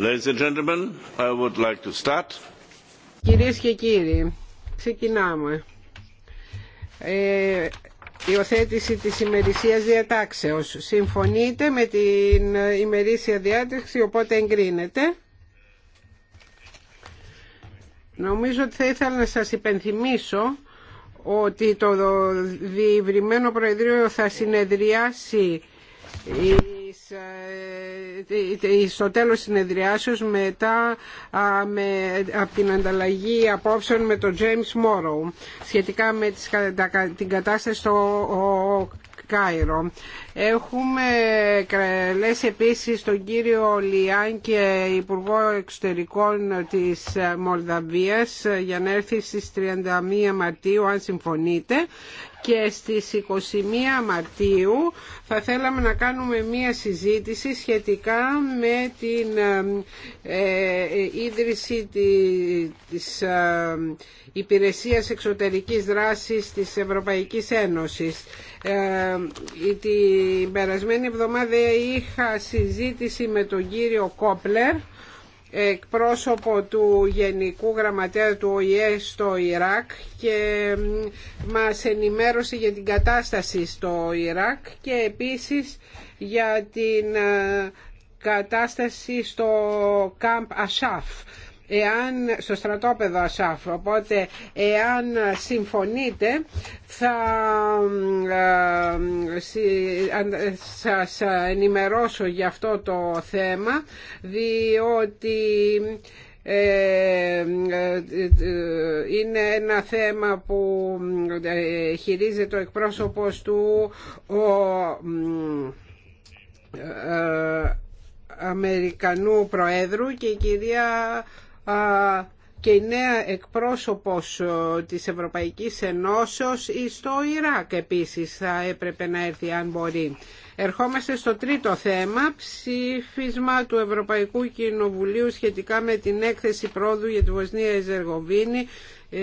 Ladies Κυρίες και κύριοι, ξεκινάμε. Ε, υιοθέτηση της ημερησίας διατάξεως. Συμφωνείτε με την ημερήσια διάταξη, οπότε εγκρίνεται. Νομίζω ότι θα ήθελα να σας υπενθυμίσω ότι το διευρυμένο Προεδρείο θα συνεδριάσει ε, στο τέλος συνεδριάσεως μετά με, από την ανταλλαγή απόψεων με τον James Morrow σχετικά με την κατάσταση στο Κάιρο. Έχουμε λες επίσης τον κύριο Λιάν και Υπουργό Εξωτερικών της Μολδαβίας για να έρθει στις 31 Μαρτίου αν συμφωνείτε και στις 21 Μαρτίου θα θέλαμε να κάνουμε μία συζήτηση σχετικά με την ε, ε, ίδρυση της ε, Υπηρεσίας Εξωτερικής Δράσης της Ευρωπαϊκής Ένωσης. Η την περασμένη εβδομάδα είχα συζήτηση με τον κύριο Κόπλερ εκπρόσωπο του Γενικού Γραμματέα του ΟΗΕ στο Ιράκ και μας ενημέρωσε για την κατάσταση στο Ιράκ και επίσης για την ε, κατάσταση στο Καμπ Ασάφ εάν, στο στρατόπεδο ΑΣΑΦ. Οπότε εάν συμφωνείτε θα ε, ε, σας ενημερώσω για αυτό το θέμα διότι ε, είναι ένα θέμα που χειρίζεται ο εκπρόσωπος του ο Αμερικανού Προέδρου και η κυρία και η νέα εκπρόσωπος της Ευρωπαϊκής Ενώσεως στο Ιράκ επίσης θα έπρεπε να έρθει αν μπορεί. Ερχόμαστε στο τρίτο θέμα, ψήφισμα του Ευρωπαϊκού Κοινοβουλίου σχετικά με την έκθεση πρόοδου για τη Βοσνία Εζεργοβίνη 2011.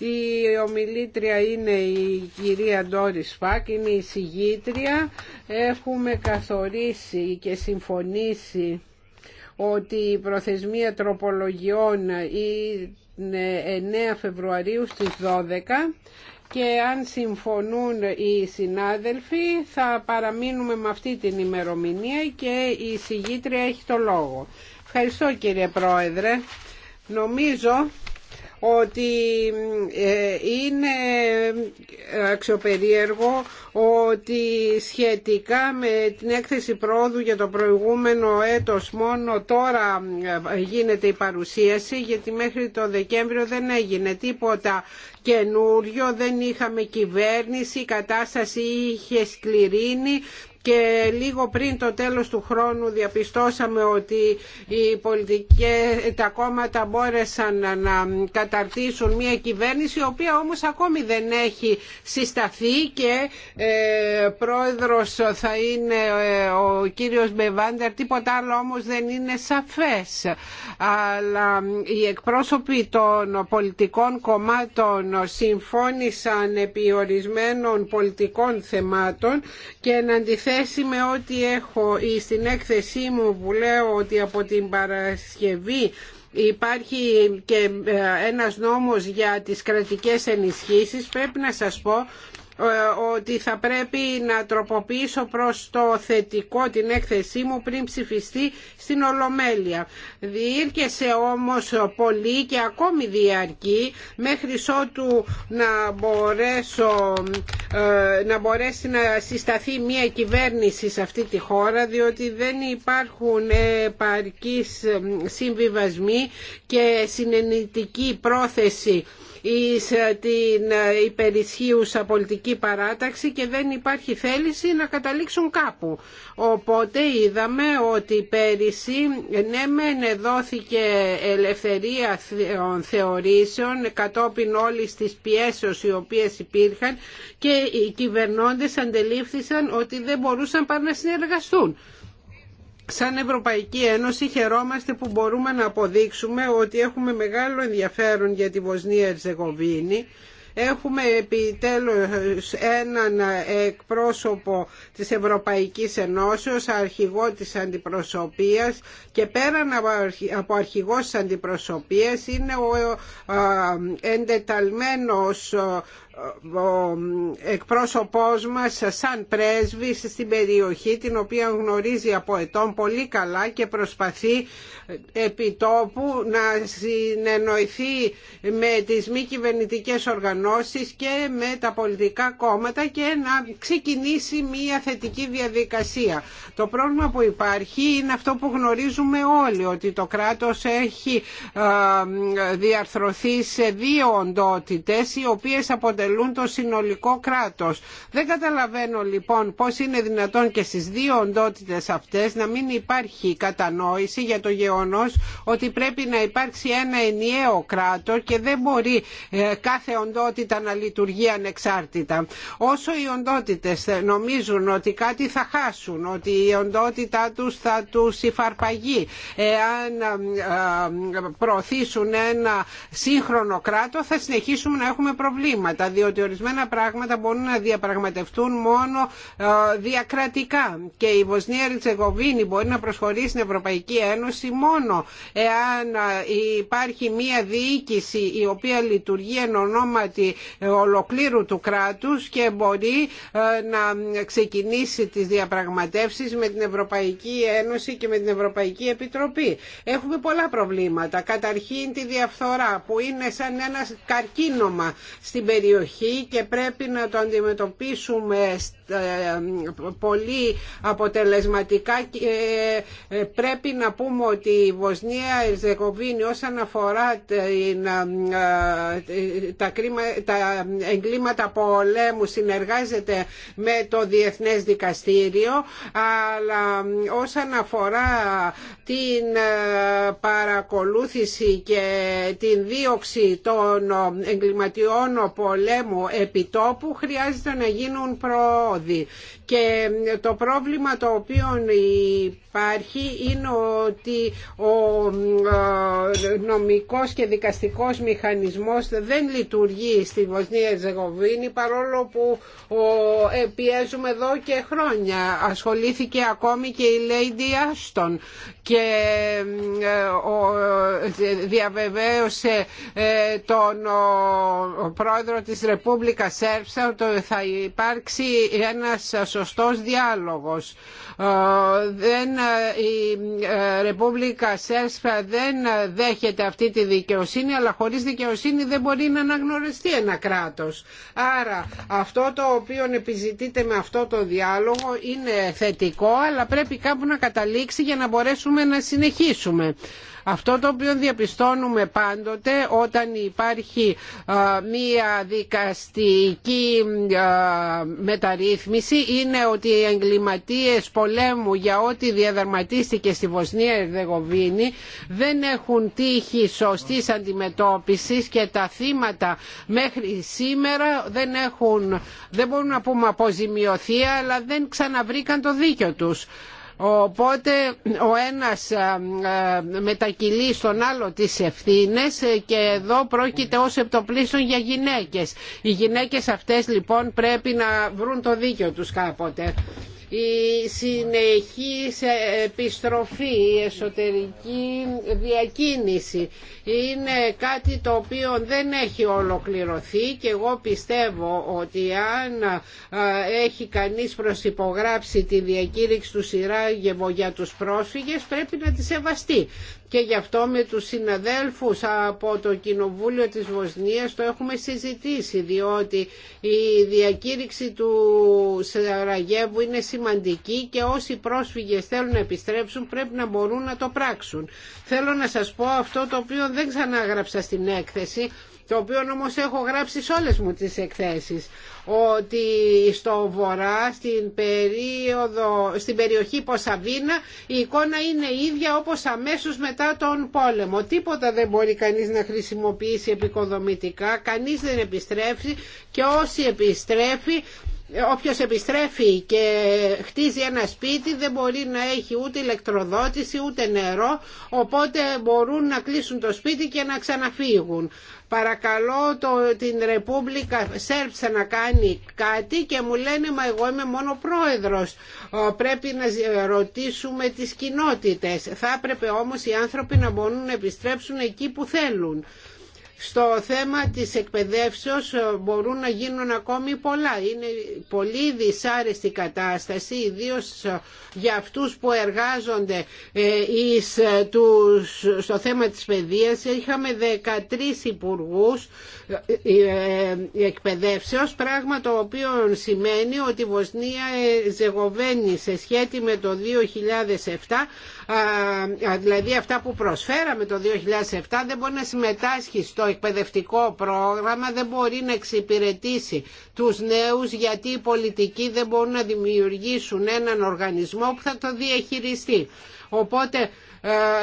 Ε, η ομιλήτρια είναι η κυρία Ντόρι Σφάκ, είναι η συγγήτρια. Έχουμε καθορίσει και συμφωνήσει ότι η προθεσμία τροπολογιών είναι 9 Φεβρουαρίου στις 12 και αν συμφωνούν οι συνάδελφοι θα παραμείνουμε με αυτή την ημερομηνία και η συγγήτρια έχει το λόγο. Ευχαριστώ κύριε Πρόεδρε. Νομίζω ότι ε, είναι αξιοπερίεργο ότι σχετικά με την έκθεση πρόοδου για το προηγούμενο έτος μόνο τώρα ε, γίνεται η παρουσίαση γιατί μέχρι το Δεκέμβριο δεν έγινε τίποτα καινούριο, δεν είχαμε κυβέρνηση, η κατάσταση είχε σκληρίνει και λίγο πριν το τέλος του χρόνου διαπιστώσαμε ότι οι πολιτικές, τα κόμματα μπόρεσαν να καταρτήσουν μια κυβέρνηση η οποία όμως ακόμη δεν έχει συσταθεί και ε, πρόεδρος θα είναι ε, ο κύριος Μπεβάντερ τίποτα άλλο όμως δεν είναι σαφές αλλά οι εκπρόσωποι των πολιτικών κομμάτων συμφώνησαν επί ορισμένων πολιτικών θεμάτων και εν Σχέση με ό,τι έχω στην έκθεσή μου που λέω ότι από την Παρασκευή υπάρχει και ε, ένας νόμος για τις κρατικές ενισχύσεις πρέπει να σας πω ε, ότι θα πρέπει να τροποποιήσω προς το θετικό την έκθεσή μου πριν ψηφιστεί στην Ολομέλεια. Διήρκεσε όμως πολύ και ακόμη διαρκή μέχρι ότου να, μπορέσω, ε, να μπορέσει να συσταθεί μια κυβέρνηση σε αυτή τη χώρα διότι δεν υπάρχουν επαρκείς ε, συμβιβασμοί και συνενητική πρόθεση εις ε, την ε, υπερισχύουσα πολιτική παράταξη και δεν υπάρχει θέληση να καταλήξουν κάπου. Οπότε είδαμε ότι πέρυσι ναι μεν δόθηκε ελευθερία θεωρήσεων κατόπιν όλης της πιέσεως οι οποίες υπήρχαν και οι κυβερνώντες αντελήφθησαν ότι δεν μπορούσαν παρά να συνεργαστούν σαν Ευρωπαϊκή Ένωση χαιρόμαστε που μπορούμε να αποδείξουμε ότι έχουμε μεγάλο ενδιαφέρον για τη Βοσνία Ερζεγοβίνη Έχουμε επιτέλους έναν εκπρόσωπο της Ευρωπαϊκής Ενώσεως, αρχηγό της αντιπροσωπείας και πέραν από αρχηγός της αντιπροσωπείας είναι ο ε, ε, εντεταλμένος ε, ο εκπρόσωπός μας σαν πρέσβη στην περιοχή την οποία γνωρίζει από ετών πολύ καλά και προσπαθεί ε, επί τόπου να συνεννοηθεί με τις μη κυβερνητικέ οργανώσεις και με τα πολιτικά κόμματα και να ξεκινήσει μια θετική διαδικασία. Το πρόβλημα που υπάρχει είναι αυτό που γνωρίζουμε όλοι ότι το κράτος έχει ε, διαρθρωθεί σε δύο οντότητες οι οποίες αποτελούν αποτελούν το συνολικό κράτος. Δεν καταλαβαίνω λοιπόν πώς είναι δυνατόν και στις δύο οντότητες αυτές να μην υπάρχει κατανόηση για το γεγονός ότι πρέπει να υπάρξει ένα ενιαίο κράτο και δεν μπορεί ε, κάθε οντότητα να λειτουργεί ανεξάρτητα. Όσο οι οντότητες νομίζουν ότι κάτι θα χάσουν, ότι η οντότητά τους θα τους υφαρπαγεί εάν ε, ε, προωθήσουν ένα σύγχρονο κράτο θα συνεχίσουμε να έχουμε προβλήματα διότι ορισμένα πράγματα μπορούν να διαπραγματευτούν μόνο ε, διακρατικά και η Βοσνία Ριτσεγοβίνη μπορεί να προσχωρήσει στην Ευρωπαϊκή Ένωση μόνο εάν ε, υπάρχει μία διοίκηση η οποία λειτουργεί εν ονόματι ε, ολοκλήρου του κράτους και μπορεί να ξεκινήσει τις διαπραγματεύσεις με την Ευρωπαϊκή Ένωση και με την Ευρωπαϊκή Επιτροπή. Έχουμε πολλά προβλήματα. Καταρχήν τη διαφθορά που είναι σαν ένα καρκίνωμα στην περιοχή και πρέπει να το αντιμετωπίσουμε ε, πολύ αποτελεσματικά και ε, ε, πρέπει να πούμε ότι η Βοσνία Ερζεγοβίνη όσον αφορά τα, τα εγκλήματα πολέμου συνεργάζεται με το Διεθνές Δικαστήριο αλλά όσον αφορά την παρακολούθηση και την δίωξη των εγκληματιών πολέμου πολέμου επιτόπου χρειάζεται να γίνουν προόδοι και το πρόβλημα το οποίο υπάρχει είναι ότι ο ε, νομικός και δικαστικός μηχανισμός δεν λειτουργεί στη Βοσνία Ζεγοβίνη παρόλο που πιέζουμε εδώ και χρόνια ασχολήθηκε ακόμη και η Λέιντι Άστον και ε, ε, διαβεβαίωσε τον πρόεδρο της Ρεπούμπλικα Σέρψα θα υπάρξει ένας σωστός διάλογος ε, δεν, ε, η ε, Ρεπούμπλικα Σέρσφα δεν δέχεται αυτή τη δικαιοσύνη αλλά χωρίς δικαιοσύνη δεν μπορεί να αναγνωριστεί ένα κράτος. Άρα αυτό το οποίο επιζητείτε με αυτό το διάλογο είναι θετικό αλλά πρέπει κάπου να καταλήξει για να μπορέσουμε να συνεχίσουμε. Αυτό το οποίο διαπιστώνουμε πάντοτε όταν υπάρχει μία δικαστική μεταρρύθμιση είναι ότι οι εγκληματίες πολέμου για ό,τι διαδραματίστηκε στη Βοσνία Ερδεγοβίνη δεν έχουν τύχει σωστή αντιμετώπιση και τα θύματα μέχρι σήμερα δεν έχουν, δεν μπορούν να πούμε αποζημιωθεί αλλά δεν ξαναβρήκαν το δίκιο τους. Οπότε ο ένας ε, ε, μετακυλεί στον άλλο τις ευθύνες ε, και εδώ πρόκειται ως επτοπλίστων για γυναίκες. Οι γυναίκες αυτές λοιπόν πρέπει να βρουν το δίκιο τους κάποτε η συνεχής επιστροφή, η εσωτερική διακίνηση είναι κάτι το οποίο δεν έχει ολοκληρωθεί και εγώ πιστεύω ότι αν έχει κανείς προσυπογράψει τη διακήρυξη του Σιράγεβο για τους πρόσφυγες πρέπει να τη σεβαστεί και γι' αυτό με τους συναδέλφους από το Κοινοβούλιο της Βοσνίας το έχουμε συζητήσει διότι η διακήρυξη του Σαραγεύου είναι σημαντική και όσοι πρόσφυγες θέλουν να επιστρέψουν πρέπει να μπορούν να το πράξουν. Θέλω να σας πω αυτό το οποίο δεν ξανάγραψα στην έκθεση το οποίο όμως έχω γράψει σε όλες μου τις εκθέσεις ότι στο βορρά στην, περίοδο, στην περιοχή Ποσαβίνα η εικόνα είναι ίδια όπως αμέσως μετά τον πόλεμο τίποτα δεν μπορεί κανείς να χρησιμοποιήσει επικοδομητικά κανείς δεν επιστρέφει και όσοι επιστρέφει Όποιος επιστρέφει και χτίζει ένα σπίτι δεν μπορεί να έχει ούτε ηλεκτροδότηση ούτε νερό οπότε μπορούν να κλείσουν το σπίτι και να ξαναφύγουν παρακαλώ το, την Ρεπούμπλικα Σέρψα να κάνει κάτι και μου λένε μα εγώ είμαι μόνο πρόεδρος πρέπει να ρωτήσουμε τις κοινότητες θα έπρεπε όμως οι άνθρωποι να μπορούν να επιστρέψουν εκεί που θέλουν στο θέμα της εκπαιδεύσεως μπορούν να γίνουν ακόμη πολλά. Είναι πολύ δυσάρεστη κατάσταση, ιδίως για αυτούς που εργάζονται ε, ε, τους, στο θέμα της παιδείας. Είχαμε 13 υπουργούς ε, εκπαιδεύσεως, πράγμα το οποίο σημαίνει ότι η Βοσνία ζεγοβαίνει σε σχέση με το 2007 δηλαδή αυτά που προσφέραμε το 2007 δεν μπορεί να συμμετάσχει στο εκπαιδευτικό πρόγραμμα, δεν μπορεί να εξυπηρετήσει τους νέους γιατί οι πολιτικοί δεν μπορούν να δημιουργήσουν έναν οργανισμό που θα το διαχειριστεί. Οπότε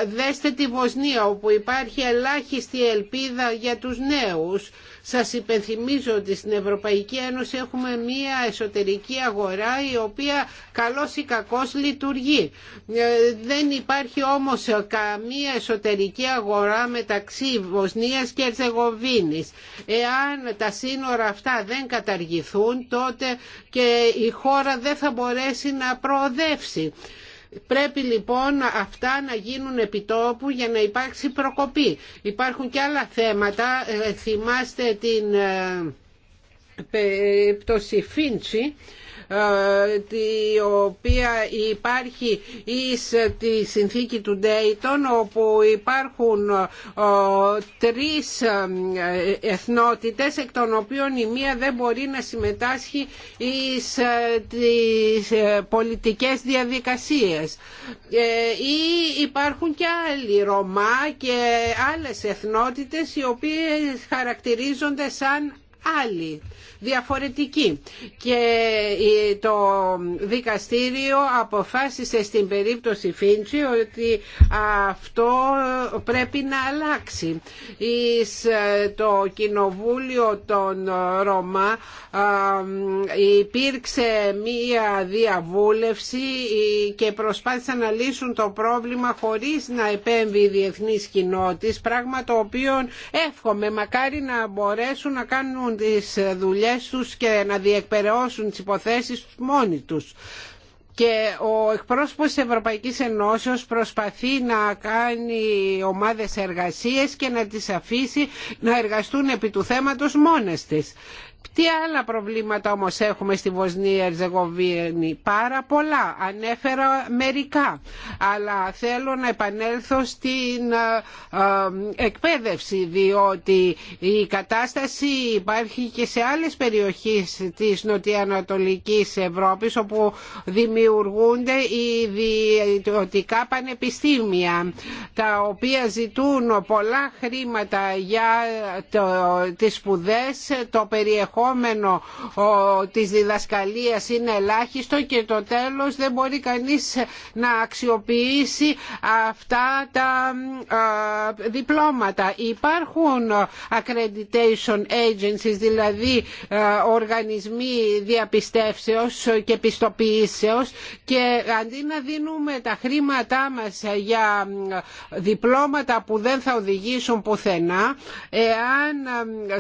δέστε τη Βοσνία όπου υπάρχει ελάχιστη ελπίδα για τους νέους σας υπενθυμίζω ότι στην Ευρωπαϊκή Ένωση έχουμε μία εσωτερική αγορά η οποία καλώς ή κακώς λειτουργεί. Ε, δεν υπάρχει όμως καμία εσωτερική αγορά μεταξύ Βοσνίας και Ερζεγοβίνης. Εάν τα σύνορα αυτά δεν καταργηθούν τότε και η χώρα δεν θα μπορέσει να προοδεύσει. Πρέπει λοιπόν αυτά να γίνουν επιτόπου για να υπάρξει προκοπή. Υπάρχουν και άλλα θέματα. Ε, θυμάστε την ε, πτώση Φίντσι ε, η οποία υπάρχει εις τη συνθήκη του Ντέιτον όπου υπάρχουν ε, τρεις ε, εθνότητες εκ των οποίων η μία δεν μπορεί να συμμετάσχει εις τις πολιτικές διαδικασίες ή υπάρχουν και άλλοι Ρωμά και άλλες εθνότητες οι οποίες χαρακτηρίζονται σαν άλλη, διαφορετική. Και ε, το δικαστήριο αποφάσισε στην περίπτωση Φίντσι ότι αυτό πρέπει να αλλάξει. Εις ε, το κοινοβούλιο των Ρώμα ε, υπήρξε μία διαβούλευση και προσπάθησαν να λύσουν το πρόβλημα χωρίς να επέμβει η διεθνής κοινότης, πράγμα το οποίο εύχομαι μακάρι να μπορέσουν να κάνουν κάνουν τις δουλειές τους και να διεκπαιρεώσουν τις υποθέσεις τους μόνοι τους και ο εκπρόσωπος της Ευρωπαϊκής Ενώσεως προσπαθεί να κάνει ομάδες εργασίες και να τις αφήσει να εργαστούν επί του θέματος μόνες της τι άλλα προβλήματα όμως έχουμε στη Βοσνία Ερζεγοβίνη. Πάρα πολλά. Ανέφερα μερικά. Αλλά θέλω να επανέλθω στην ε, ε, εκπαίδευση διότι η κατάσταση υπάρχει και σε άλλες περιοχές της νοτιοανατολικής Ευρώπης όπου δημιουργούνται ιδιωτικά πανεπιστήμια τα οποία ζητούν πολλά χρήματα για τις σπουδές, το περιεχόμενο περιεχόμενο της διδασκαλίας είναι ελάχιστο και το τέλος δεν μπορεί κανείς να αξιοποιήσει αυτά τα διπλώματα. Υπάρχουν accreditation agencies, δηλαδή οργανισμοί διαπιστεύσεως και πιστοποιήσεως και αντί να δίνουμε τα χρήματά μας για διπλώματα που δεν θα οδηγήσουν πουθενά, εάν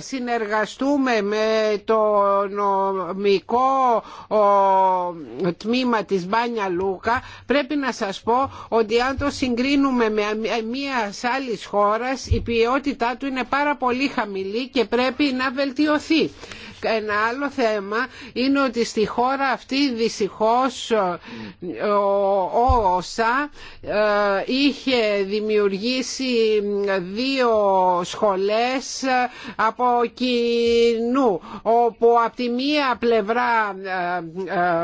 συνεργαστούμε με το νομικό τμήμα της Μπάνια Λούκα πρέπει να σας πω ότι αν το συγκρίνουμε με μία ε, άλλη χώρα η ποιότητά του είναι πάρα πολύ χαμηλή και πρέπει να βελτιωθεί. Ένα άλλο θέμα είναι ότι στη χώρα αυτή δυστυχώς ο ΩΣΑ ε, είχε δημιουργήσει δύο σχολές από κοινού όπου από τη μία πλευρά ε,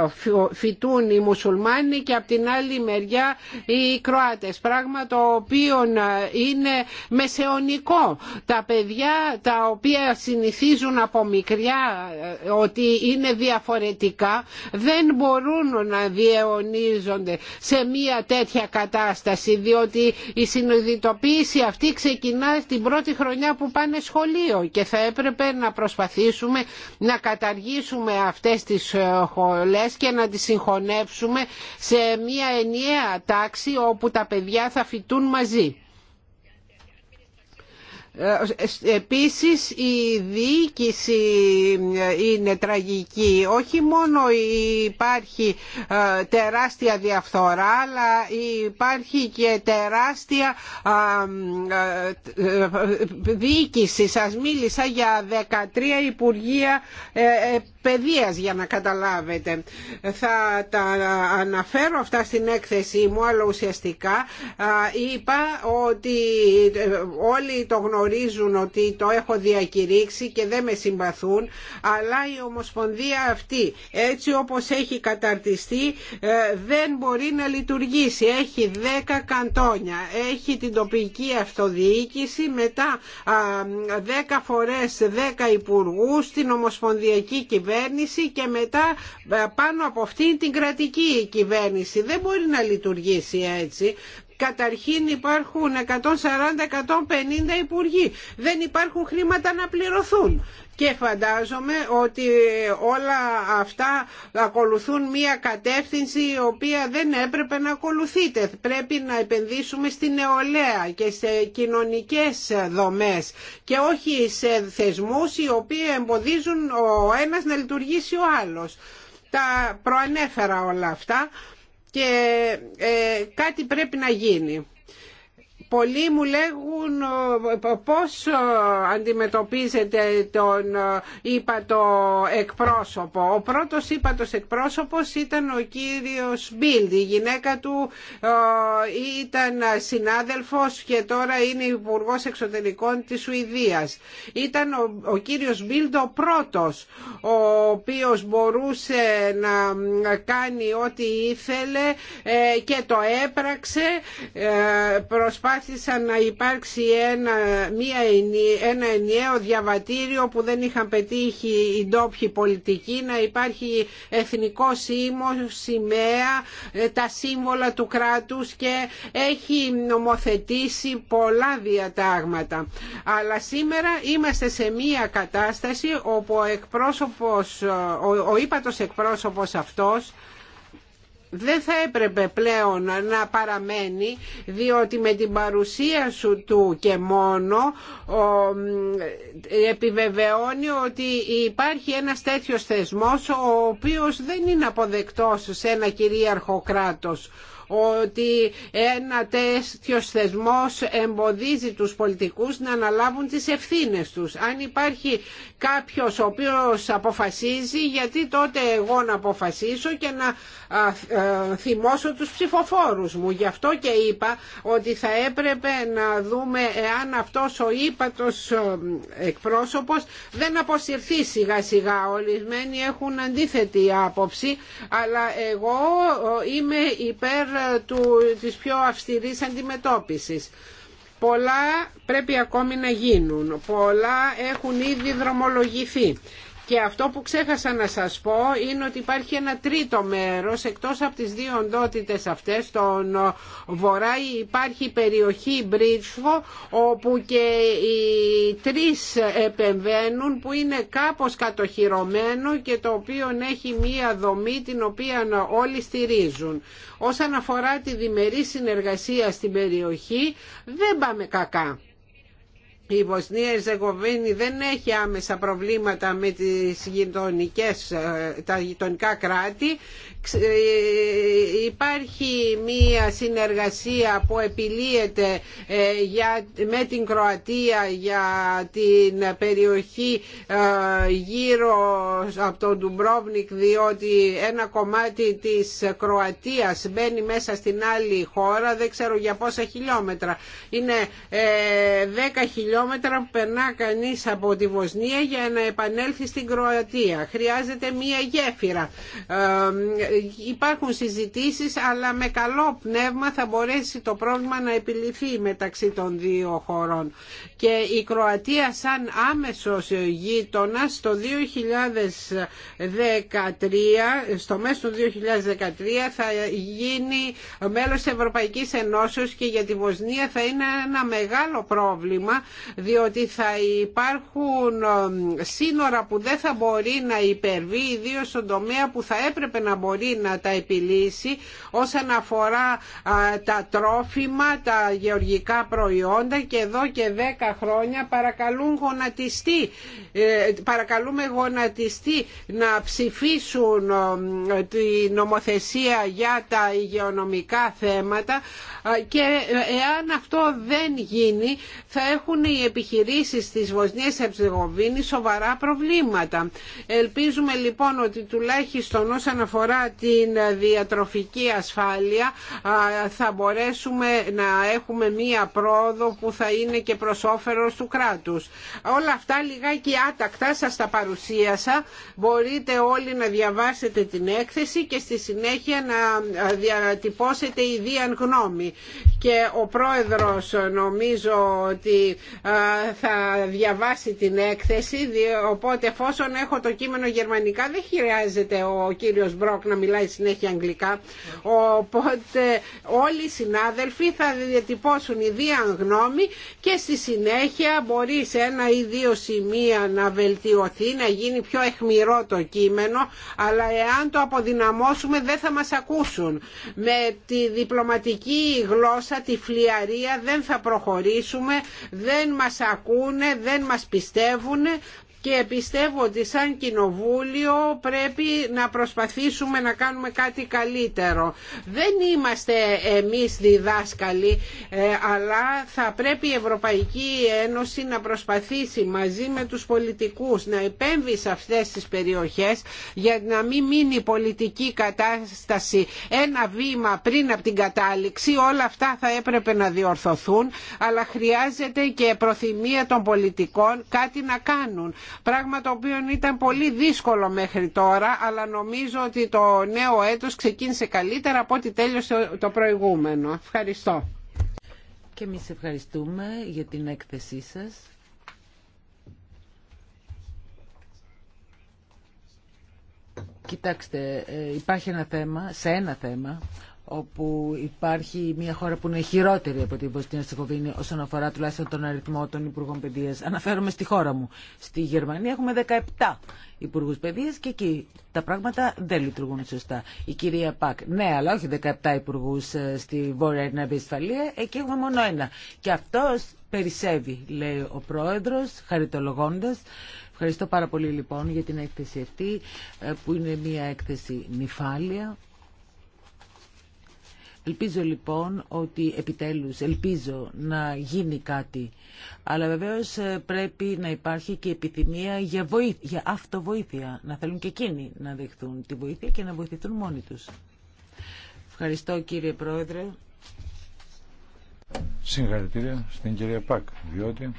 ε, φοιτούν οι μουσουλμάνοι και από την άλλη μεριά οι Κροάτες πράγμα το οποίο είναι μεσαιωνικό τα παιδιά τα οποία συνηθίζουν από μικριά ε, ότι είναι διαφορετικά δεν μπορούν να διαιωνίζονται σε μια τέτοια κατάσταση διότι η συνειδητοποίηση αυτή ξεκινά την πρώτη χρονιά που πάνε σχολείο και θα έπρεπε να προσπαθήσουμε να καταργήσουμε αυτές τις ε, χολές και να τις συγχωνεύσουμε σε μια ενιαία τάξη όπου τα παιδιά θα φοιτούν μαζί. Ε, επίσης η διοίκηση είναι τραγική. Όχι μόνο υπάρχει ε, τεράστια διαφθορά αλλά υπάρχει και τεράστια ε, διοίκηση. Σας μίλησα για 13 Υπουργεία παιδείας για να καταλάβετε. Θα τα αναφέρω αυτά στην έκθεσή μου, αλλά ουσιαστικά είπα ότι ε, όλοι το γνωρίζουν ότι το έχω διακηρύξει και δεν με συμπαθούν, αλλά η Ομοσπονδία αυτή έτσι όπως έχει καταρτιστεί ε, δεν μπορεί να λειτουργήσει. Έχει 10 καντόνια, έχει την τοπική αυτοδιοίκηση, μετά 10 φορές 10 υπουργούς, την Ομοσπονδιακή Κυβέρνηση, κυβέρνηση και μετά ε, πάνω από αυτήν την κρατική κυβέρνηση. Δεν μπορεί να λειτουργήσει έτσι. Καταρχήν υπάρχουν 140-150 υπουργοί. Δεν υπάρχουν χρήματα να πληρωθούν. Και φαντάζομαι ότι όλα αυτά ακολουθούν μία κατεύθυνση η οποία δεν έπρεπε να ακολουθείτε. Πρέπει να επενδύσουμε στη νεολαία και σε κοινωνικές δομές και όχι σε θεσμούς οι οποίοι εμποδίζουν ο ένας να λειτουργήσει ο άλλος. Τα προανέφερα όλα αυτά και ε, κάτι πρέπει να γίνει πολλοί μου λέγουν πώς αντιμετωπίζετε τον ύπατο εκπρόσωπο. Ο πρώτος ύπατος εκπρόσωπος ήταν ο κύριος Μπίλντ. Η γυναίκα του ήταν συνάδελφος και τώρα είναι υπουργό εξωτερικών της Σουηδίας. Ήταν ο, ο κύριος Μπίλντ ο πρώτος ο οποίος μπορούσε να κάνει ό,τι ήθελε ε, και το έπραξε ε, προσπάθησε προσπάθησαν να υπάρξει ένα, μία, ένα ενιαίο διαβατήριο που δεν είχαν πετύχει οι ντόπιοι πολιτικοί, να υπάρχει εθνικό σήμο, σημαία, ε, τα σύμβολα του κράτους και έχει νομοθετήσει πολλά διατάγματα. Αλλά σήμερα είμαστε σε μία κατάσταση όπου ο, εκπρόσωπος, ο, ο ύπατος εκπρόσωπος αυτός δεν θα έπρεπε πλέον να παραμένει διότι με την παρουσία σου του και μόνο επιβεβαιώνει ότι υπάρχει ένας τέτοιος θεσμός ο οποίος δεν είναι αποδεκτός σε ένα κυρίαρχο κράτος ότι ένα τέτοιο θεσμός εμποδίζει τους πολιτικούς να αναλάβουν τις ευθύνες τους. Αν υπάρχει κάποιος ο οποίος αποφασίζει, γιατί τότε εγώ να αποφασίσω και να ε, θυμώσω τους ψηφοφόρους μου. Γι' αυτό και είπα ότι θα έπρεπε να δούμε εάν αυτός ο ύπατος ε, εκπρόσωπος δεν αποσυρθεί σιγά σιγά. Ολισμένοι έχουν αντίθετη άποψη, αλλά εγώ ε, είμαι υπέρ ε, του, της πιο αυστηρής αντιμετώπισης. Πολλά πρέπει ακόμη να γίνουν, πολλά έχουν ήδη δρομολογηθεί. Και αυτό που ξέχασα να σας πω είναι ότι υπάρχει ένα τρίτο μέρος εκτός από τις δύο οντότητες αυτές στον Βορρά υπάρχει η περιοχή Μπρίτσφο όπου και οι τρεις επεμβαίνουν που είναι κάπως κατοχυρωμένο και το οποίο έχει μία δομή την οποία όλοι στηρίζουν. Όσον αφορά τη διμερή συνεργασία στην περιοχή δεν πάμε κακά η Βοσνία Ζεγοβίνη δεν έχει άμεσα προβλήματα με τις ε, τα γειτονικά κράτη ε, υπάρχει μία συνεργασία που επιλύεται ε, με την Κροατία για την περιοχή ε, γύρω από τον Ντουμπρόβνικ διότι ένα κομμάτι της Κροατίας μπαίνει μέσα στην άλλη χώρα δεν ξέρω για πόσα χιλιόμετρα είναι 10 χιλιόμετρα που περνά κανείς από τη Βοσνία για να επανέλθει στην Κροατία χρειάζεται μία γέφυρα υπάρχουν συζητήσεις αλλά με καλό πνεύμα θα μπορέσει το πρόβλημα να επιληθεί μεταξύ των δύο χωρών. Και η Κροατία σαν άμεσος γείτονα το 2013, στο μέσο του 2013 θα γίνει μέλος της Ευρωπαϊκής Ενώσεως και για τη Βοσνία θα είναι ένα μεγάλο πρόβλημα διότι θα υπάρχουν ε, σύνορα που δεν θα μπορεί να υπερβεί ιδίω στον τομέα που θα έπρεπε να μπορεί μπορεί να τα επιλύσει όσον αφορά τα τρόφιμα, τα γεωργικά προϊόντα και εδώ και 10 χρόνια παρακαλούν γονατιστή, ε, παρακαλούμε γονατιστή να ψηφίσουν τη νομοθεσία για τα υγειονομικά θέματα και ε, εάν αυτό δεν γίνει θα έχουν οι επιχειρήσεις της Βοσνίας Ευζεγοβίνης σοβαρά προβλήματα. Ελπίζουμε λοιπόν ότι τουλάχιστον όσον αφορά την διατροφική ασφάλεια θα μπορέσουμε να έχουμε μία πρόοδο που θα είναι και προς του κράτους. Όλα αυτά λιγάκι άτακτα σας τα παρουσίασα. Μπορείτε όλοι να διαβάσετε την έκθεση και στη συνέχεια να διατυπώσετε ιδίαν γνώμη. Και ο πρόεδρος νομίζω ότι θα διαβάσει την έκθεση, οπότε εφόσον έχω το κείμενο γερμανικά δεν χρειάζεται ο κύριος Μπρόκ μιλάει συνέχεια αγγλικά. Οπότε όλοι οι συνάδελφοι θα διατυπώσουν ιδία γνώμη και στη συνέχεια μπορεί σε ένα ή δύο σημεία να βελτιωθεί, να γίνει πιο εχμηρό το κείμενο, αλλά εάν το αποδυναμώσουμε δεν θα μας ακούσουν. Με τη διπλωματική γλώσσα, τη φλιαρία δεν θα προχωρήσουμε, δεν μας ακούνε, δεν μας πιστεύουν και πιστεύω ότι σαν κοινοβούλιο πρέπει να προσπαθήσουμε να κάνουμε κάτι καλύτερο. Δεν είμαστε εμείς διδάσκαλοι, ε, αλλά θα πρέπει η Ευρωπαϊκή Ένωση να προσπαθήσει μαζί με τους πολιτικούς να επέμβει σε αυτές τις περιοχές για να μην μείνει η πολιτική κατάσταση ένα βήμα πριν από την κατάληξη. Όλα αυτά θα έπρεπε να διορθωθούν, αλλά χρειάζεται και προθυμία των πολιτικών κάτι να κάνουν πράγμα το οποίο ήταν πολύ δύσκολο μέχρι τώρα αλλά νομίζω ότι το νέο έτος ξεκίνησε καλύτερα από ό,τι τέλειωσε το προηγούμενο. Ευχαριστώ. Και εμεί ευχαριστούμε για την έκθεσή σας. Κοιτάξτε, ε, υπάρχει ένα θέμα, σε ένα θέμα όπου υπάρχει μια χώρα που είναι χειρότερη από την Βοσνία Σεχοβίνη όσον αφορά τουλάχιστον τον αριθμό των Υπουργών Παιδείας. Αναφέρομαι στη χώρα μου. Στη Γερμανία έχουμε 17 Υπουργού Παιδείας και εκεί τα πράγματα δεν λειτουργούν σωστά. Η κυρία Πακ, ναι, αλλά όχι 17 υπουργού ε, στη Βόρεια Ερναβία εκεί έχουμε μόνο ένα. Και αυτός περισσεύει, λέει ο πρόεδρος, χαριτολογώντας. Ευχαριστώ πάρα πολύ λοιπόν για την έκθεση αυτή ε, που είναι μια έκθεση νυφάλια Ελπίζω λοιπόν ότι επιτέλους ελπίζω να γίνει κάτι. Αλλά βεβαίως ε, πρέπει να υπάρχει και επιθυμία για, βοήθεια, για αυτοβοήθεια. Να θέλουν και εκείνοι να δεχθούν τη βοήθεια και να βοηθηθούν μόνοι τους. Ευχαριστώ κύριε Πρόεδρε. Συγχαρητήρια στην κυρία Πακ, διότι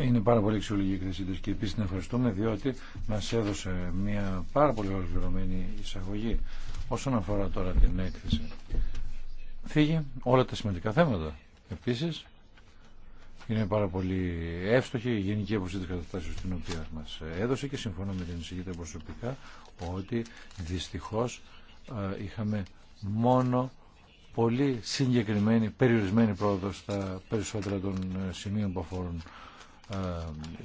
είναι πάρα πολύ αξιολογική η και επίσης την ευχαριστούμε διότι μας έδωσε μια πάρα πολύ ολοκληρωμένη εισαγωγή Όσον αφορά τώρα την έκθεση, φύγει όλα τα σημαντικά θέματα. Επίσης, είναι πάρα πολύ εύστοχη η γενική έποψη της καταστάσεως την οποία μας έδωσε και συμφωνώ με την εισηγήτρια προσωπικά ότι δυστυχώς είχαμε μόνο πολύ συγκεκριμένη, περιορισμένη πρόοδο στα περισσότερα των ε, σημείων που αφορούν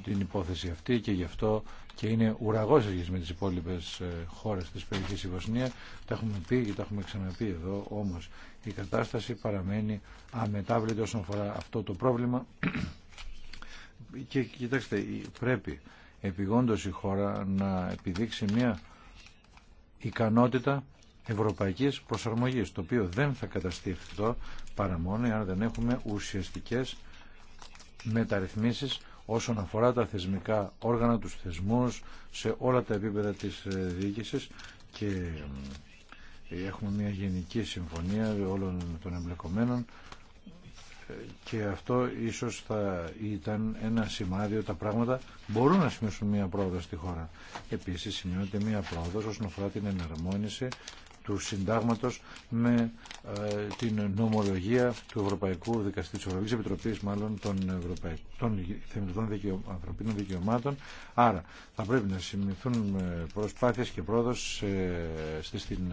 την υπόθεση αυτή και γι' αυτό και είναι ουραγός σχέση με τις υπόλοιπες ε, χώρες της περιοχής η Τα έχουμε πει και τα έχουμε ξαναπεί εδώ, όμως η κατάσταση παραμένει αμετάβλητη όσον αφορά αυτό το πρόβλημα. και κοιτάξτε, πρέπει επιγόντως η χώρα να επιδείξει μια ικανότητα ευρωπαϊκής προσαρμογής, το οποίο δεν θα καταστεί αυτό παρά μόνο αν δεν έχουμε ουσιαστικές μεταρρυθμίσεις όσον αφορά τα θεσμικά όργανα, τους θεσμούς σε όλα τα επίπεδα της ε, διοίκησης και ε, έχουμε μια γενική συμφωνία όλων των εμπλεκομένων ε, και αυτό ίσως θα ήταν ένα σημάδι ότι τα πράγματα μπορούν να σημειώσουν μια πρόοδο στη χώρα. Επίσης σημειώνεται μια πρόοδο όσον αφορά την εναρμόνιση του συντάγματος με ε, την νομολογία του Ευρωπαϊκού Δικαστή της Επιτροπής μάλλον των, Ευρωπαϊκών, των δικαιω, ανθρωπίνων δικαιωμάτων. Άρα θα πρέπει να συμμεθούν ε, προσπάθειες και πρόοδος ε, στην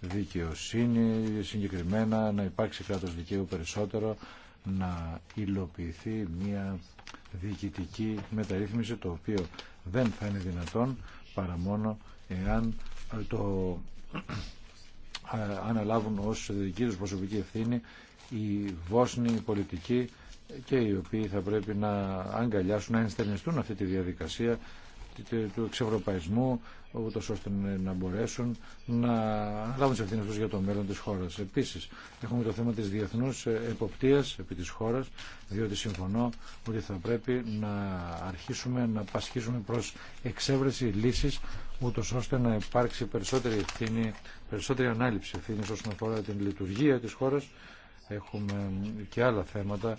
δικαιοσύνη συγκεκριμένα, να υπάρξει κράτος δικαίου περισσότερο, να υλοποιηθεί μια διοικητική μεταρρύθμιση το οποίο δεν θα είναι δυνατόν παρά μόνο εάν το αναλάβουν ως δική τους προσωπική ευθύνη οι Βόσνοι πολιτικοί και οι οποίοι θα πρέπει να αγκαλιάσουν, να ενστερνιστούν αυτή τη διαδικασία του εξευρωπαϊσμού, ούτω ώστε να μπορέσουν να λάβουν τι ευθύνε του για το μέλλον τη χώρα. Επίση, έχουμε το θέμα τη διεθνού εποπτεία επί τη χώρα, διότι συμφωνώ ότι θα πρέπει να αρχίσουμε να πασχίσουμε προ εξέβρεση λύση, ούτω ώστε να υπάρξει περισσότερη ευθύνη, περισσότερη ανάληψη ευθύνη όσον αφορά την λειτουργία τη χώρα. Έχουμε και άλλα θέματα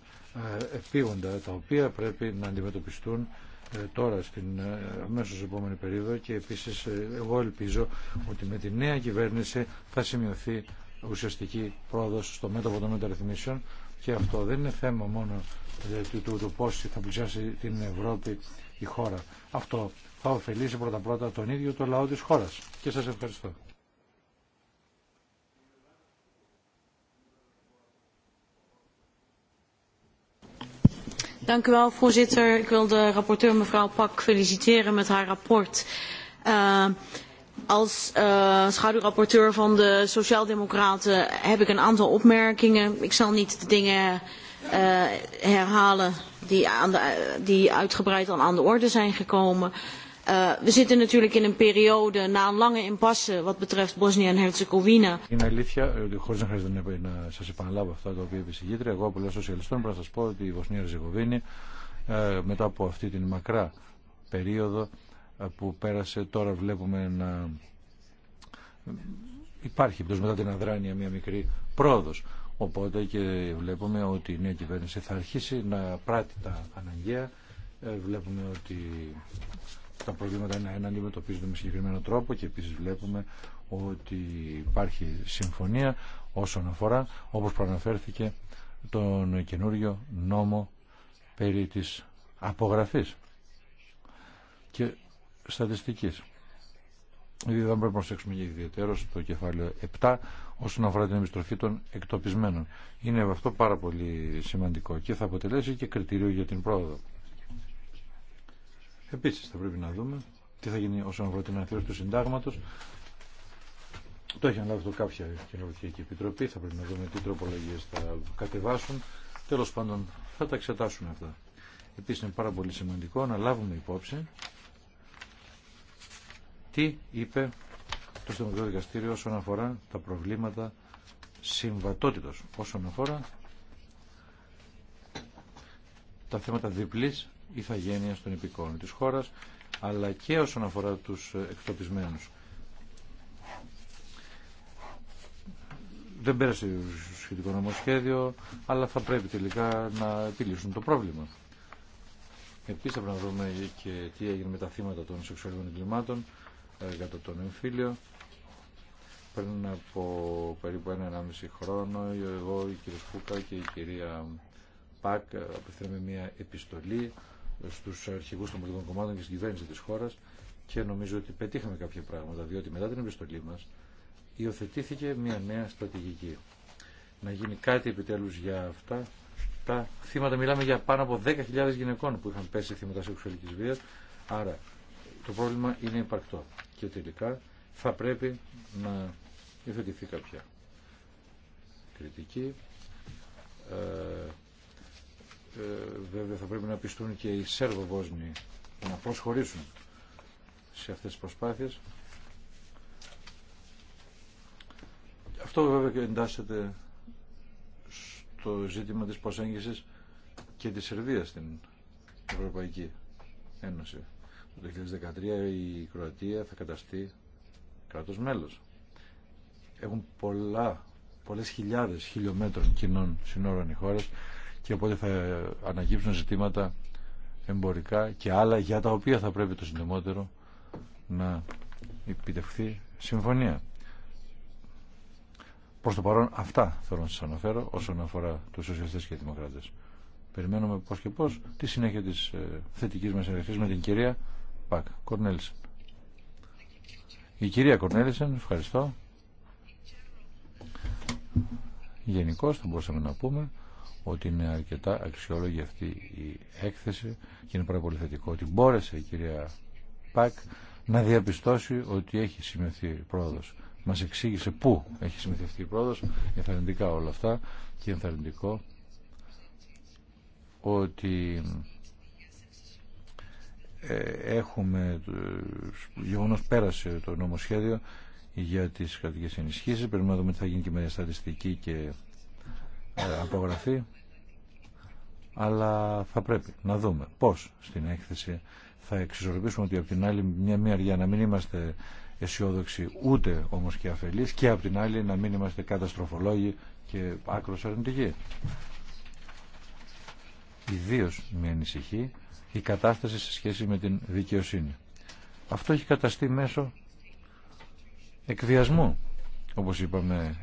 ε, επίγοντα τα οποία πρέπει να αντιμετωπιστούν ε, τώρα στην ε, αμέσως επόμενη περίοδο και επίσης ε, εγώ ελπίζω ότι με τη νέα κυβέρνηση θα σημειωθεί ουσιαστική πρόοδος στο μέτωπο των μεταρρυθμίσεων και αυτό δεν είναι θέμα μόνο του, του, του πώς θα πλησιάσει την Ευρώπη η χώρα. Αυτό θα ωφελήσει πρώτα-πρώτα τον ίδιο το λαό της χώρας. Και σας ευχαριστώ. Dank u wel, voorzitter. Ik wil de rapporteur mevrouw Pak feliciteren met haar rapport. Als schaduwrapporteur van de Sociaaldemocraten heb ik een aantal opmerkingen. Ik zal niet de dingen herhalen die uitgebreid al aan de orde zijn gekomen. Eh, we zitten natuurlijk in een periode na een lange impasse wat betreft Bosnië en Herzegovina. Είναι αλήθεια, ε, χωρί να χρειάζεται να σα επαναλάβω αυτά τα οποία είπε η συγκήτρια, εγώ από σοσιαλιστών πρέπει να σα πω ότι η Βοσνία Ερζεγοβίνη ε, μετά από αυτή την μακρά περίοδο ε, που πέρασε, τώρα βλέπουμε να υπάρχει μετά την αδράνεια μια μικρή πρόοδο. Οπότε και βλέπουμε ότι η νέα κυβέρνηση θα αρχίσει να πράττει τα αναγκαία. Βλέπουμε ότι τα προβλήματα ένα ένα αντιμετωπίζονται με συγκεκριμένο τρόπο και επίση βλέπουμε ότι υπάρχει συμφωνία όσον αφορά, όπως προαναφέρθηκε, τον καινούριο νόμο περί της απογραφής και στατιστικής. Δηλαδή δεν πρέπει να προσέξουμε και ιδιαίτερο στο κεφάλαιο 7 όσον αφορά την επιστροφή των εκτοπισμένων. Είναι αυτό πάρα πολύ σημαντικό και θα αποτελέσει και κριτήριο για την πρόοδο. Επίση θα πρέπει να δούμε τι θα γίνει όσον αφορά την αναθεώρηση του συντάγματο, Το έχει αναλάβει το κάποια κοινοβουλευτική επιτροπή, θα πρέπει να δούμε τι τροπολογίε θα κατεβάσουν. Τέλος πάντων θα τα εξετάσουν αυτά. Επίση είναι πάρα πολύ σημαντικό να λάβουμε υπόψη τι είπε το Συνταγματικό Δικαστήριο όσον αφορά τα προβλήματα συμβατότητας, όσον αφορά τα θέματα διπλής ηθαγένειας των υπηκών της χώρας, αλλά και όσον αφορά τους εκτοπισμένους. Δεν πέρασε το σχετικό νομοσχέδιο, αλλά θα πρέπει τελικά να επιλύσουν το πρόβλημα. Επίσης πρέπει να δούμε και τι έγινε με τα θύματα των σεξουαλικών εγκλημάτων ε, κατά τον εμφύλιο. Πριν από περίπου ένα-ενάμιση χρόνο, εγώ, η κυρία Σκούκα και η κυρία Πακ ε, απευθύνουμε μια επιστολή στους αρχηγούς των πολιτικών κομμάτων και στην κυβέρνηση της χώρας και νομίζω ότι πετύχαμε κάποια πράγματα, διότι μετά την επιστολή μας υιοθετήθηκε μια νέα στρατηγική. Να γίνει κάτι επιτέλους για αυτά τα θύματα. Μιλάμε για πάνω από 10.000 γυναικών που είχαν πέσει θύματα σεξουαλικής βίας. Άρα το πρόβλημα είναι υπαρκτό και τελικά θα πρέπει να υιοθετηθεί κάποια κριτική. Ε, ε, βέβαια θα πρέπει να πιστούν και οι Σέρβο-Βόσνοι να προσχωρήσουν σε αυτές τις προσπάθειες. Αυτό βέβαια και εντάσσεται στο ζήτημα της προσέγγισης και της Σερβίας στην Ευρωπαϊκή Ένωση. Το 2013 η Κροατία θα καταστεί κράτος μέλος. Έχουν πολλά, πολλές χιλιάδες χιλιόμετρων κοινών συνόρων οι χώρες και οπότε θα αναγύψουν ζητήματα εμπορικά και άλλα για τα οποία θα πρέπει το συντομότερο να επιτευχθεί συμφωνία. Προς το παρόν αυτά θέλω να σας αναφέρω όσον αφορά τους σοσιαλιστές και δημοκράτες. Περιμένουμε πώς και πώς τη συνέχεια της ε, θετικής μας εργασίας με την κυρία Πακ Κορνέλισεν. Η κυρία Κορνέλισεν, ευχαριστώ. Γενικώ θα μπορούσαμε να πούμε ότι είναι αρκετά αξιόλογη αυτή η έκθεση και είναι πάρα πολύ θετικό ότι μπόρεσε η κυρία Πακ να διαπιστώσει ότι έχει σημειωθεί πρόοδος. Μας εξήγησε πού έχει σημειωθεί αυτή η πρόοδος, ενθαρρυντικά όλα αυτά και ενθαρρυντικό ότι ε, έχουμε γεγονός πέρασε το νομοσχέδιο για τις κρατικές ενισχύσεις. περιμένουμε να δούμε τι θα γίνει και με στατιστική και ε, απογραφή αλλά θα πρέπει να δούμε πώς στην έκθεση θα εξισορροπήσουμε ότι από την άλλη μια μια αργία να μην είμαστε αισιόδοξοι ούτε όμως και αφελείς και από την άλλη να μην είμαστε καταστροφολόγοι και άκρος αρνητικοί. Ιδίω με ανησυχεί η κατάσταση σε σχέση με την δικαιοσύνη. Αυτό έχει καταστεί μέσω εκβιασμού, όπως είπαμε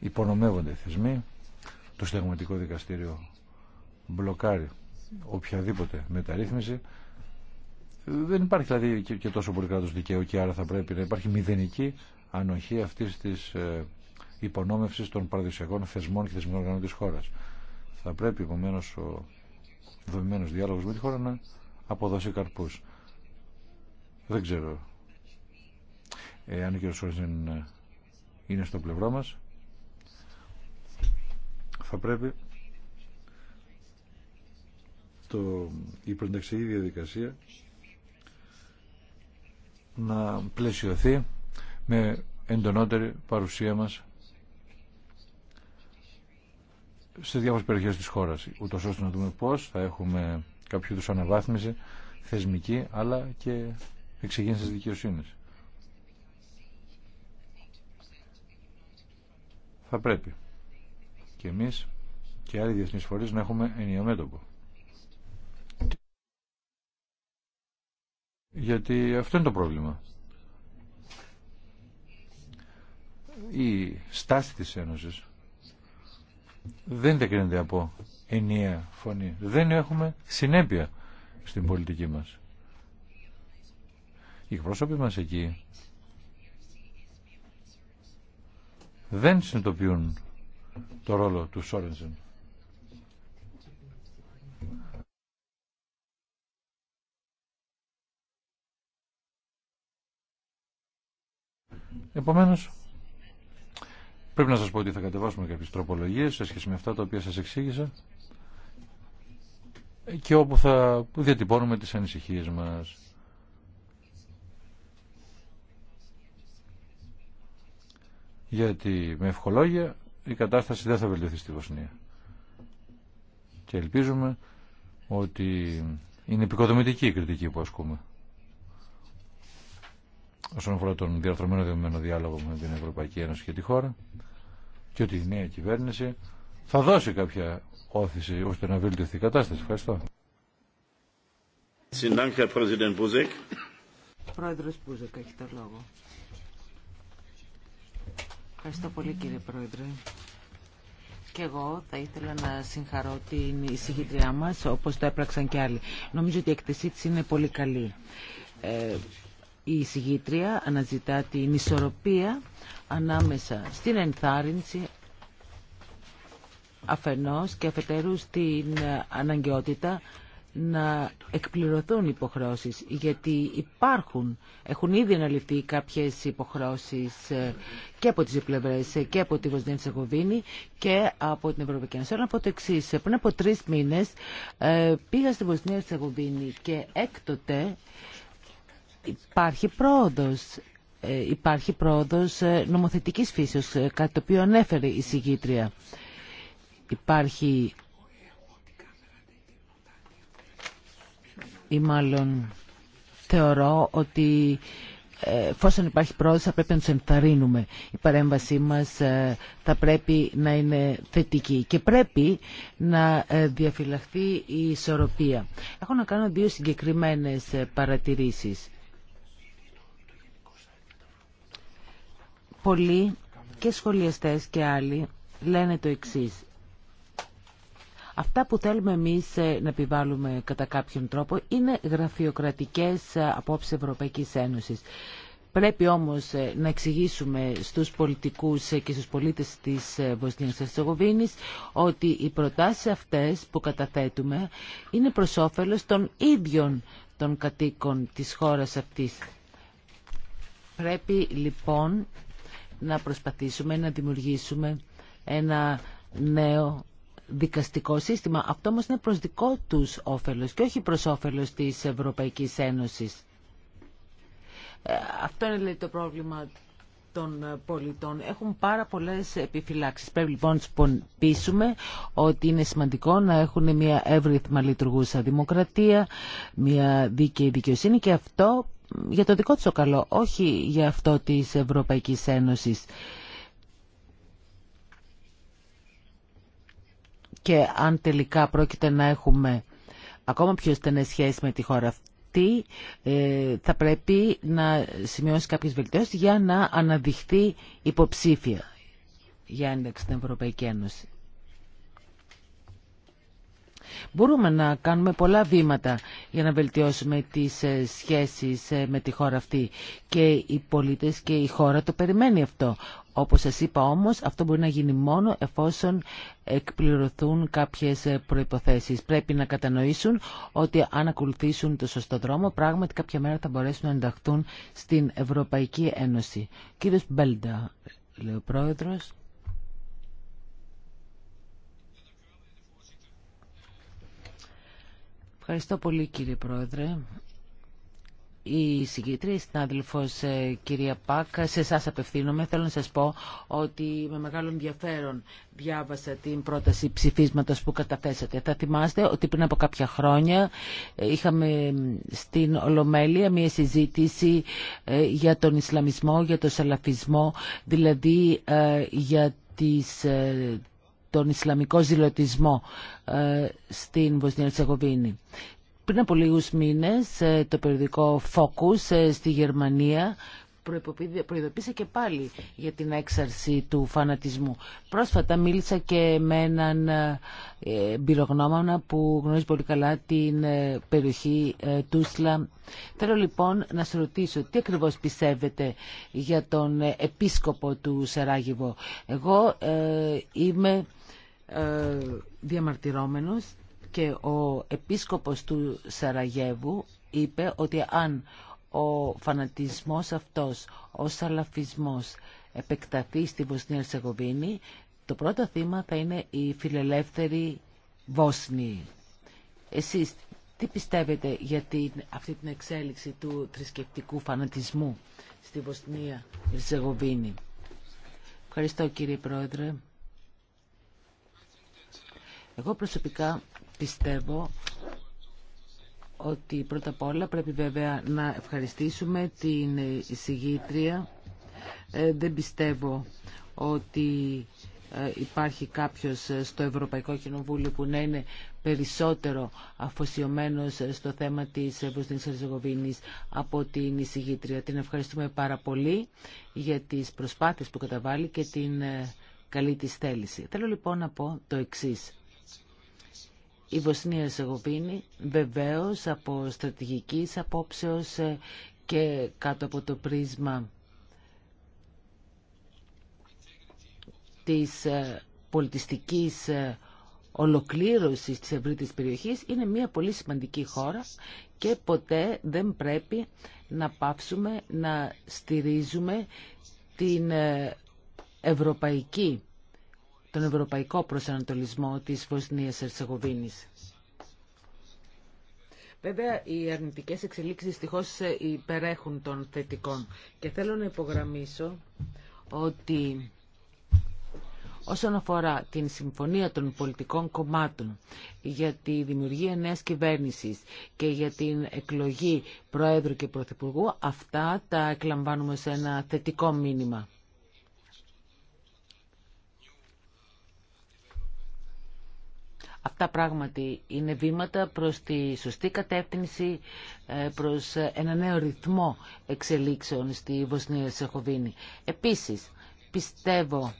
υπονομεύονται οι θεσμοί, το στεγματικό Δικαστήριο μπλοκάρει οποιαδήποτε μεταρρύθμιση. Δεν υπάρχει δηλαδή και τόσο πολύ κράτο δικαίου και άρα θα πρέπει να υπάρχει μηδενική ανοχή αυτής της ε, υπονόμευσης των παραδοσιακών θεσμών και θεσμικών οργανών της χώρας. Θα πρέπει επομένω ο δομημένο διάλογο με τη χώρα να αποδώσει καρπού. Δεν ξέρω αν ο κ. Σόρτζεν ε, είναι στο πλευρό μας θα πρέπει το, η προνταξιακή διαδικασία να πλαισιωθεί με εντονότερη παρουσία μας σε διάφορες περιοχές της χώρας, ούτως ώστε να δούμε πώς θα έχουμε κάποιο είδους αναβάθμιση θεσμική, αλλά και της δικαιοσύνης. Θα πρέπει και εμείς και άλλοι διεθνείς φορείς να έχουμε ενιαίο μέτωπο. Γιατί αυτό είναι το πρόβλημα. Η στάση της Ένωσης δεν διακρίνεται από ενιαία φωνή. Δεν έχουμε συνέπεια στην πολιτική μας. Οι εκπρόσωποι μας εκεί δεν συνειδητοποιούν το ρόλο του Σόρενζεν. Επομένως, πρέπει να σας πω ότι θα κατεβάσουμε κάποιες τροπολογίες σε σχέση με αυτά τα οποία σας εξήγησα και όπου θα διατυπώνουμε τις ανησυχίες μας. Γιατί με ευχολόγια η κατάσταση δεν θα βελτιωθεί στη Βοσνία. Και ελπίζουμε ότι είναι επικοδομητική η κριτική που ασκούμε όσον αφορά τον διαρθρωμένο δεδομένο διάλογο με την Ευρωπαϊκή Ένωση και τη χώρα και ότι η νέα κυβέρνηση θα δώσει κάποια όθηση ώστε να βελτιωθεί η κατάσταση. Ευχαριστώ. Πρόεδρος Πούζεκ έχει λόγο. Ευχαριστώ πολύ κύριε Πρόεδρε. Και εγώ θα ήθελα να συγχαρώ την εισηγήτριά μας, όπως το έπραξαν και άλλοι. Νομίζω ότι η εκτεσή της είναι πολύ καλή. Ε, η εισηγήτρια αναζητά την ισορροπία ανάμεσα στην ενθάρρυνση αφενός και αφετέρου στην αναγκαιότητα να εκπληρωθούν υποχρώσεις γιατί υπάρχουν, έχουν ήδη αναλυθεί κάποιες υποχρώσεις ε, και από τις πλευρές ε, και από τη Βοσνία και από την Ευρωπαϊκή Ένωση. Από το εξή. Ε, πριν από τρεις μήνες πήγα στη Βοσνία και έκτοτε υπάρχει πρόοδος υπάρχει πρόοδος νομοθετικής φύσεως, κάτι το οποίο ανέφερε η συγγήτρια. Υπάρχει ή μάλλον θεωρώ ότι ε, εφόσον υπάρχει πρόοδος θα πρέπει να του ενθαρρύνουμε. Η παρέμβασή μας ε, θα πρέπει να είναι θετική και πρέπει να ε, διαφυλαχθεί η ισορροπία. Έχω να κάνω δύο συγκεκριμένες παρατηρήσεις. Πολλοί και σχολιαστές και άλλοι λένε το εξής. Αυτά που θέλουμε εμείς ε, να επιβάλλουμε κατά κάποιον τρόπο είναι γραφειοκρατικές ε, απόψεις Ευρωπαϊκής Ένωσης. Πρέπει όμως ε, να εξηγήσουμε στους πολιτικούς και στους πολίτες της Βοσνίας Ερσεγοβίνης ότι οι προτάσεις αυτές που καταθέτουμε είναι προς όφελος των ίδιων των κατοίκων της χώρας αυτής. Πρέπει λοιπόν να προσπαθήσουμε να δημιουργήσουμε ένα νέο δικαστικό σύστημα. Αυτό όμως είναι προς δικό τους όφελος και όχι προς όφελος της Ευρωπαϊκής Ένωσης. Ε, αυτό είναι λέει, το πρόβλημα των πολιτών. Έχουν πάρα πολλές επιφυλάξεις. Πρέπει λοιπόν να πείσουμε ότι είναι σημαντικό να έχουν μια εύρυθμα λειτουργούσα δημοκρατία, μια δίκαιη δικαιοσύνη και αυτό για το δικό τους καλό, όχι για αυτό της Ευρωπαϊκής Ένωσης. και αν τελικά πρόκειται να έχουμε ακόμα πιο στενές σχέσεις με τη χώρα αυτή, ε, θα πρέπει να σημειώσει κάποιες βελτιώσεις για να αναδειχθεί υποψήφια για ένταξη στην Ευρωπαϊκή Ένωση. Μπορούμε να κάνουμε πολλά βήματα για να βελτιώσουμε τις ε, σχέσεις ε, με τη χώρα αυτή και οι πολίτες και η χώρα το περιμένει αυτό. Όπως σας είπα όμως, αυτό μπορεί να γίνει μόνο εφόσον εκπληρωθούν κάποιες προϋποθέσεις. Πρέπει να κατανοήσουν ότι αν ακολουθήσουν το σωστό δρόμο, πράγματι κάποια μέρα θα μπορέσουν να ενταχθούν στην Ευρωπαϊκή Ένωση. Κύριος Μπέλντα, λέει ο πρόεδρος. Ευχαριστώ πολύ κύριε Πρόεδρε η συγκήτρια, η συνάδελφος ε, κυρία Πάκα, σε εσά απευθύνομαι. Θέλω να σας πω ότι με μεγάλο ενδιαφέρον διάβασα την πρόταση ψηφίσματος που καταθέσατε. Θα θυμάστε ότι πριν από κάποια χρόνια ε, είχαμε στην Ολομέλεια μια συζήτηση ε, για τον Ισλαμισμό, για τον Σαλαφισμό, δηλαδή για τις, τον Ισλαμικό ζηλωτισμό στην Βοσνία Ερσεγοβίνη. Πριν από λίγους μήνες ε, το περιοδικό Focus ε, στη Γερμανία προειδοποίησε και πάλι για την έξαρση του φανατισμού. Πρόσφατα μίλησα και με έναν ε, πυρογνώμονα που γνωρίζει πολύ καλά την περιοχή Τούσλα. Θέλω λοιπόν να σε ρωτήσω τι ακριβώς πιστεύετε για τον επίσκοπο του Σεράγιβο. Εγώ είμαι ε, διαμαρτυρόμενος και ο επίσκοπος του Σαραγεύου είπε ότι αν ο φανατισμός αυτός, ο σαλαφισμός επεκταθεί στη Βοσνία Ερσεγοβίνη, το πρώτο θύμα θα είναι η φιλελεύθερη Βόσνοι. Εσείς τι πιστεύετε για την, αυτή την εξέλιξη του θρησκευτικού φανατισμού στη Βοσνία Ερσεγοβίνη. Ευχαριστώ κύριε Πρόεδρε. Εγώ προσωπικά Πιστεύω ότι πρώτα απ' όλα πρέπει βέβαια να ευχαριστήσουμε την εισηγήτρια. Ε, δεν πιστεύω ότι ε, υπάρχει κάποιος ε, στο Ευρωπαϊκό Κοινοβούλιο που να είναι περισσότερο αφοσιωμένος στο θέμα της Βοσνίας Αρζεγοβίνης από την εισηγήτρια. Την ευχαριστούμε πάρα πολύ για τις προσπάθειες που καταβάλει και την καλή της θέληση. Θέλω λοιπόν να πω το εξής. Η Βοσνία Ερσεγοβίνη βεβαίως από στρατηγικής απόψεως ε, και κάτω από το πρίσμα της ε, πολιτιστικής ε, ολοκλήρωσης της ευρύτερης περιοχής είναι μια πολύ σημαντική χώρα και ποτέ δεν πρέπει να πάψουμε να στηρίζουμε την ευρωπαϊκή τον ευρωπαϊκό προσανατολισμό της Βοσνίας Ερσεγοβίνης. Βέβαια, οι αρνητικές εξελίξεις δυστυχώς ε, υπερέχουν των θετικών. Και θέλω να υπογραμμίσω ότι όσον αφορά την συμφωνία των πολιτικών κομμάτων για τη δημιουργία νέας κυβέρνησης και για την εκλογή Προέδρου και Πρωθυπουργού, αυτά τα εκλαμβάνουμε σε ένα θετικό μήνυμα. Αυτά πράγματι είναι βήματα προς τη σωστή κατεύθυνση, ε, προς ένα νέο ρυθμό εξελίξεων στη Βοσνία Σεχοβίνη. Επίσης, πιστεύω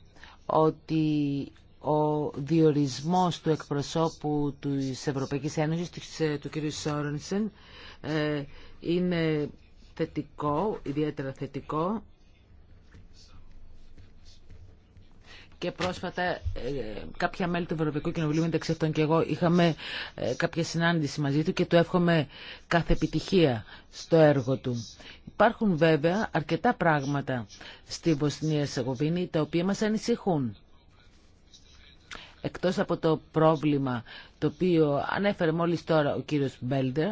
ότι ο διορισμός του εκπροσώπου της Ευρωπαϊκής Ένωσης, ε, του κ. Σόρενσεν, ε, είναι θετικό, ιδιαίτερα θετικό. και πρόσφατα ε, κάποια μέλη του Ευρωπαϊκού Κοινοβουλίου μεταξύ αυτών και εγώ είχαμε ε, κάποια συνάντηση μαζί του και του εύχομαι κάθε επιτυχία στο έργο του. Υπάρχουν βέβαια αρκετά πράγματα στη Βοσνία Σεγοβίνη τα οποία μας ανησυχούν. Εκτός από το πρόβλημα το οποίο ανέφερε μόλις τώρα ο κύριος Μπέλντερ,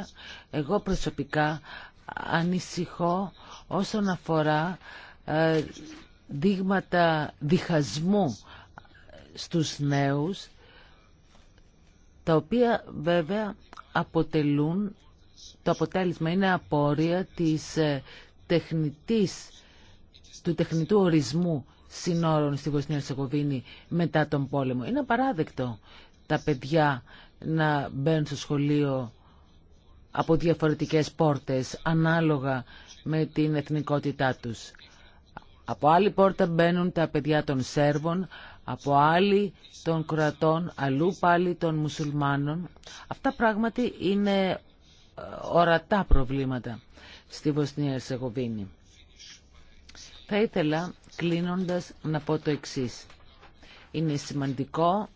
εγώ προσωπικά ανησυχώ όσον αφορά ε, δείγματα διχασμού στους νέους, τα οποία βέβαια αποτελούν, το αποτέλεσμα είναι απόρρια της ε, τεχνητής, του τεχνητού ορισμού συνόρων στη Βοσνία Ερσεγοβίνη μετά τον πόλεμο. Είναι απαράδεκτο τα παιδιά να μπαίνουν στο σχολείο από διαφορετικές πόρτες ανάλογα με την εθνικότητά τους. Από άλλη πόρτα μπαίνουν τα παιδιά των Σέρβων, από άλλη των Κροατών, αλλού πάλι των Μουσουλμάνων. Αυτά πράγματι είναι ε, ορατά προβλήματα στη Βοσνία Ερσεγοβίνη. Θα ήθελα κλείνοντας να πω το εξής. Είναι σημαντικό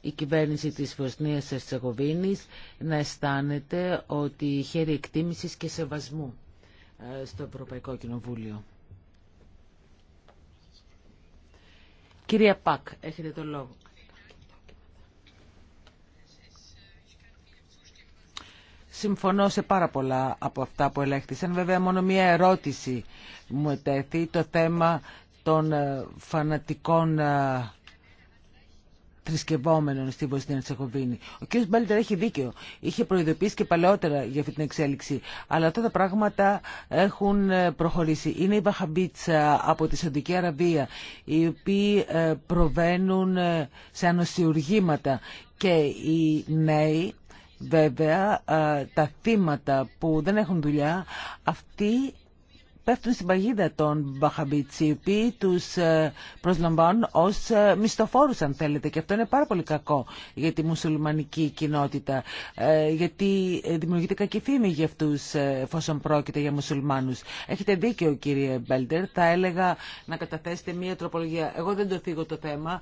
η κυβέρνηση της Βοσνίας Ερσεγοβίνης να αισθάνεται ότι χαίρει εκτίμησης και σεβασμού ε, στο Ευρωπαϊκό Κοινοβούλιο. Κυρία Πακ, έχετε το λόγο. Συμφωνώ σε πάρα πολλά από αυτά που ελέγχθησαν. Βέβαια, μόνο μία ερώτηση μου ετέθη. Το θέμα των ε, φανατικών ε, θρησκευόμενων στη Βοσνία Ερτσεχοβίνη. Ο κ. Μπέλτερ έχει δίκιο. Είχε προειδοποιήσει και παλαιότερα για αυτή την εξέλιξη. Αλλά αυτά τα πράγματα έχουν ε, προχωρήσει. Είναι η Βαχαμπίτσα από τη Σαντική Αραβία, οι οποίοι ε, προβαίνουν ε, σε ανοσιουργήματα και οι νέοι Βέβαια, τα θύματα που δεν έχουν δουλειά, αυτοί πέφτουν στην παγίδα των Μπαχαμπίτσι, οι οποίοι τους ε, προσλαμβάνουν ως ε, μισθοφόρου, αν θέλετε και αυτό είναι πάρα πολύ κακό για τη μουσουλμανική κοινότητα ε, γιατί δημιουργείται κακή φήμη για αυτούς εφόσον πρόκειται για μουσουλμάνους. Έχετε δίκιο κύριε Μπέλτερ, θα έλεγα να καταθέσετε μία τροπολογία. Εγώ δεν το θίγω το θέμα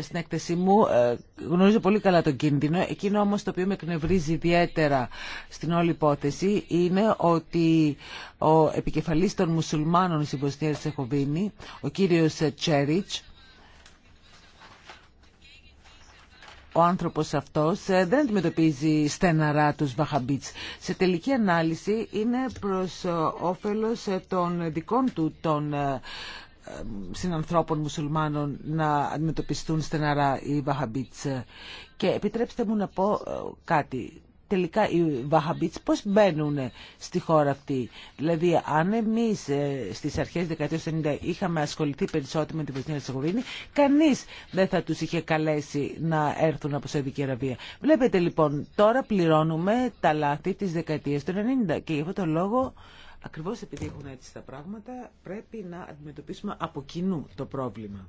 στην έκθεσή μου, γνωρίζω πολύ καλά τον κίνδυνο. Εκείνο όμω το οποίο με εκνευρίζει ιδιαίτερα στην όλη υπόθεση είναι ότι ο επικεφαλής των μουσουλμάνων στην Βοσνία Ερσεχοβίνη, ο κύριος Τσέριτς, ο άνθρωπος αυτός ε, δεν αντιμετωπίζει στεναρά τους Βαχαμπίτς. Σε τελική ανάλυση είναι προς ε, όφελος ε, των δικών του των συνανθρώπων μουσουλμάνων να αντιμετωπιστούν στεναρά οι Βαχαμπίτς. Και επιτρέψτε μου να πω κάτι τελικά οι Βαχαμπίτς πώς μπαίνουν στη χώρα αυτή. Δηλαδή αν εμείς ε, στις αρχές δεκαετίας 90 είχαμε ασχοληθεί περισσότερο με την Βοσνία Ερσεγοβίνη, κανείς δεν θα τους είχε καλέσει να έρθουν από Σαουδική Αραβία. Βλέπετε λοιπόν, τώρα πληρώνουμε τα λάθη της δεκαετίας του 90 και γι' αυτό το λόγο ακριβώς επειδή έχουν έτσι τα πράγματα πρέπει να αντιμετωπίσουμε από κοινού το πρόβλημα.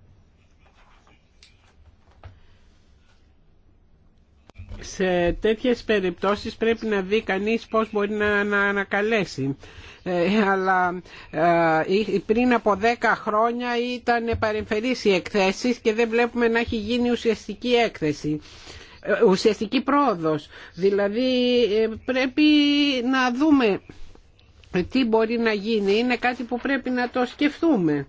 σε τέτοιες περιπτώσεις πρέπει να δει κανείς πώς μπορεί να, να ανακαλέσει. Ε, αλλά ε, ε, ε, πριν από 10 χρόνια ήταν παρεμφερείς οι εκθέσεις και δεν βλέπουμε να έχει γίνει ουσιαστική έκθεση ουσιαστική πρόοδος δηλαδή πρέπει να δούμε τι μπορεί να γίνει είναι κάτι που πρέπει να το σκεφτούμε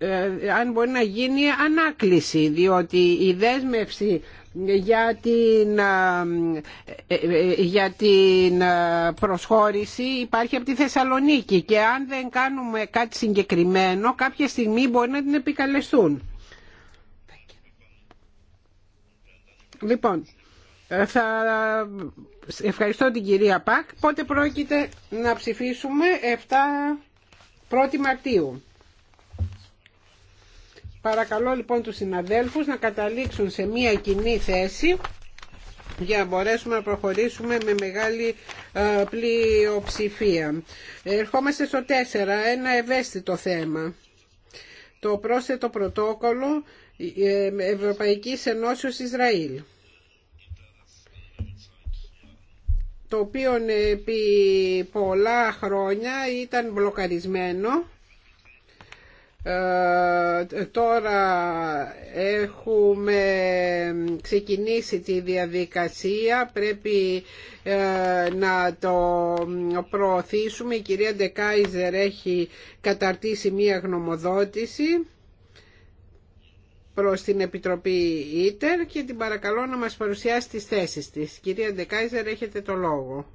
ε, αν μπορεί να γίνει ανάκληση διότι η δέσμευση για την, ε, ε, για την προσχώρηση υπάρχει από τη Θεσσαλονίκη και αν δεν κάνουμε κάτι συγκεκριμένο κάποια στιγμή μπορεί να την επικαλεστούν. Λοιπόν, θα ευχαριστώ την κυρία Πακ. Πότε πρόκειται να ψηφίσουμε 7 1η Μαρτίου. Παρακαλώ λοιπόν τους συναδέλφους να καταλήξουν σε μια κοινή θέση για να μπορέσουμε να προχωρήσουμε με μεγάλη ε, πλειοψηφία. Ερχόμαστε στο 4, ένα ευαίσθητο θέμα. Το πρόσθετο πρωτόκολλο ε, Ευρωπαϊκής Ενώσεως Ισραήλ. Το οποίο επί πολλά χρόνια ήταν μπλοκαρισμένο ε, τώρα έχουμε ξεκινήσει τη διαδικασία πρέπει ε, να το προωθήσουμε η κυρία Ντεκάιζερ έχει καταρτήσει μία γνωμοδότηση προς την Επιτροπή Ίτερ και την παρακαλώ να μας παρουσιάσει τις θέσεις της. Κυρία Ντεκάιζερ έχετε το λόγο.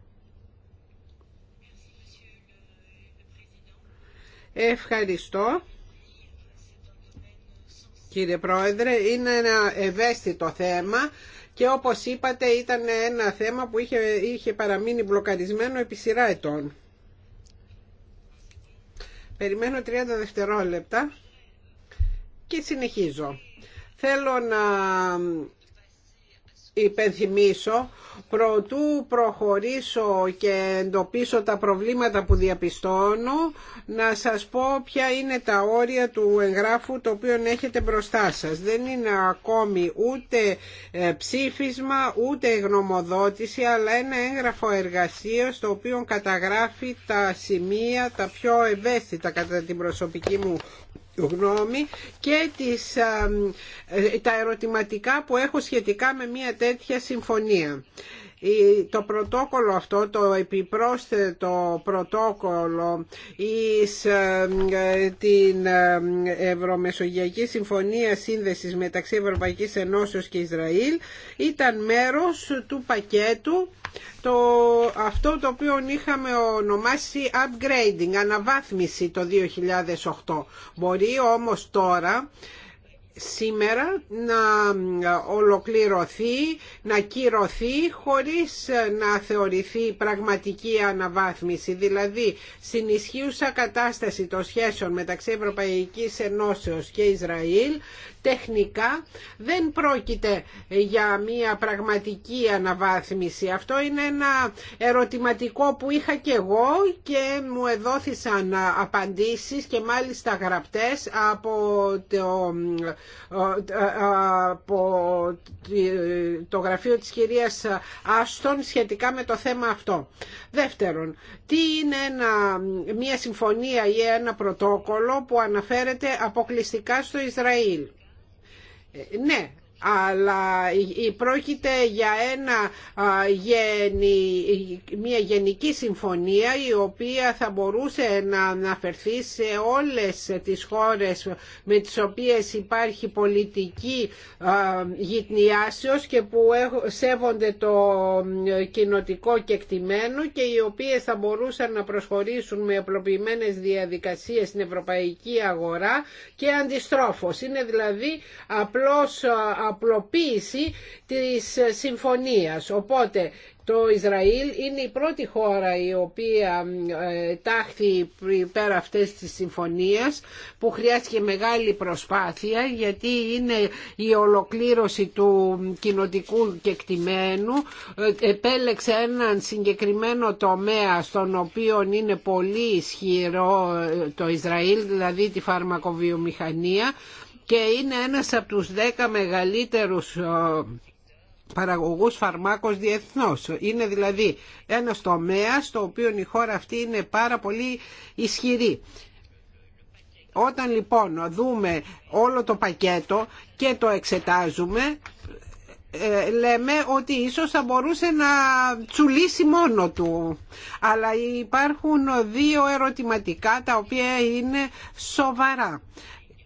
Ευχαριστώ κύριε Πρόεδρε. Είναι ένα ευαίσθητο θέμα και όπως είπατε ήταν ένα θέμα που είχε, είχε παραμείνει μπλοκαρισμένο επί σειρά ετών. Περιμένω 30 δευτερόλεπτα και συνεχίζω. Θέλω να υπενθυμίσω προτού προχωρήσω και εντοπίσω τα προβλήματα που διαπιστώνω να σας πω ποια είναι τα όρια του εγγράφου το οποίο έχετε μπροστά σας. Δεν είναι ακόμη ούτε ε, ψήφισμα ούτε γνωμοδότηση αλλά ένα έγγραφο εργασίας το οποίο καταγράφει τα σημεία τα πιο ευαίσθητα κατά την προσωπική μου γνώμη και τις, ε, τα ερωτηματικά που έχω σχετικά με μια τέτοια συμφωνία. Το πρωτόκολλο αυτό, το επιπρόσθετο πρωτόκολλο εις ε, την ε, Ευρωμεσογειακή Συμφωνία Σύνδεσης μεταξύ Ευρωπαϊκής Ενώσεως και Ισραήλ ήταν μέρος του πακέτου το, αυτό το οποίο είχαμε ονομάσει upgrading, αναβάθμιση το 2008. Μπορεί όμως τώρα σήμερα να ολοκληρωθεί, να κυρωθεί χωρίς να θεωρηθεί πραγματική αναβάθμιση. Δηλαδή, στην κατάσταση των σχέσεων μεταξύ Ευρωπαϊκής Ενώσεως και Ισραήλ τεχνικά δεν πρόκειται για μια πραγματική αναβάθμιση. Αυτό είναι ένα ερωτηματικό που είχα και εγώ και μου εδόθησαν απαντήσεις και μάλιστα γραπτές από το, από γραφείο της κυρίας Άστον σχετικά με το θέμα αυτό. Δεύτερον, τι είναι μια συμφωνία ή ένα πρωτόκολλο που αναφέρεται αποκλειστικά στο Ισραήλ. Ε, ναι, αλλά πρόκειται για ένα, μια γενική συμφωνία η οποία θα μπορούσε να αναφερθεί σε όλες τις χώρες με τις οποίες υπάρχει πολιτική γυτνιάσεως και που σέβονται το κοινοτικό κεκτημένο και οι οποίες θα μπορούσαν να προσχωρήσουν με απλοποιημένες διαδικασίες στην ευρωπαϊκή αγορά και αντιστρόφως. Είναι δηλαδή απλώς απλοποίηση της συμφωνίας. Οπότε το Ισραήλ είναι η πρώτη χώρα η οποία ε, τάχθη πέρα αυτές της συμφωνίας που χρειάστηκε μεγάλη προσπάθεια γιατί είναι η ολοκλήρωση του κοινοτικού κεκτημένου ε, επέλεξε έναν συγκεκριμένο τομέα στον οποίο είναι πολύ ισχυρό ε, το Ισραήλ δηλαδή τη φαρμακοβιομηχανία και είναι ένας από τους 10 μεγαλύτερους ε, παραγωγούς φαρμάκων διεθνώς. Είναι δηλαδή ένα τομέα στο οποίο η χώρα αυτή είναι πάρα πολύ ισχυρή. Όταν λοιπόν δούμε όλο το πακέτο και το εξετάζουμε, ε, λέμε ότι ίσως θα μπορούσε να τσουλήσει μόνο του. Αλλά υπάρχουν δύο ερωτηματικά τα οποία είναι σοβαρά.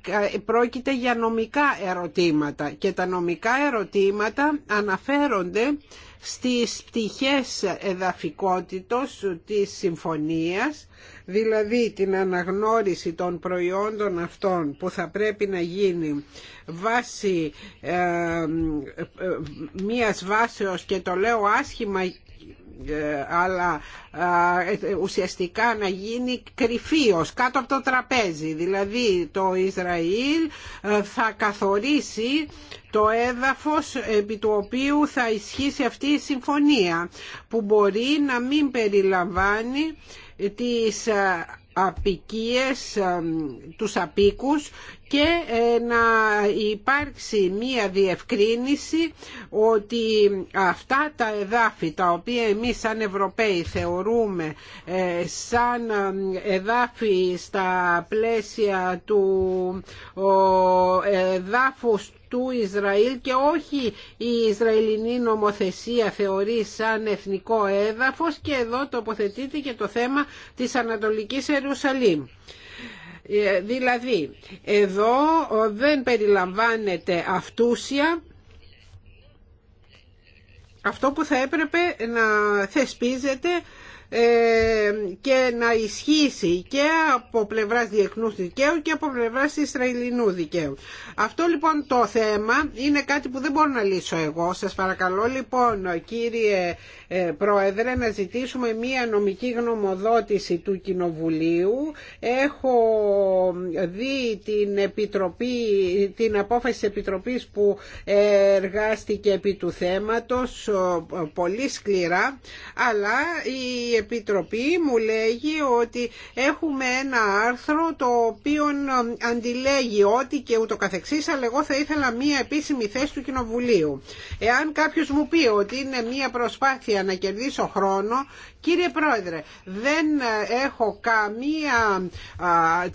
Ε, πρόκειται για νομικά ερωτήματα και τα νομικά ερωτήματα αναφέρονται στις πτυχές εδαφικότητος της συμφωνίας, δηλαδή την αναγνώριση των προϊόντων αυτών που θα πρέπει να γίνει βάση ε, μίας ε, βάσεως και το λέω άσχημα ε, αλλά ε, ουσιαστικά να γίνει κρυφίος κάτω από το τραπέζι. Δηλαδή το Ισραήλ ε, θα καθορίσει το έδαφος επί του οποίου θα ισχύσει αυτή η συμφωνία που μπορεί να μην περιλαμβάνει τις απικίες, τους απίκους και ε, να υπάρξει μία διευκρίνηση ότι αυτά τα εδάφη τα οποία εμείς σαν Ευρωπαίοι θεωρούμε ε, σαν ε, εδάφη στα πλαίσια του εδάφους του Ισραήλ και όχι η Ισραηλινή νομοθεσία θεωρεί σαν εθνικό έδαφος και εδώ τοποθετείται και το θέμα της Ανατολικής Ιερουσαλήμ. Ε, δηλαδή, εδώ ε, δεν περιλαμβάνεται αυτούσια αυτό που θα έπρεπε να θεσπίζεται ε, και να ισχύσει και από πλευράς διεθνούς δικαίου και από πλευράς Ισραηλινού δικαίου. Αυτό λοιπόν το θέμα είναι κάτι που δεν μπορώ να λύσω εγώ. Σας παρακαλώ λοιπόν κύριε ε, Πρόεδρε να ζητήσουμε μία νομική γνωμοδότηση του Κοινοβουλίου. Έχω δει την, επιτροπή, την απόφαση της Επιτροπής που εργάστηκε επί του θέματος πολύ σκληρά, αλλά η Επιτροπή μου λέγει ότι έχουμε ένα άρθρο το οποίο αντιλέγει ότι και ούτω καθεξής, αλλά εγώ θα ήθελα μία επίσημη θέση του Κοινοβουλίου. Εάν κάποιος μου πει ότι είναι μία προσπάθεια για να κερδίσω χρόνο Κύριε Πρόεδρε, δεν ε, έχω καμία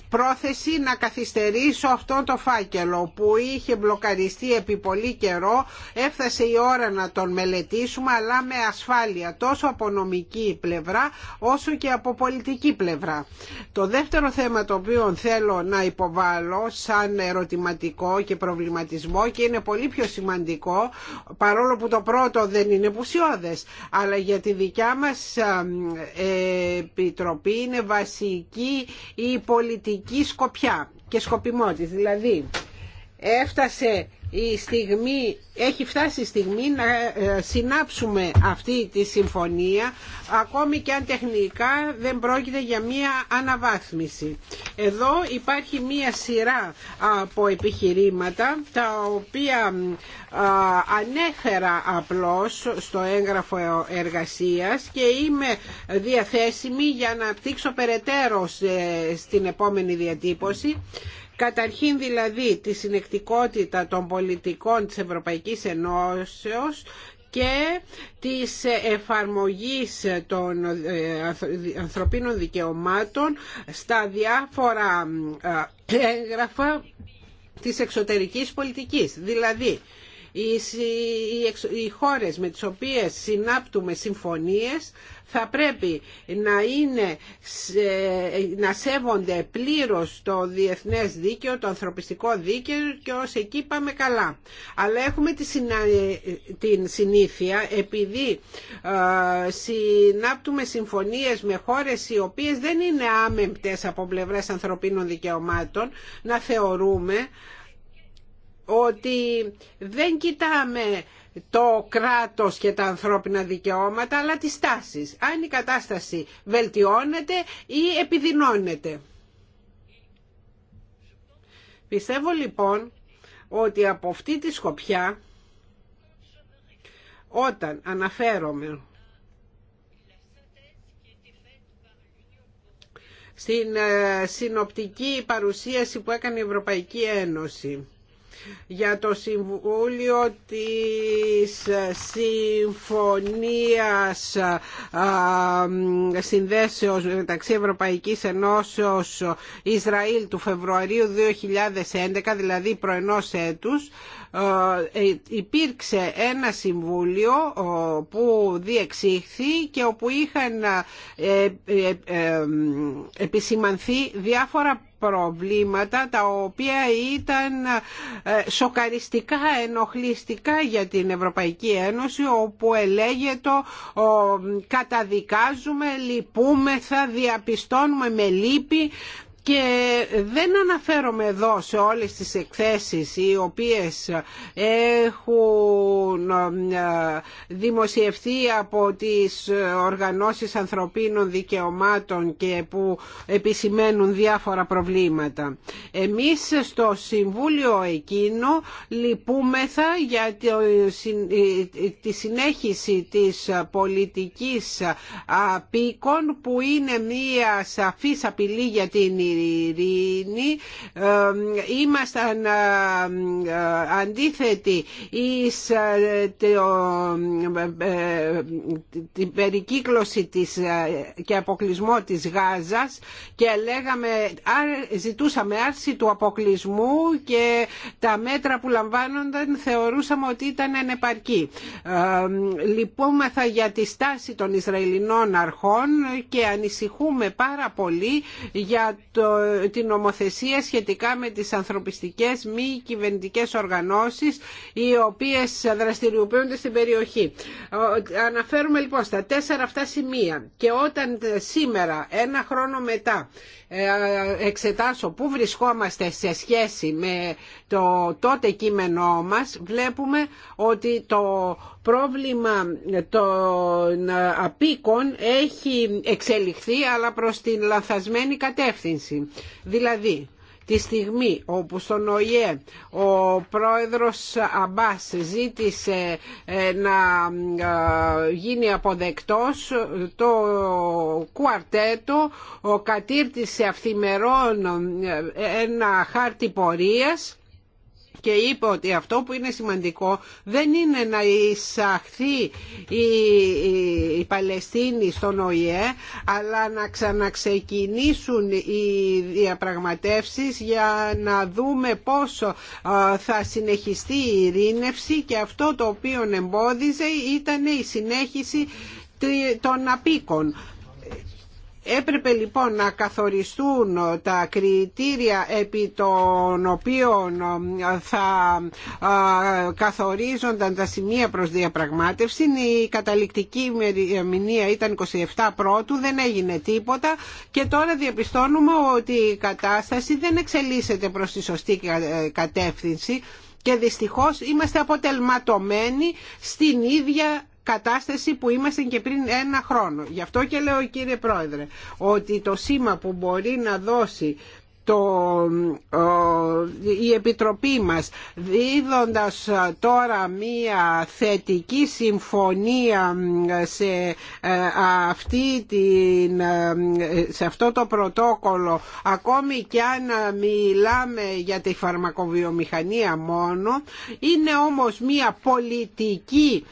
πρόθεση να καθυστερήσω αυτό το φάκελο που είχε μπλοκαριστεί επί πολύ καιρό. Έφτασε η ώρα να τον μελετήσουμε, αλλά με ασφάλεια τόσο από νομική πλευρά όσο και από πολιτική πλευρά. Το δεύτερο θέμα το οποίο θέλω να υποβάλω σαν ερωτηματικό και προβληματισμό και είναι πολύ πιο σημαντικό παρόλο που το πρώτο δεν είναι πουσιώδες αλλά για τη δικιά μας επιτροπή είναι βασική η πολιτική σκοπιά και σκοπιμότητα. Δηλαδή έφτασε η στιγμή, έχει φτάσει η στιγμή να ε, συνάψουμε αυτή τη συμφωνία ακόμη και αν τεχνικά δεν πρόκειται για μία αναβάθμιση. Εδώ υπάρχει μία σειρά από επιχειρήματα τα οποία ανέφερα απλώς στο έγγραφο εργασίας και είμαι διαθέσιμη για να απτύξω περαιτέρω στην επόμενη διατύπωση Καταρχήν δηλαδή τη συνεκτικότητα των πολιτικών της Ευρωπαϊκής Ενώσεως και της εφαρμογής των ε, ανθρωπίνων δικαιωμάτων στα διάφορα ε, έγγραφα της εξωτερικής πολιτικής. Δηλαδή, οι χώρες με τις οποίες συνάπτουμε συμφωνίες θα πρέπει να, είναι, να σέβονται πλήρως το διεθνές δίκαιο, το ανθρωπιστικό δίκαιο και ως εκεί πάμε καλά. Αλλά έχουμε τη την συνήθεια επειδή ε, συνάπτουμε συμφωνίες με χώρες οι οποίες δεν είναι άμεμπτες από πλευρές ανθρωπίνων δικαιωμάτων να θεωρούμε ότι δεν κοιτάμε το κράτος και τα ανθρώπινα δικαιώματα, αλλά τις τάσεις. Αν η κατάσταση βελτιώνεται ή επιδεινώνεται. Πιστεύω λοιπόν ότι από αυτή τη σκοπιά, όταν αναφέρομαι στην ε, συνοπτική παρουσίαση που έκανε η Ευρωπαϊκή Ένωση για το Συμβούλιο της Συμφωνίας Συνδέσεως μεταξύ Ευρωπαϊκής Ενώσεως Ισραήλ του Φεβρουαρίου 2011, δηλαδή προενός έτους, ε, υπήρξε ένα συμβούλιο που διεξήχθη και όπου είχαν ε, ε, επισημανθεί διάφορα προβλήματα τα οποία ήταν ε, σοκαριστικά ενοχλιστικά για την Ευρωπαϊκή Ένωση όπου ελέγεται καταδικάζουμε, λυπούμεθα, θα διαπιστώνουμε με λύπη και δεν αναφέρομαι εδώ σε όλες τις εκθέσεις οι οποίες έχουν ε, δημοσιευθεί από τις οργανώσεις ανθρωπίνων δικαιωμάτων και που επισημαίνουν διάφορα προβλήματα. Εμείς στο Συμβούλιο εκείνο λυπούμεθα για τη ε, συνέχιση της πολιτικής απίκων που είναι μία σαφής απειλή για την ειρήνη ήμασταν ε, ε, αντίθετοι εις ε, την περικύκλωση της και αποκλεισμό της Γάζας και λέγαμε, ζητούσαμε άρση του αποκλεισμού και τα μέτρα που λαμβάνονταν θεωρούσαμε ότι ήταν ανεπαρκή. Λυπούμεθα για τη στάση των Ισραηλινών αρχών και ανησυχούμε πάρα πολύ για το την νομοθεσία σχετικά με τις ανθρωπιστικές μη κυβερνητικές οργανώσεις οι οποίες δραστηριοποιούνται στην περιοχή. Αναφέρουμε λοιπόν στα τέσσερα αυτά σημεία και όταν σήμερα ένα χρόνο μετά ε, εξετάσω πού βρισκόμαστε σε σχέση με το τότε κείμενό μας βλέπουμε ότι το πρόβλημα των απίκων έχει εξελιχθεί αλλά προς την λανθασμένη κατεύθυνση. Δηλαδή, τη στιγμή όπου στον ΟΗΕ ο πρόεδρος Αμπάς ζήτησε ε, να ε, γίνει αποδεκτός το κουαρτέτο κατήρτισε αυθημερών ε, ένα χάρτη πορείας και είπε ότι αυτό που είναι σημαντικό δεν είναι να εισαχθεί η, η, Παλαιστίνη στον ΟΗΕ αλλά να ξαναξεκινήσουν οι διαπραγματεύσεις για να δούμε πόσο θα συνεχιστεί η ειρήνευση και αυτό το οποίο εμπόδιζε ήταν η συνέχιση των απίκων Έπρεπε λοιπόν να καθοριστούν τα κριτήρια επί των οποίων ε, θα ε, καθορίζονταν τα σημεία προς διαπραγμάτευση. Η καταληκτική ημερομηνία ε, ήταν 27 πρώτου, δεν έγινε τίποτα και τώρα διαπιστώνουμε ότι η κατάσταση δεν εξελίσσεται προς τη σωστή κατεύθυνση και δυστυχώς είμαστε αποτελματωμένοι στην ίδια κατάσταση που είμαστε και πριν ένα χρόνο. Γι' αυτό και λέω κύριε Πρόεδρε ότι το σήμα που μπορεί να δώσει το, η Επιτροπή μας δίδοντας τώρα μία θετική συμφωνία ε, σε, ε, αυτή την, ε, σε αυτό το πρωτόκολλο ακόμη κι αν μιλάμε για τη φαρμακοβιομηχανία μόνο είναι όμως μία πολιτική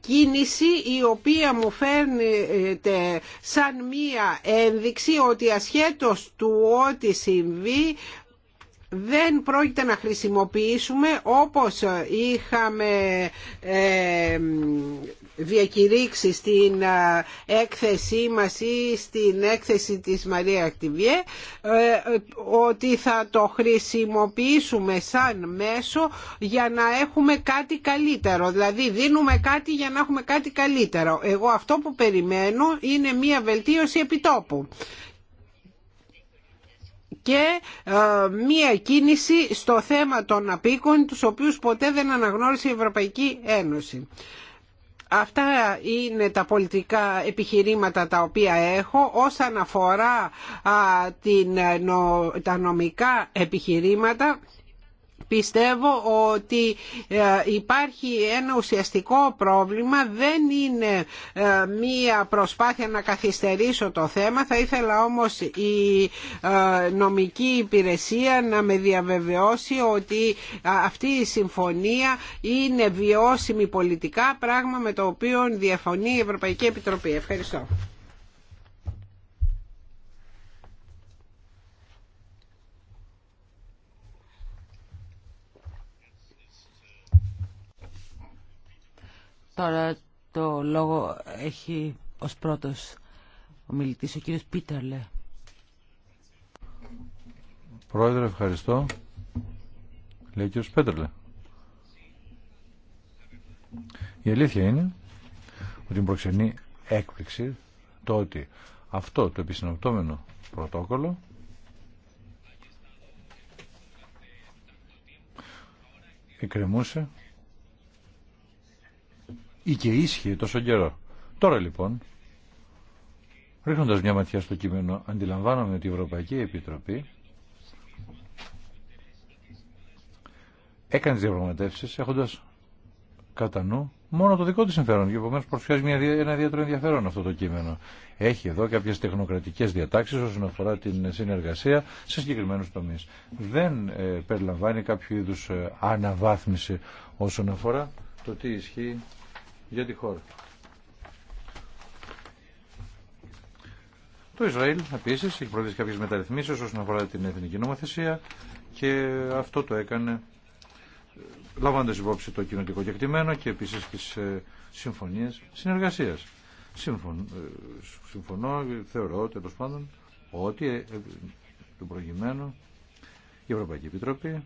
κίνηση η οποία μου φέρνεται σαν μία ένδειξη ότι ασχέτως του ότι δεν πρόκειται να χρησιμοποιήσουμε όπως είχαμε ε, διακηρύξει στην ε, έκθεσή μας ή στην έκθεση της Μαρία Ακτιβιέ ε, ότι θα το χρησιμοποιήσουμε σαν μέσο για να έχουμε κάτι καλύτερο. Δηλαδή δίνουμε κάτι για να έχουμε κάτι καλύτερο. Εγώ αυτό που περιμένω είναι μια βελτίωση επιτόπου και ε, μία κίνηση στο θέμα των απίκων, τους οποίους ποτέ δεν αναγνώρισε η Ευρωπαϊκή Ένωση. Αυτά είναι τα πολιτικά επιχειρήματα τα οποία έχω. Όσον αφορά την, ε, τα νομικά επιχειρήματα, Πιστεύω ότι ε, υπάρχει ένα ουσιαστικό πρόβλημα, δεν είναι ε, μία προσπάθεια να καθυστερήσω το θέμα. Θα ήθελα όμως η ε, νομική υπηρεσία να με διαβεβαιώσει ότι αυτή η συμφωνία είναι βιώσιμη πολιτικά, πράγμα με το οποίο διαφωνεί η Ευρωπαϊκή Επιτροπή. Ευχαριστώ. Τώρα το λόγο έχει ως πρώτος ο μιλητής, ο κύριος Πίτερλε. Πρόεδρε, ευχαριστώ. Λέει ο κύριος Πίτερλε. Η αλήθεια είναι ότι την προξενή έκπληξη το ότι αυτό το επισυνοπτόμενο πρωτόκολλο εκκρεμούσε ή και ίσχυε τόσο καιρό. Τώρα λοιπόν, ρίχνοντας μια ματιά στο κείμενο, αντιλαμβάνομαι ότι η Ευρωπαϊκή Επιτροπή έκανε τις διαπραγματεύσεις έχοντας κατά νου μόνο το δικό τη συμφέρον. Και επομένω προσφέρει μια, ένα ιδιαίτερο ενδιαφέρον αυτό το δικο της συμφερον Έχει εδώ κάποιε τεχνοκρατικέ διατάξει όσον αφορά την συνεργασία σε συγκεκριμένου τομεί. Δεν ε, περιλαμβάνει κάποιο είδου ε, αναβάθμιση όσον αφορά το τι ισχύει για τη χώρα. Το Ισραήλ επίση έχει προωθήσει κάποιε μεταρρυθμίσει όσον αφορά την εθνική νομοθεσία και αυτό το έκανε ε, λαμβάνοντα υπόψη το κοινοτικό κεκτημένο και επίση τι ε, συμφωνίε συνεργασία. Ε, συμφωνώ, θεωρώ τέλο πάντων ότι το προηγουμένο η Ευρωπαϊκή Επιτροπή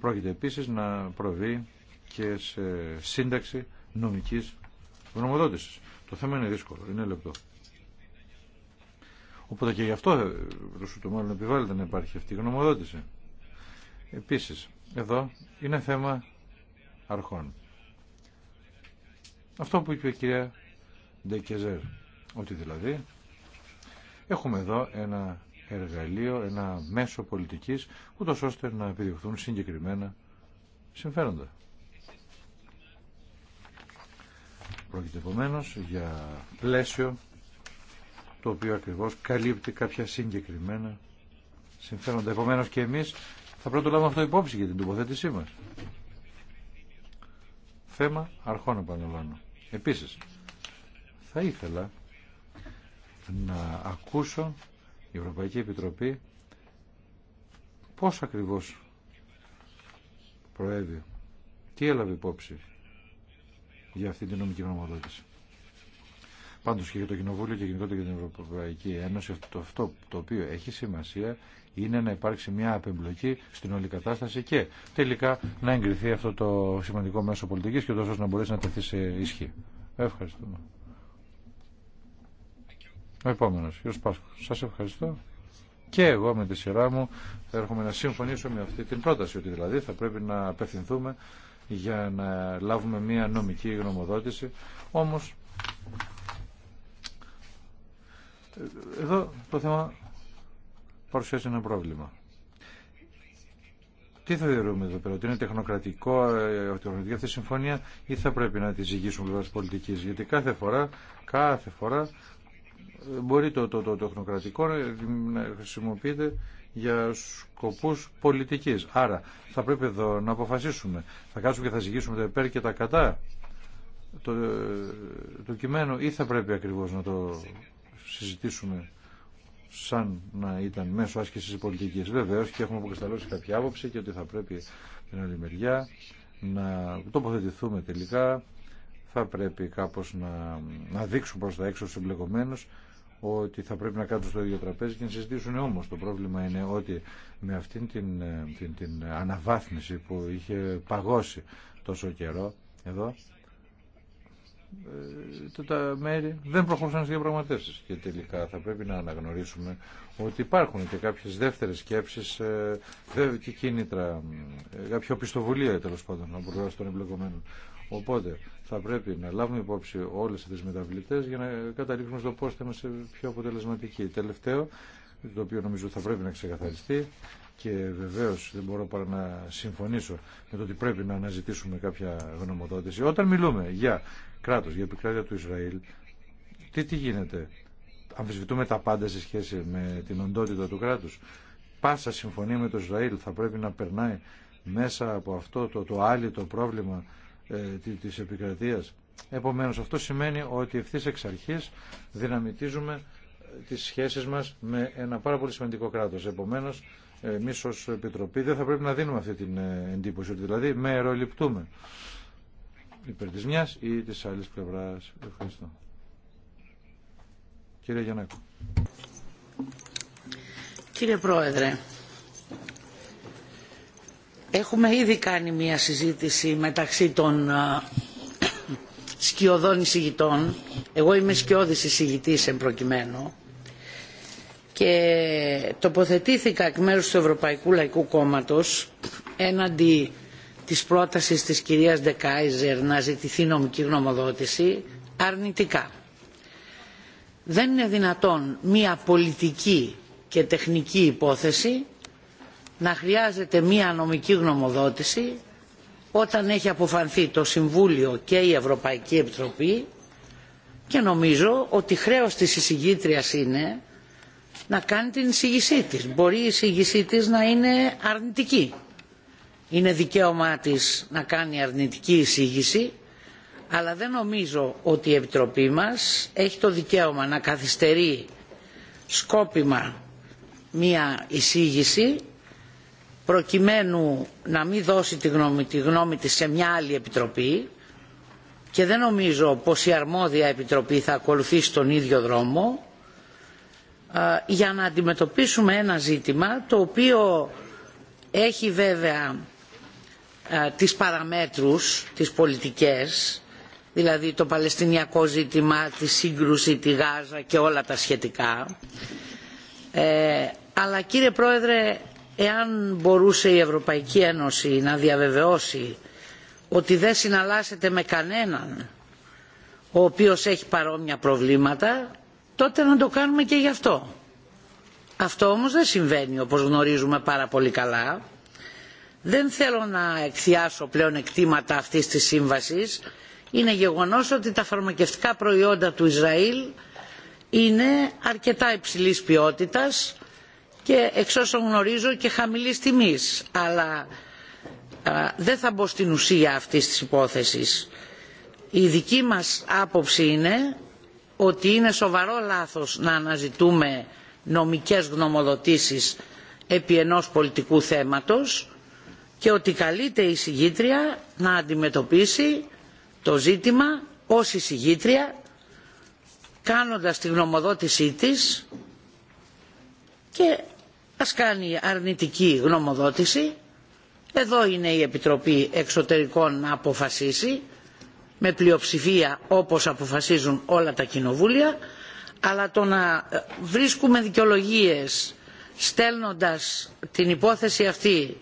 πρόκειται επίσης να προβεί και σε σύνταξη νομικής γνωμοδότησης. Το θέμα είναι δύσκολο, είναι λεπτό. Οπότε και γι' αυτό ε, το μάλλον επιβάλλεται να υπάρχει αυτή η γνωμοδότηση. Επίσης, εδώ είναι θέμα αρχών. Αυτό που είπε η κυρία Ντεκεζέρ, ότι δηλαδή έχουμε εδώ ένα εργαλείο, ένα μέσο πολιτικής, ούτως ώστε να επιδιωχθούν συγκεκριμένα συμφέροντα. Πρόκειται επομένω για πλαίσιο το οποίο ακριβώς καλύπτει κάποια συγκεκριμένα συμφέροντα. Επομένως και εμείς θα πρώτο λάβουμε αυτό υπόψη για την τοποθέτησή μας. Θέμα αρχών επαναλαμβάνω. Επίσης, θα ήθελα να ακούσω η Ευρωπαϊκή Επιτροπή πώς ακριβώς προέβη, τι έλαβε υπόψη για αυτή την νομική γνωμοδότηση. Πάντως και για το Κοινοβούλιο και γενικότερα για την Ευρωπαϊκή Ένωση αυτό το οποίο έχει σημασία είναι να υπάρξει μια απεμπλοκή στην όλη κατάσταση και τελικά να εγκριθεί αυτό το σημαντικό μέσο πολιτικής και τόσο να μπορέσει να τεθεί σε ισχύ. Ευχαριστούμε. Ο επόμενος, κύριος Σας ευχαριστώ. Και εγώ με τη σειρά μου θα έρχομαι να συμφωνήσω με αυτή την πρόταση ότι δηλαδή θα πρέπει να απευθυνθούμε για να λάβουμε μια νομική γνωμοδότηση. Όμως, εδώ το θέμα παρουσιάζει ένα πρόβλημα. Τι θα θεωρούμε εδώ πέρα, ότι είναι τεχνοκρατικό, ε, αυτή η συμφωνία ή θα πρέπει να τη βέβαια πλευρά πολιτική. Γιατί κάθε φορά, κάθε φορά ε, μπορεί το, το, το τεχνοκρατικό να χρησιμοποιείται για σκοπούς πολιτικής. Άρα θα πρέπει εδώ να αποφασίσουμε. Θα κάτσουμε και θα ζυγίσουμε τα υπέρ και τα κατά το, το κειμένο ή θα πρέπει ακριβώς να το συζητήσουμε σαν να ήταν μέσω άσκησης πολιτικής. Βεβαίως και έχουμε αποκρισταλώσει κάποια άποψη και ότι θα πρέπει την άλλη μεριά να τοποθετηθούμε τελικά θα πρέπει κάπως να, να δείξουν προς τα έξω στους εμπλεκομένους ότι θα πρέπει να κάτσουν στο ίδιο τραπέζι και να συζητήσουν όμως. Το πρόβλημα είναι ότι με αυτήν την, την, την αναβάθμιση που είχε παγώσει τόσο καιρό εδώ, ε, τα μέρη δεν προχωρούσαν στις διαπραγματεύσεις και τελικά θα πρέπει να αναγνωρίσουμε ότι υπάρχουν και κάποιες δεύτερες σκέψεις ε, και κίνητρα ε, κάποια πιστοβουλία τέλο πάντων από πλευρά των εμπλεκομένων οπότε θα πρέπει να λάβουμε υπόψη όλες τι μεταβλητέ για να καταλήξουμε στο πώ θα είμαστε πιο αποτελεσματικοί. Τελευταίο, το οποίο νομίζω θα πρέπει να ξεκαθαριστεί και βεβαίω δεν μπορώ παρά να συμφωνήσω με το ότι πρέπει να αναζητήσουμε κάποια γνωμοδότηση. Όταν μιλούμε για κράτο για επικράτεια του Ισραήλ, τι, τι γίνεται. Αμφισβητούμε τα πάντα σε σχέση με την οντότητα του κράτου. Πάσα συμφωνία με το Ισραήλ θα πρέπει να περνάει μέσα από αυτό το, το πρόβλημα ε, της επικρατείας. Επομένως αυτό σημαίνει ότι ευθύ εξ αρχής δυναμητίζουμε ε, τις σχέσεις μας με ένα πάρα πολύ σημαντικό κράτος. Επομένως ε, εμείς ως Επιτροπή δεν θα πρέπει να δίνουμε αυτή την εντύπωση ότι δηλαδή με ερωληπτούμε υπέρ της μιας ή της άλλης πλευράς. Ευχαριστώ. Κύριε Γιαννάκο. Κύριε Πρόεδρε, Έχουμε ήδη κάνει μία συζήτηση μεταξύ των σκιωδών εισηγητών. Εγώ είμαι σκιώδης εισηγητής εν και τοποθετήθηκα εκ μέρους του Ευρωπαϊκού Λαϊκού Κόμματος έναντι της πρότασης της κυρίας Ντεκάιζερ να ζητηθεί νομική γνωμοδότηση αρνητικά. Δεν είναι δυνατόν μία πολιτική και τεχνική υπόθεση να χρειάζεται μία νομική γνωμοδότηση όταν έχει αποφανθεί το Συμβούλιο και η Ευρωπαϊκή Επιτροπή και νομίζω ότι χρέος της εισηγήτριας είναι να κάνει την εισηγησή της. Μπορεί η εισηγησή της να είναι αρνητική. Είναι δικαίωμά της να κάνει αρνητική εισήγηση αλλά δεν νομίζω ότι η Επιτροπή μας έχει το δικαίωμα να καθυστερεί σκόπιμα μία εισήγηση προκειμένου να μην δώσει τη γνώμη, τη της σε μια άλλη επιτροπή και δεν νομίζω πως η αρμόδια επιτροπή θα ακολουθήσει τον ίδιο δρόμο για να αντιμετωπίσουμε ένα ζήτημα το οποίο έχει βέβαια τις παραμέτρους, τις πολιτικές, δηλαδή το Παλαιστινιακό ζήτημα, τη σύγκρουση, τη Γάζα και όλα τα σχετικά. Ε, αλλά κύριε Πρόεδρε, εάν μπορούσε η Ευρωπαϊκή Ένωση να διαβεβαιώσει ότι δεν συναλλάσσεται με κανέναν ο οποίος έχει παρόμοια προβλήματα, τότε να το κάνουμε και γι' αυτό. Αυτό όμως δεν συμβαίνει όπως γνωρίζουμε πάρα πολύ καλά. Δεν θέλω να εκθιάσω πλέον εκτίματα αυτής της σύμβασης. Είναι γεγονός ότι τα φαρμακευτικά προϊόντα του Ισραήλ είναι αρκετά υψηλής ποιότητας και εξ όσων γνωρίζω και χαμηλής τιμής. Αλλά δεν θα μπω στην ουσία αυτής της υπόθεσης. Η δική μας άποψη είναι ότι είναι σοβαρό λάθος να αναζητούμε νομικές γνωμοδοτήσεις επί ενός πολιτικού θέματος και ότι καλείται η συγγήτρια να αντιμετωπίσει το ζήτημα ως συγγήτρια κάνοντας τη γνωμοδότησή της και Ας κάνει αρνητική γνωμοδότηση. Εδώ είναι η Επιτροπή Εξωτερικών να αποφασίσει με πλειοψηφία όπως αποφασίζουν όλα τα κοινοβούλια αλλά το να βρίσκουμε δικαιολογίες στέλνοντας την υπόθεση αυτή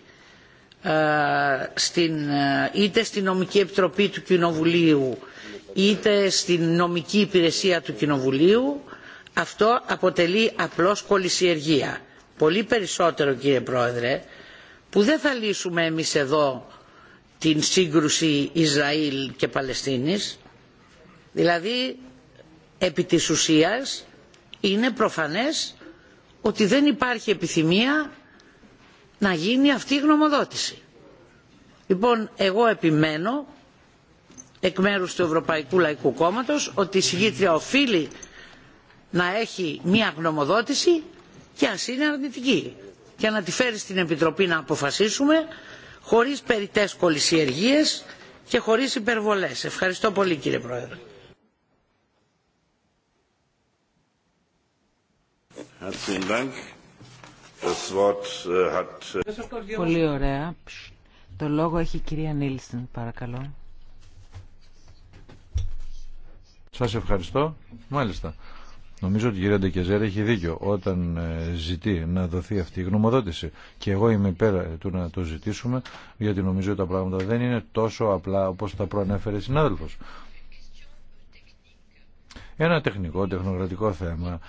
ε, στην, ε, είτε στην νομική επιτροπή του κοινοβουλίου είτε στην νομική υπηρεσία του κοινοβουλίου αυτό αποτελεί απλώς κολυσιεργία πολύ περισσότερο κύριε Πρόεδρε που δεν θα λύσουμε εμείς εδώ την σύγκρουση Ισραήλ και Παλαιστίνης δηλαδή επί της ουσίας είναι προφανές ότι δεν υπάρχει επιθυμία να γίνει αυτή η γνωμοδότηση. Λοιπόν, εγώ επιμένω εκ μέρους του Ευρωπαϊκού Λαϊκού Κόμματος ότι η συγκήτρια οφείλει να έχει μια γνωμοδότηση και ας είναι αρνητική και να τη φέρει στην Επιτροπή να αποφασίσουμε χωρίς περιττές κολυσιεργίες και χωρίς υπερβολές. Ευχαριστώ πολύ κύριε Πρόεδρε. Äh, äh, πολύ ωραία. Το λόγο έχει η κυρία Νίλσεν, παρακαλώ. Σας ευχαριστώ. Μάλιστα. Νομίζω ότι η κυρία Ντεκεζέρα έχει δίκιο όταν ε, ζητεί να δοθεί αυτή η γνωμοδότηση. Και εγώ είμαι πέρα ε, του να το ζητήσουμε, γιατί νομίζω ότι τα πράγματα δεν είναι τόσο απλά όπως τα προανέφερε η συνάδελφος. Ένα τεχνικό, τεχνοκρατικό θέμα,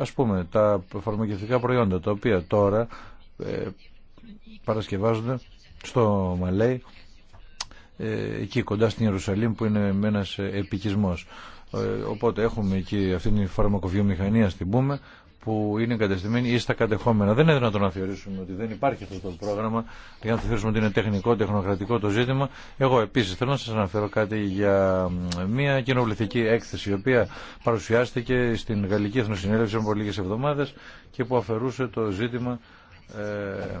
ας πούμε τα φαρμακευτικά προϊόντα τα οποία τώρα ε, παρασκευάζονται στο Μαλέι, ε, εκεί κοντά στην Ιερουσαλήμ που είναι ένας επικισμός. Ε, οπότε έχουμε εκεί αυτή την φαρμακοβιομηχανία στην πούμε που είναι εγκατεστημένη ή στα κατεχόμενα. Δεν είναι δυνατόν να θεωρήσουμε ότι δεν υπάρχει αυτό το πρόγραμμα για να θεωρήσουμε ότι είναι τεχνικό, τεχνοκρατικό το ζήτημα. Εγώ επίση θέλω να σα αναφέρω κάτι για μια κοινοβουλευτική έκθεση η οποία παρουσιάστηκε στην Γαλλική Εθνοσυνέλευση από λίγε εβδομάδε και που αφαιρούσε το ζήτημα ε,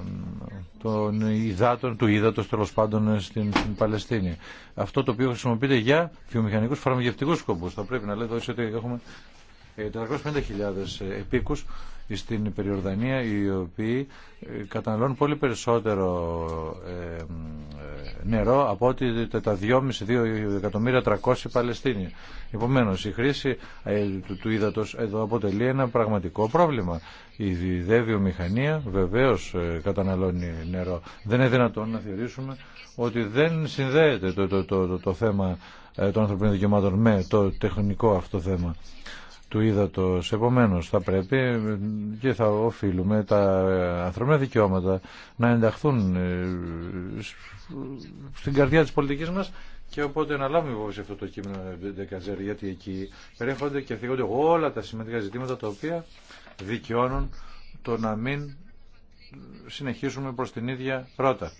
των υδάτων, του ύδατο τέλο πάντων στην, στην, Παλαιστίνη. Αυτό το οποίο χρησιμοποιείται για βιομηχανικού φαρμακευτικούς σκοπούς. Θα πρέπει να λέτε ότι έχουμε 450.000 ε, ε, επίκους στην Περιορδανία οι οποίοι ε, καταναλώνουν πολύ περισσότερο νερό από ότι τα 2,5-2 εκατομμύρια 300 Παλαιστίνοι. Επομένως η χρήση του ύδατος εδώ αποτελεί ένα πραγματικό πρόβλημα. Η δε βιομηχανία βεβαίως καταναλώνει νερό. Δεν είναι δυνατόν να θεωρήσουμε ότι δεν συνδέεται το, το, το, το, το θέμα των ανθρωπίνων δικαιωμάτων με το τεχνικό αυτό θέμα του ύδατος. Επομένως θα πρέπει και θα οφείλουμε τα ανθρωπινά δικαιώματα να ενταχθούν ε, στην καρδιά της πολιτικής μας και οπότε να λάβουμε υπόψη αυτό το κείμενο ε, γιατί εκεί περιέχονται και θίγονται όλα τα σημαντικά ζητήματα τα οποία δικαιώνουν το να μην συνεχίσουμε προς την ίδια ρότα.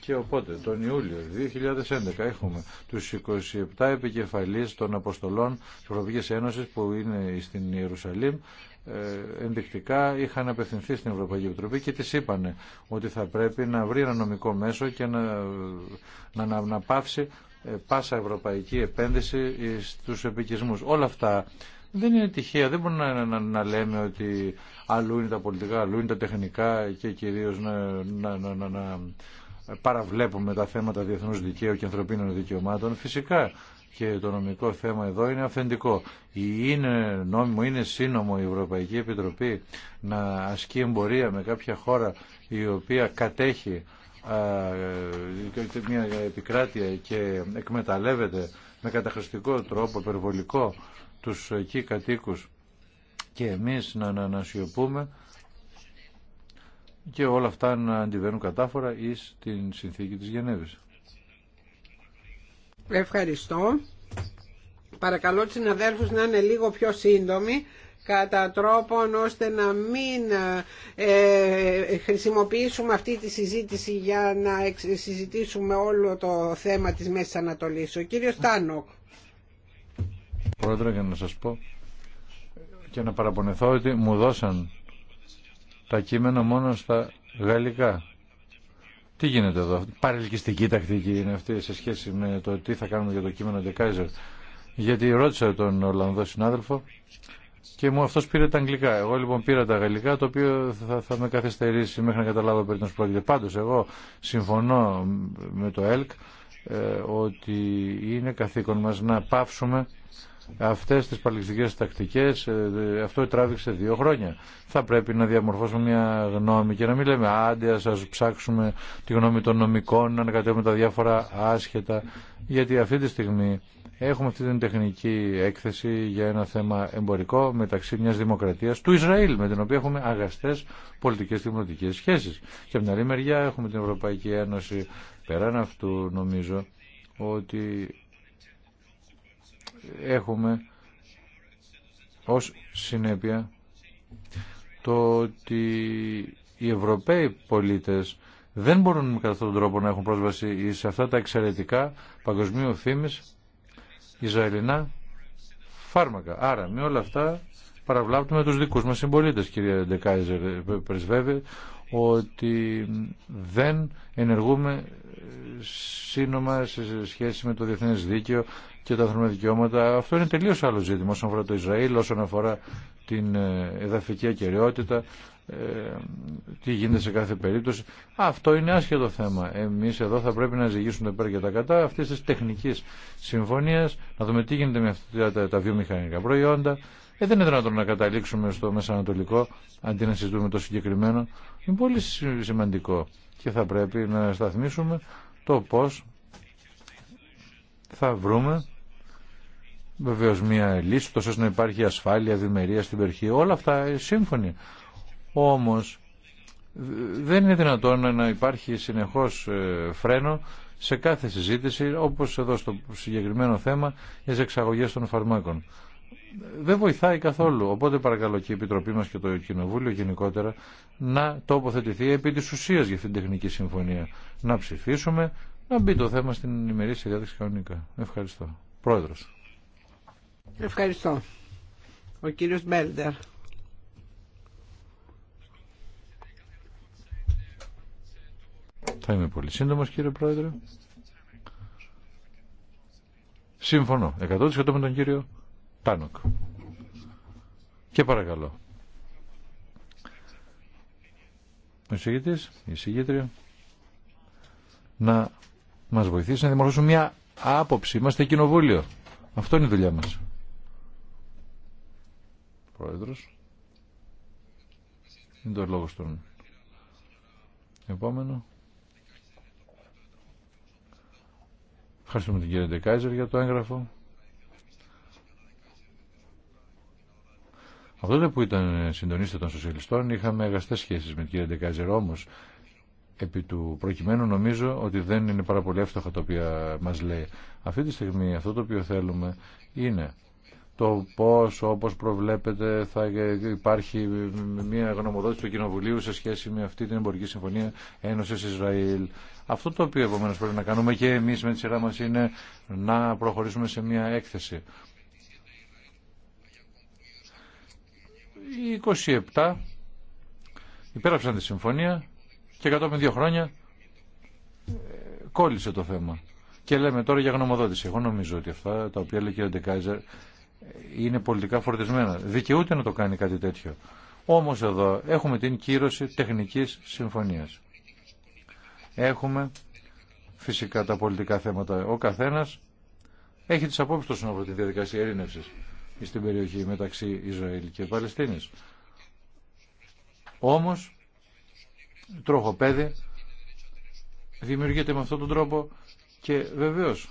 Και οπότε τον Ιούλιο 2011 έχουμε τους 27 επικεφαλείς των αποστολών της Ευρωπαϊκής Ένωσης που είναι στην Ιερουσαλήμ ε, ενδεικτικά είχαν απευθυνθεί στην Ευρωπαϊκή Επιτροπή και της είπανε ότι θα πρέπει να βρει ένα νομικό μέσο και να, να, να, να ε, πάσα ευρωπαϊκή επένδυση στους επικισμούς. Όλα αυτά δεν είναι τυχαία, δεν μπορούμε να, να λέμε ότι αλλού είναι τα πολιτικά, αλλού είναι τα τεχνικά και κυρίως να, να, να, να παραβλέπουμε τα θέματα διεθνούς δικαίου και ανθρωπίνων δικαιωμάτων. Φυσικά και το νομικό θέμα εδώ είναι αυθεντικό. Είναι νόμιμο, είναι σύνομο η Ευρωπαϊκή Επιτροπή να ασκεί εμπορία με κάποια χώρα η οποία κατέχει μια επικράτεια και εκμεταλλεύεται με καταχρηστικό τρόπο, περιβολικό, τους εκεί κατοίκους και εμείς να ανασιωπούμε και όλα αυτά να αντιβαίνουν κατάφορα εις την συνθήκη της Γενέβης. Ευχαριστώ. Παρακαλώ τους συναδέλφους να είναι λίγο πιο σύντομοι κατά τρόπον ώστε να μην ε, χρησιμοποιήσουμε αυτή τη συζήτηση για να συζητήσουμε όλο το θέμα της Μέσης Ανατολής. Ο κύριος Τάνοκ. Πρόεδρε, για να σας πω και να παραπονεθώ ότι μου δώσαν τα κείμενα μόνο στα γαλλικά. Τι γίνεται εδώ, παρελκυστική τακτική είναι αυτή σε σχέση με το τι θα κάνουμε για το κείμενο του Kaiser. Γιατί ρώτησα τον Ολλανδό συνάδελφο και μου αυτός πήρε τα αγγλικά. Εγώ λοιπόν πήρα τα γαλλικά, το οποίο θα, θα με καθυστερήσει μέχρι να καταλάβω περί των πρόκειται. Πάντως εγώ συμφωνώ με το ΕΛΚ ε, ότι είναι καθήκον μας να πάψουμε αυτές τις παλιστικές τακτικές, ε, αυτό τράβηξε δύο χρόνια. Θα πρέπει να διαμορφώσουμε μια γνώμη και να μην λέμε άντε ας ψάξουμε τη γνώμη των νομικών, να ανακατεύουμε τα διάφορα άσχετα, γιατί αυτή τη στιγμή έχουμε αυτή την τεχνική έκθεση για ένα θέμα εμπορικό μεταξύ μιας δημοκρατίας του Ισραήλ, με την οποία έχουμε αγαστές πολιτικές και σχέσεις. Και από την άλλη μεριά έχουμε την Ευρωπαϊκή Ένωση, πέραν αυτού νομίζω ότι έχουμε ως συνέπεια το ότι οι Ευρωπαίοι πολίτες δεν μπορούν με αυτόν τον τρόπο να έχουν πρόσβαση σε αυτά τα εξαιρετικά παγκοσμίου φήμης Ισραηλινά φάρμακα. Άρα με όλα αυτά παραβλάπτουμε τους δικούς μας συμπολίτες κυρία Ντεκάιζερ πρεσβεύει ότι δεν ενεργούμε σύνομα σε σχέση με το διεθνές δίκαιο και τα ανθρώπινα δικαιώματα. Αυτό είναι τελείω άλλο ζήτημα όσον αφορά το Ισραήλ, όσον αφορά την ε, εδαφική ακεραιότητα, ε, τι γίνεται σε κάθε περίπτωση. Αυτό είναι άσχετο θέμα. Εμεί εδώ θα πρέπει να ζυγίσουμε πέρα και τα κατά αυτή τη τεχνική συμφωνία, να δούμε τι γίνεται με αυτά τα, τα βιομηχανικά προϊόντα. Ε, δεν είναι δυνατόν να καταλήξουμε στο Μεσανατολικό αντί να συζητούμε το συγκεκριμένο. Είναι πολύ σημαντικό και θα πρέπει να σταθμίσουμε το πώ θα βρούμε βεβαίω μια λύση, τόσο να υπάρχει ασφάλεια, διμερία στην περιοχή. Όλα αυτά σύμφωνοι. Όμω δεν είναι δυνατόν να υπάρχει συνεχώ ε, φρένο σε κάθε συζήτηση, όπω εδώ στο συγκεκριμένο θέμα για τι εξαγωγέ των φαρμάκων. Δεν βοηθάει καθόλου. Οπότε παρακαλώ και η Επιτροπή μα και το Κοινοβούλιο γενικότερα να τοποθετηθεί επί τη ουσία για αυτήν την τεχνική συμφωνία. Να ψηφίσουμε, να μπει το θέμα στην ημερήσια διάταξη κανονικά. Ευχαριστώ. Πρόεδρος. Ευχαριστώ. Ο κύριος Μπέλντερ. Θα είμαι πολύ σύντομος κύριε Πρόεδρε. Σύμφωνο. 100% με τον κύριο Τάνοκ. Και παρακαλώ. Ο εισηγητής, η εισηγήτρια, να μας βοηθήσει να δημιουργήσουμε μια άποψη. Είμαστε κοινοβούλιο. Αυτό είναι η δουλειά μας. Πρόεδρος. Είναι το λόγο στον επόμενο. Ευχαριστούμε την κυρία Ντεκάιζερ για το έγγραφο. Από τότε που ήταν συντονίστη των σοσιαλιστών είχαμε αγαστές σχέσεις με την κυρία Ντεκάιζερ όμως επί του προκειμένου νομίζω ότι δεν είναι πάρα πολύ εύστοχα τα οποία μας λέει. Αυτή τη στιγμή αυτό το οποίο θέλουμε είναι το πώς, όπως προβλέπετε, θα υπάρχει μια γνωμοδότηση του Κοινοβουλίου σε σχέση με αυτή την εμπορική συμφωνία Ένωσης Ισραήλ. Αυτό το οποίο επομένω πρέπει να κάνουμε και εμείς με τη σειρά μας είναι να προχωρήσουμε σε μια έκθεση. Οι 27 υπέραψαν τη συμφωνία και κατόπιν δύο χρόνια ε, κόλλησε το θέμα. Και λέμε τώρα για γνωμοδότηση. Εγώ νομίζω ότι αυτά τα οποία λέει ο Ντεκάιζερ είναι πολιτικά φορτισμένα. Δικαιούται να το κάνει κάτι τέτοιο. Όμως εδώ έχουμε την κύρωση τεχνικής συμφωνίας. Έχουμε φυσικά τα πολιτικά θέματα. Ο καθένας έχει τις απόψεις του από τη διαδικασία ερήνευσης στην περιοχή μεταξύ Ισραήλ και Παλαιστίνης. Όμως, τροχοπέδι δημιουργείται με αυτόν τον τρόπο και βεβαίως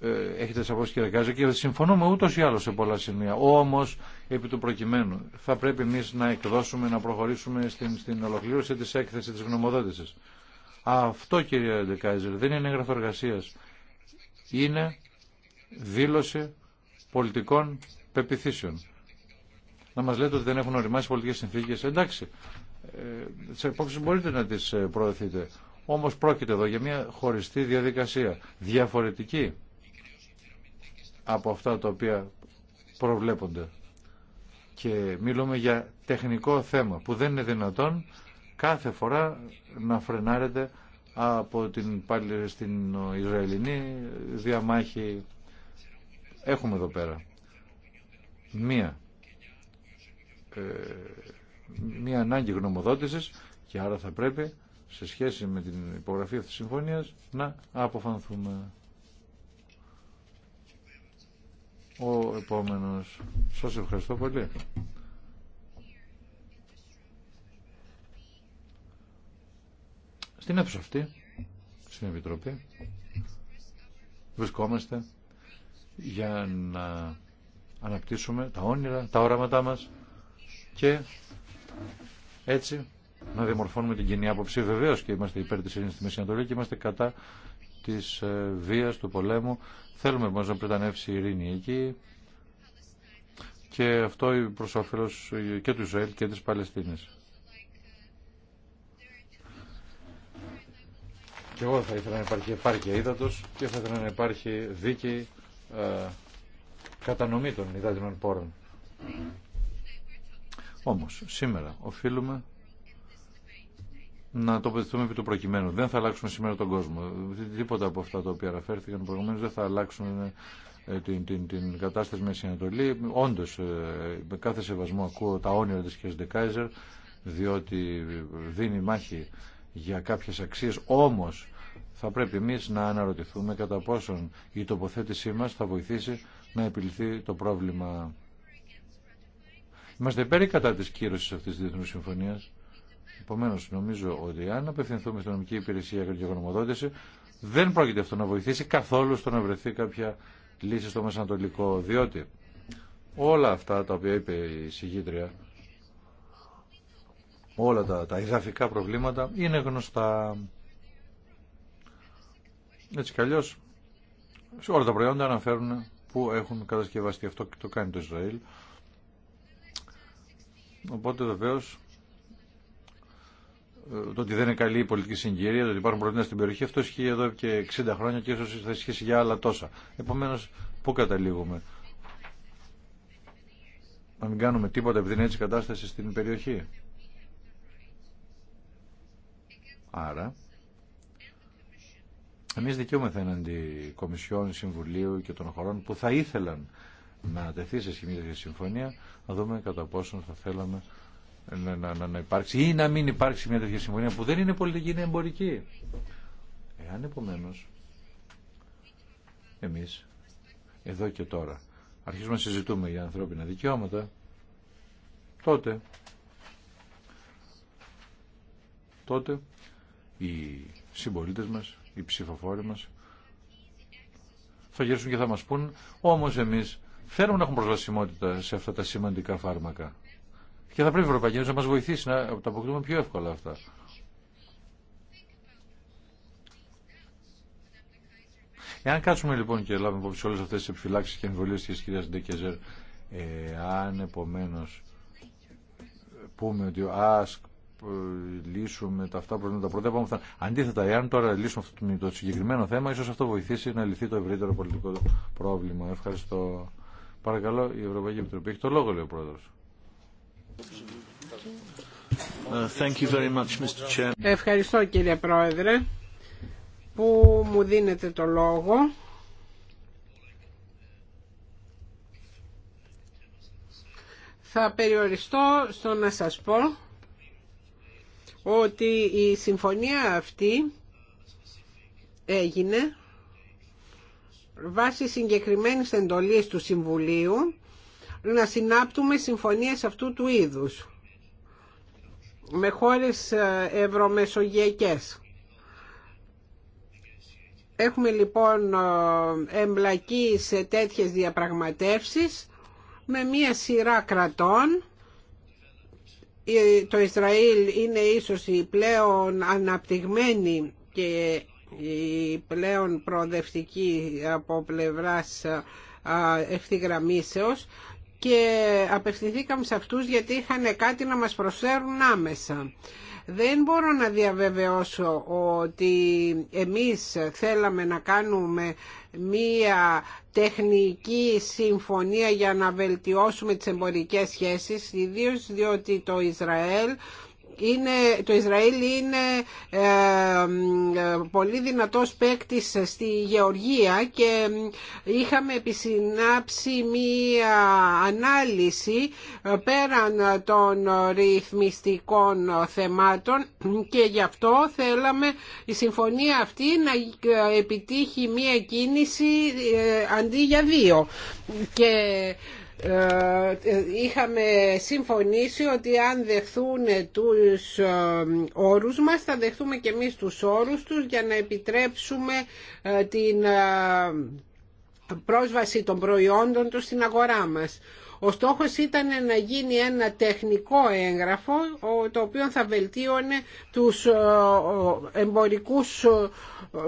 ε, έχετε σαφώ κύριε Γκάζο και συμφωνούμε ούτω ή άλλω σε πολλά σημεία. Όμω, επί του προκειμένου, θα πρέπει εμεί να εκδώσουμε, να προχωρήσουμε στην, στην ολοκλήρωση τη έκθεση τη γνωμοδότηση. Αυτό κύριε Ντεκάιζερ δεν είναι έγγραφο εργασία. Είναι δήλωση πολιτικών πεπιθήσεων. Να μα λέτε ότι δεν έχουν οριμάσει πολιτικέ συνθήκε. Εντάξει, ε, τι μπορείτε να τι ε, προωθείτε. Όμω πρόκειται εδώ για μια χωριστή διαδικασία. Διαφορετική από αυτά τα οποία προβλέπονται. Και μιλούμε για τεχνικό θέμα που δεν είναι δυνατόν κάθε φορά να φρενάρεται από την πάλι στην Ισραηλινή διαμάχη έχουμε εδώ πέρα μία ε, μία ανάγκη γνωμοδότησης και άρα θα πρέπει σε σχέση με την υπογραφή αυτής της συμφωνίας να αποφανθούμε. ο επόμενος. Σας ευχαριστώ πολύ. Στην έψω αυτή, στην Επιτροπή, βρισκόμαστε για να αναπτύσσουμε τα όνειρα, τα όραματά μας και έτσι να διαμορφώνουμε την κοινή άποψη. Βεβαίω και είμαστε υπέρ της ειρήνη στη Μέση και είμαστε κατά της ε, βίας, του πολέμου. Θέλουμε όμως να πρετανεύσει η ειρήνη εκεί και αυτό προς όφελος ε, και του Ισραήλ και της Παλαιστίνης. Και εγώ θα ήθελα να υπάρχει επάρκεια ύδατος και θα ήθελα να υπάρχει δίκη ε, κατανομή των υδάτινων πόρων. Όμως, σήμερα οφείλουμε να τοποθετηθούμε επί του προκειμένου. Δεν θα αλλάξουμε σήμερα τον κόσμο. Τίποτα από αυτά τα οποία αναφέρθηκαν προηγουμένω δεν θα αλλάξουν ε, την, την, την κατάσταση Μέση Ανατολή. Όντω, ε, με κάθε σεβασμό ακούω τα όνειρα τη κ. Ντεκάιζερ, διότι δίνει μάχη για κάποιε αξίε. Όμω, θα πρέπει εμεί να αναρωτηθούμε κατά πόσον η τοποθέτησή μα θα βοηθήσει να επιληθεί το πρόβλημα. Είμαστε υπέρ κατά τη κύρωση αυτή τη διεθνού συμφωνία. Επομένω, νομίζω ότι αν απευθυνθούμε στην νομική υπηρεσία για γνωμοδότηση, δεν πρόκειται αυτό να βοηθήσει καθόλου στο να βρεθεί κάποια λύση στο Μεσανατολικό, διότι όλα αυτά τα οποία είπε η συγγήτρια, όλα τα, τα εδαφικά προβλήματα είναι γνωστά. Έτσι κι αλλιώς, σε όλα τα προϊόντα αναφέρουν που έχουν κατασκευαστεί αυτό και το κάνει το Ισραήλ. Οπότε βεβαίως ε, το ότι δεν είναι καλή η πολιτική συγκυρία, το ότι υπάρχουν προβλήματα στην περιοχή, αυτό ισχύει εδώ και 60 χρόνια και ίσω θα ισχύσει για άλλα τόσα. Επομένως, πού καταλήγουμε. Να μην κάνουμε τίποτα επειδή είναι έτσι η κατάσταση στην περιοχή. Άρα, εμεί δικαιούμεθα εναντί Κομισιόν, Συμβουλίου και των χωρών που θα ήθελαν να τεθεί σε σχημή συμφωνία, να δούμε κατά πόσον θα θέλαμε να, υπάρξει ή να μην υπάρξει μια τέτοια συμφωνία που δεν είναι πολιτική, είναι εμπορική. Εάν επομένω, εμείς εδώ και τώρα αρχίζουμε να συζητούμε για ανθρώπινα δικαιώματα, τότε τότε οι συμπολίτες μας, οι ψηφοφόροι μας θα γυρίσουν και θα μας πούν όμως εμείς θέλουμε να έχουμε προσβασιμότητα σε αυτά τα σημαντικά φάρμακα. Και θα πρέπει η Ευρωπαϊκή Ένωση να μα βοηθήσει να τα αποκτούμε πιο εύκολα αυτά. Εάν κάτσουμε λοιπόν και λάβουμε υπόψη όλε αυτέ τι επιφυλάξει και εμβολίε τη κυρία Ντεκεζέρ, εάν επομένω πούμε ότι α ε, λύσουμε τα αυτά προβλήματα πρώτα που θα... Αντίθετα, εάν τώρα λύσουμε αυτό το συγκεκριμένο θέμα, ίσω αυτό βοηθήσει να λυθεί το ευρύτερο πολιτικό πρόβλημα. Ευχαριστώ. Παρακαλώ, η Ευρωπαϊκή Επιτροπή έχει το λόγο, λέει ο πρόεδρο. Ευχαριστώ κύριε Πρόεδρε που μου δίνετε το λόγο. Θα περιοριστώ στο να σας πω ότι η συμφωνία αυτή έγινε βάσει συγκεκριμένης εντολής του Συμβουλίου να συνάπτουμε συμφωνίες αυτού του είδους με χώρες ε, ευρωμεσογειακές. Έχουμε λοιπόν ε, εμπλακεί σε τέτοιες διαπραγματεύσεις με μία σειρά κρατών. Το Ισραήλ είναι ίσως η πλέον αναπτυγμένη και η πλέον προοδευτική από πλευράς ε, ευθυγραμμίσεως και απευθυνθήκαμε σε αυτούς γιατί είχαν κάτι να μας προσφέρουν άμεσα. Δεν μπορώ να διαβεβαιώσω ότι εμείς θέλαμε να κάνουμε μία τεχνική συμφωνία για να βελτιώσουμε τις εμπορικές σχέσεις, ιδίως διότι το Ισραήλ είναι, το Ισραήλ είναι ε, ε, πολύ δυνατός παίκτη στη γεωργία και ε, είχαμε επισυνάψει μία ανάλυση πέραν των ρυθμιστικών θεμάτων και γι' αυτό θέλαμε η συμφωνία αυτή να επιτύχει μία κίνηση αντί για δύο. Και ε, είχαμε συμφωνήσει ότι αν δεχθούν τους ε, όρους μας θα δεχθούμε και εμείς τους όρους τους για να επιτρέψουμε ε, την πρόσβαση των προϊόντων τους στην αγορά μας. Ο στόχος ήταν να γίνει ένα τεχνικό έγγραφο το οποίο θα βελτίωνε τους, ε, ε, εμπορικούς, ε,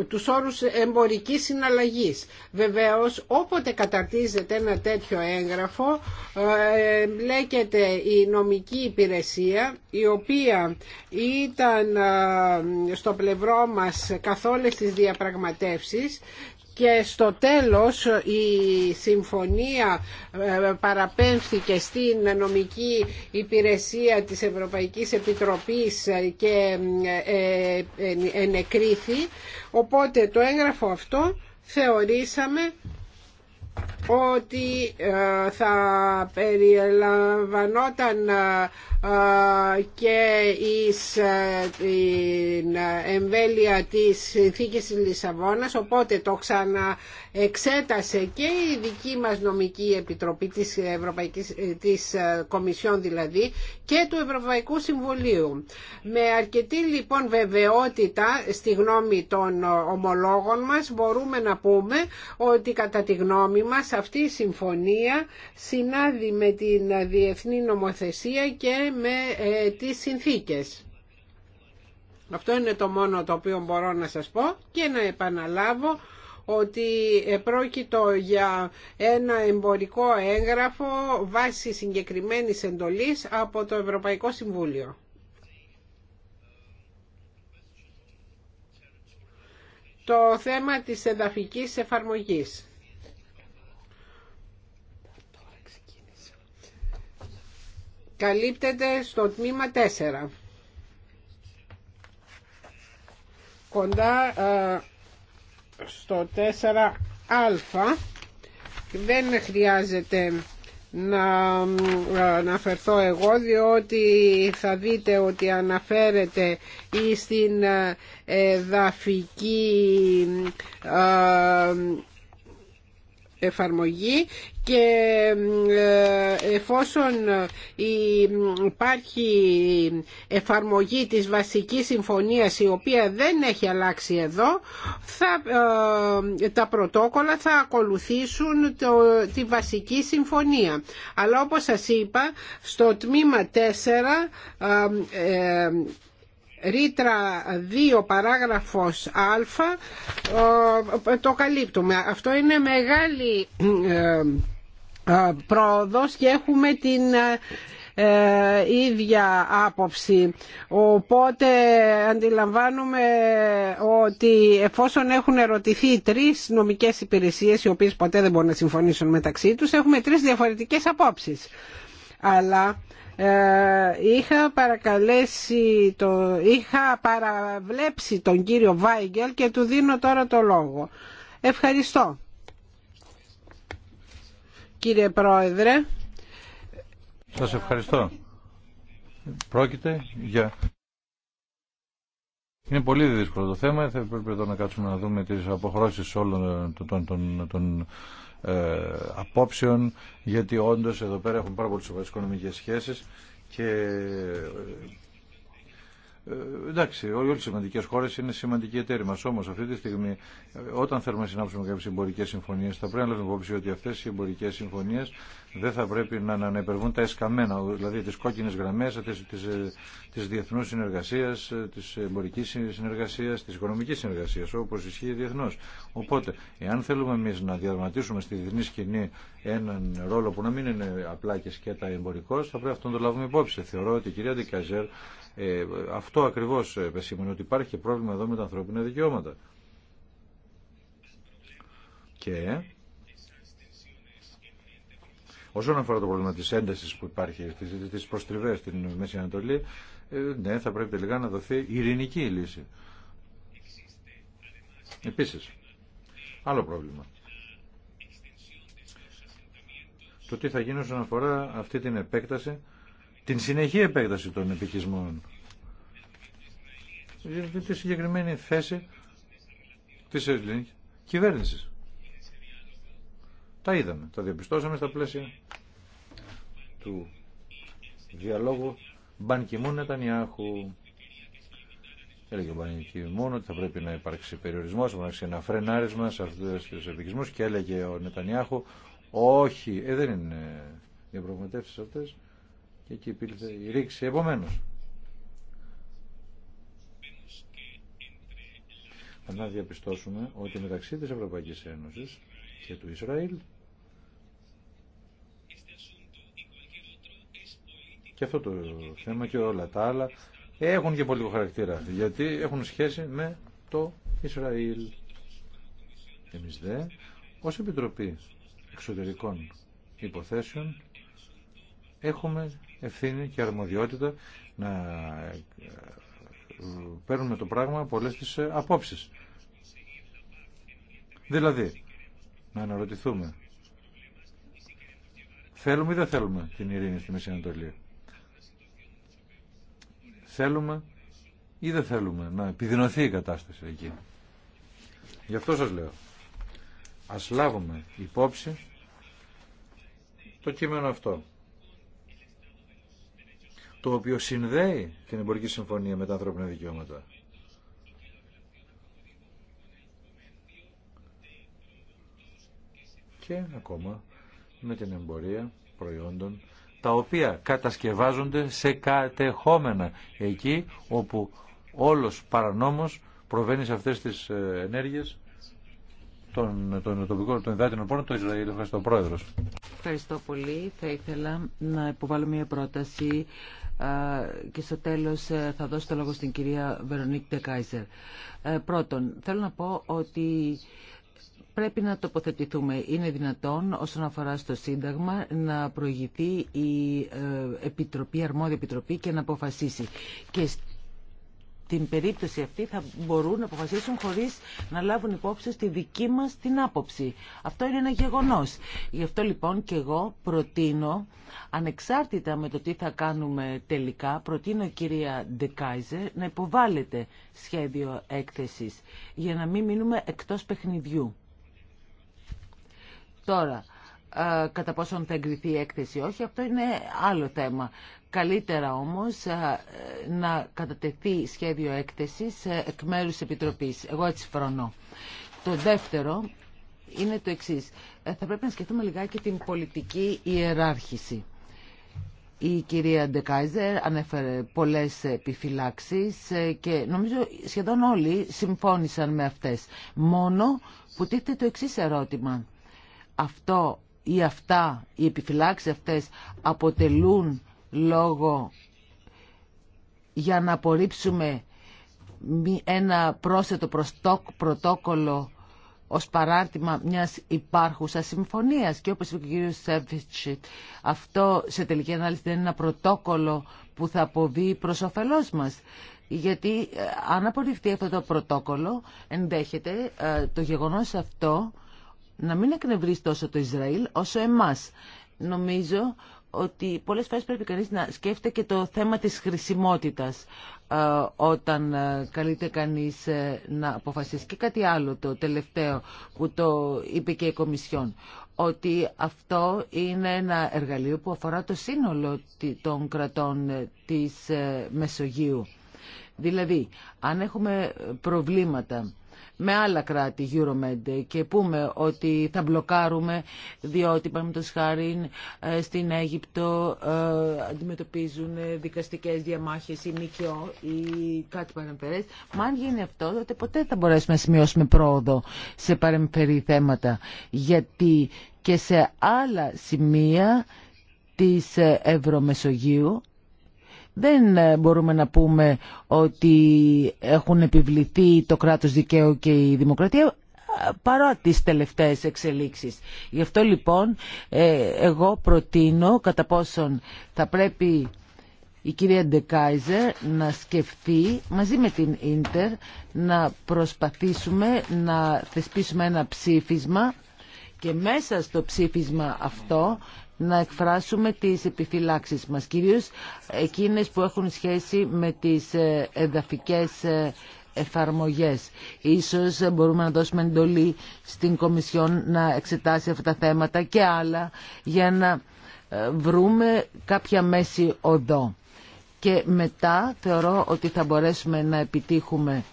τους όρους εμπορικής συναλλαγής. Βεβαίως όποτε καταρτίζεται ένα τέτοιο έγγραφο μπλέκεται η νομική υπηρεσία η οποία ήταν στο πλευρό μας καθ' όλες τις διαπραγματεύσεις και στο τέλος η συμφωνία ε, παραπέμφθηκε στην νομική υπηρεσία της Ευρωπαϊκής Επιτροπής και ε, ε, ενεκρίθη οπότε το έγγραφο αυτό θεωρήσαμε ότι ε, θα περιλαμβανόταν ε, και εις ε, την εμβέλεια της συνθήκης της Λισαβόνας οπότε το ξανα εξέτασε και η δική μας νομική επιτροπή της, Ευρωπαϊκής, ε, της ε, Κομισιόν δηλαδή και του Ευρωπαϊκού Συμβουλίου. Με αρκετή λοιπόν βεβαιότητα στη γνώμη των ε, ομολόγων μας μπορούμε να πούμε ότι κατά τη γνώμη μας αυτή η συμφωνία συνάδει με την διεθνή νομοθεσία και με τις συνθήκες. Αυτό είναι το μόνο το οποίο μπορώ να σας πω και να επαναλάβω ότι πρόκειτο για ένα εμπορικό έγγραφο βάσει συγκεκριμένης εντολής από το Ευρωπαϊκό Συμβούλιο. Το θέμα της εδαφικής εφαρμογής. καλύπτεται στο τμήμα 4. Κοντά ε, στο 4α δεν χρειάζεται να ε, αναφερθώ εγώ διότι θα δείτε ότι αναφέρεται ή στην ε, εδαφική ε, εφαρμογή και ε, εφόσον υπάρχει εφαρμογή της βασικής συμφωνίας η οποία δεν έχει αλλάξει εδώ θα, ε, τα πρωτόκολλα θα ακολουθήσουν τη βασική συμφωνία αλλά όπως σας είπα στο τμήμα 4 ρήτρα 2 παράγραφος α το καλύπτουμε. Αυτό είναι μεγάλη ε, ε, πρόοδος και έχουμε την ε, ίδια άποψη. Οπότε αντιλαμβάνουμε ότι εφόσον έχουν ερωτηθεί τρεις νομικές υπηρεσίες οι οποίες ποτέ δεν μπορούν να συμφωνήσουν μεταξύ τους έχουμε τρεις διαφορετικές απόψεις. Αλλά ε, είχα παρακαλέσει, το, είχα παραβλέψει τον κύριο Βάιγκελ και του δίνω τώρα το λόγο. Ευχαριστώ. Κύριε Πρόεδρε. Σας ευχαριστώ. Πρόκειται για... Είναι πολύ δύσκολο το θέμα. Θα πρέπει εδώ να κάτσουμε να δούμε τις αποχρώσεις όλων των, των, των ε, απόψεων γιατί όντως εδώ πέρα έχουν πάρα πολλές οικονομικές σχέσεις και ε, ε, εντάξει, όλε οι σημαντικέ χώρε είναι σημαντικοί εταίροι μα. Όμω αυτή τη στιγμή, ε, όταν θέλουμε να συνάψουμε κάποιε εμπορικέ συμφωνίε, θα πρέπει να λάβουμε υπόψη ότι αυτέ οι εμπορικέ συμφωνίε δεν θα πρέπει να, να, τα εσκαμμένα, δηλαδή τι κόκκινε γραμμέ τη ε, διεθνού συνεργασία, τη εμπορική συνεργασία, τη οικονομική συνεργασία, όπω ισχύει διεθνώ. Οπότε, εάν θέλουμε εμεί να διαδραματίσουμε στη διεθνή σκηνή έναν ρόλο που να μην είναι απλά και σκέτα εμπορικό, θα πρέπει αυτό να το λάβουμε υπόψη. Θεωρώ ότι η κυρία Δικαζέρ ε, αυτό ακριβώς ε, σημαίνει ότι υπάρχει πρόβλημα εδώ με τα ανθρώπινα δικαιώματα. Και όσον αφορά το πρόβλημα της έντασης που υπάρχει, της προστριβές στην Μέση Ανατολή, ε, ναι, θα πρέπει τελικά να δοθεί ειρηνική λύση. Επίσης, άλλο πρόβλημα. Το τι θα γίνει όσον αφορά αυτή την επέκταση την συνεχή επέκταση των επικισμών. Γιατί τη συγκεκριμένη θέση της ελληνικής κυβέρνησης. Τα είδαμε, τα διαπιστώσαμε στα πλαίσια του διαλόγου Μπανκιμούν Νετανιάχου. Έλεγε ο Μπανκιμούν ότι θα πρέπει να υπάρξει περιορισμό, να υπάρξει ένα φρενάρισμα σε αυτού του επικισμού και έλεγε ο Νετανιάχου όχι, ε, δεν είναι προγραμματεύσει αυτέ και εκεί υπήρχε η ρήξη. Επομένως, να διαπιστώσουμε ότι μεταξύ της Ευρωπαϊκής Ένωσης και του Ισραήλ και αυτό το θέμα και όλα τα άλλα έχουν και πολιτικό χαρακτήρα γιατί έχουν σχέση με το Ισραήλ. Εμείς δε, ως Επιτροπή Εξωτερικών Υποθέσεων έχουμε ευθύνη και αρμοδιότητα να ε, παίρνουμε το πράγμα όλες τις ε, απόψεις. Δηλαδή, να αναρωτηθούμε, θέλουμε ή δεν θέλουμε την ειρήνη στη Μέση Ανατολή. Θέλουμε ή δεν θέλουμε να επιδεινωθεί η κατάσταση εκεί. Γι' αυτό σας λέω, ας λάβουμε υπόψη το κείμενο αυτό το οποίο συνδέει την εμπορική συμφωνία με τα ανθρώπινα δικαιώματα. Και ακόμα με την εμπορία προϊόντων τα οποία κατασκευάζονται σε κατεχόμενα εκεί όπου όλος παρανόμος προβαίνει σε αυτές τις ε, ενέργειες των, των, τοπικών, των υδάτινων πόρων το Ισραήλ. Ευχαριστώ, Πρόεδρος. Ευχαριστώ πολύ. Θα ήθελα να υποβάλω μια πρόταση και στο τέλος ε, θα δώσω το λόγο στην κυρία Βερονίκ Ντεκάιζερ. Ε, πρώτον, θέλω να πω ότι πρέπει να τοποθετηθούμε. Είναι δυνατόν όσον αφορά στο Σύνταγμα να προηγηθεί η ε, Επιτροπή, αρμόδια Επιτροπή και να αποφασίσει. Και την περίπτωση αυτή θα μπορούν να αποφασίσουν χωρίς να λάβουν υπόψη στη δική μας την άποψη. Αυτό είναι ένα γεγονός. Γι' αυτό λοιπόν και εγώ προτείνω, ανεξάρτητα με το τι θα κάνουμε τελικά, προτείνω κυρία Ντεκάιζερ να υποβάλλετε σχέδιο έκθεσης για να μην μείνουμε εκτός παιχνιδιού. Τώρα, ε, κατά πόσον θα εγκριθεί η έκθεση όχι, αυτό είναι άλλο θέμα. Καλύτερα όμως ε, να κατατεθεί σχέδιο έκθεσης ε, εκ μέρου της Επιτροπής. Εγώ έτσι φρονώ. Το δεύτερο είναι το εξής. Ε, θα πρέπει να σκεφτούμε λιγάκι την πολιτική ιεράρχηση. Η κυρία Ντεκάιζερ ανέφερε πολλές επιφυλάξεις και νομίζω σχεδόν όλοι συμφώνησαν με αυτές. Μόνο που τίθεται το εξής ερώτημα. Αυτό ή αυτά, οι επιφυλάξεις αυτές αποτελούν λόγο για να απορρίψουμε ένα πρόσθετο πρωτόκολλο ως παράρτημα μιας υπάρχουσας συμφωνίας. Και όπως είπε ο κ. αυτό σε τελική ανάλυση δεν είναι ένα πρωτόκολλο που θα αποβεί προς όφελός μας. Γιατί ε, αν απορριφθεί αυτό το πρωτόκολλο, ενδέχεται ε, το γεγονός αυτό να μην εκνευρίσει τόσο το Ισραήλ όσο εμάς. Νομίζω ότι πολλές φορές πρέπει κανείς να σκέφτεται και το θέμα της χρησιμότητας ε, όταν ε, καλείται κανείς ε, να αποφασίσει. Και κάτι άλλο το τελευταίο που το είπε και η Κομισιόν, ότι αυτό είναι ένα εργαλείο που αφορά το σύνολο των κρατών της Μεσογείου. Δηλαδή, αν έχουμε προβλήματα με άλλα κράτη Euromed και πούμε ότι θα μπλοκάρουμε διότι το σχάριν ε, στην Αίγυπτο ε, αντιμετωπίζουν δικαστικές διαμάχες ή ΜΚΟ ή κάτι παρεμφερές. Μα αν γίνει αυτό τότε ποτέ θα μπορέσουμε να σημειώσουμε πρόοδο σε παρεμφερή θέματα γιατί και σε άλλα σημεία της ε, Ευρωμεσογείου δεν ε, μπορούμε να πούμε ότι έχουν επιβληθεί το κράτος δικαίου και η δημοκρατία ε, παρά τις τελευταίες εξελίξεις. Γι' αυτό λοιπόν ε, εγώ προτείνω κατά πόσον θα πρέπει η κυρία Ντεκάιζερ να σκεφτεί μαζί με την Ίντερ να προσπαθήσουμε να θεσπίσουμε ένα ψήφισμα και μέσα στο ψήφισμα αυτό να εκφράσουμε τις επιφυλάξεις μας, κυρίως εκείνες που έχουν σχέση με τις ε, εδαφικές ε, εφαρμογές. Ίσως μπορούμε να δώσουμε εντολή στην Κομισιόν να εξετάσει αυτά τα θέματα και άλλα για να ε, βρούμε κάποια μέση οδό. Και μετά θεωρώ ότι θα μπορέσουμε να επιτύχουμε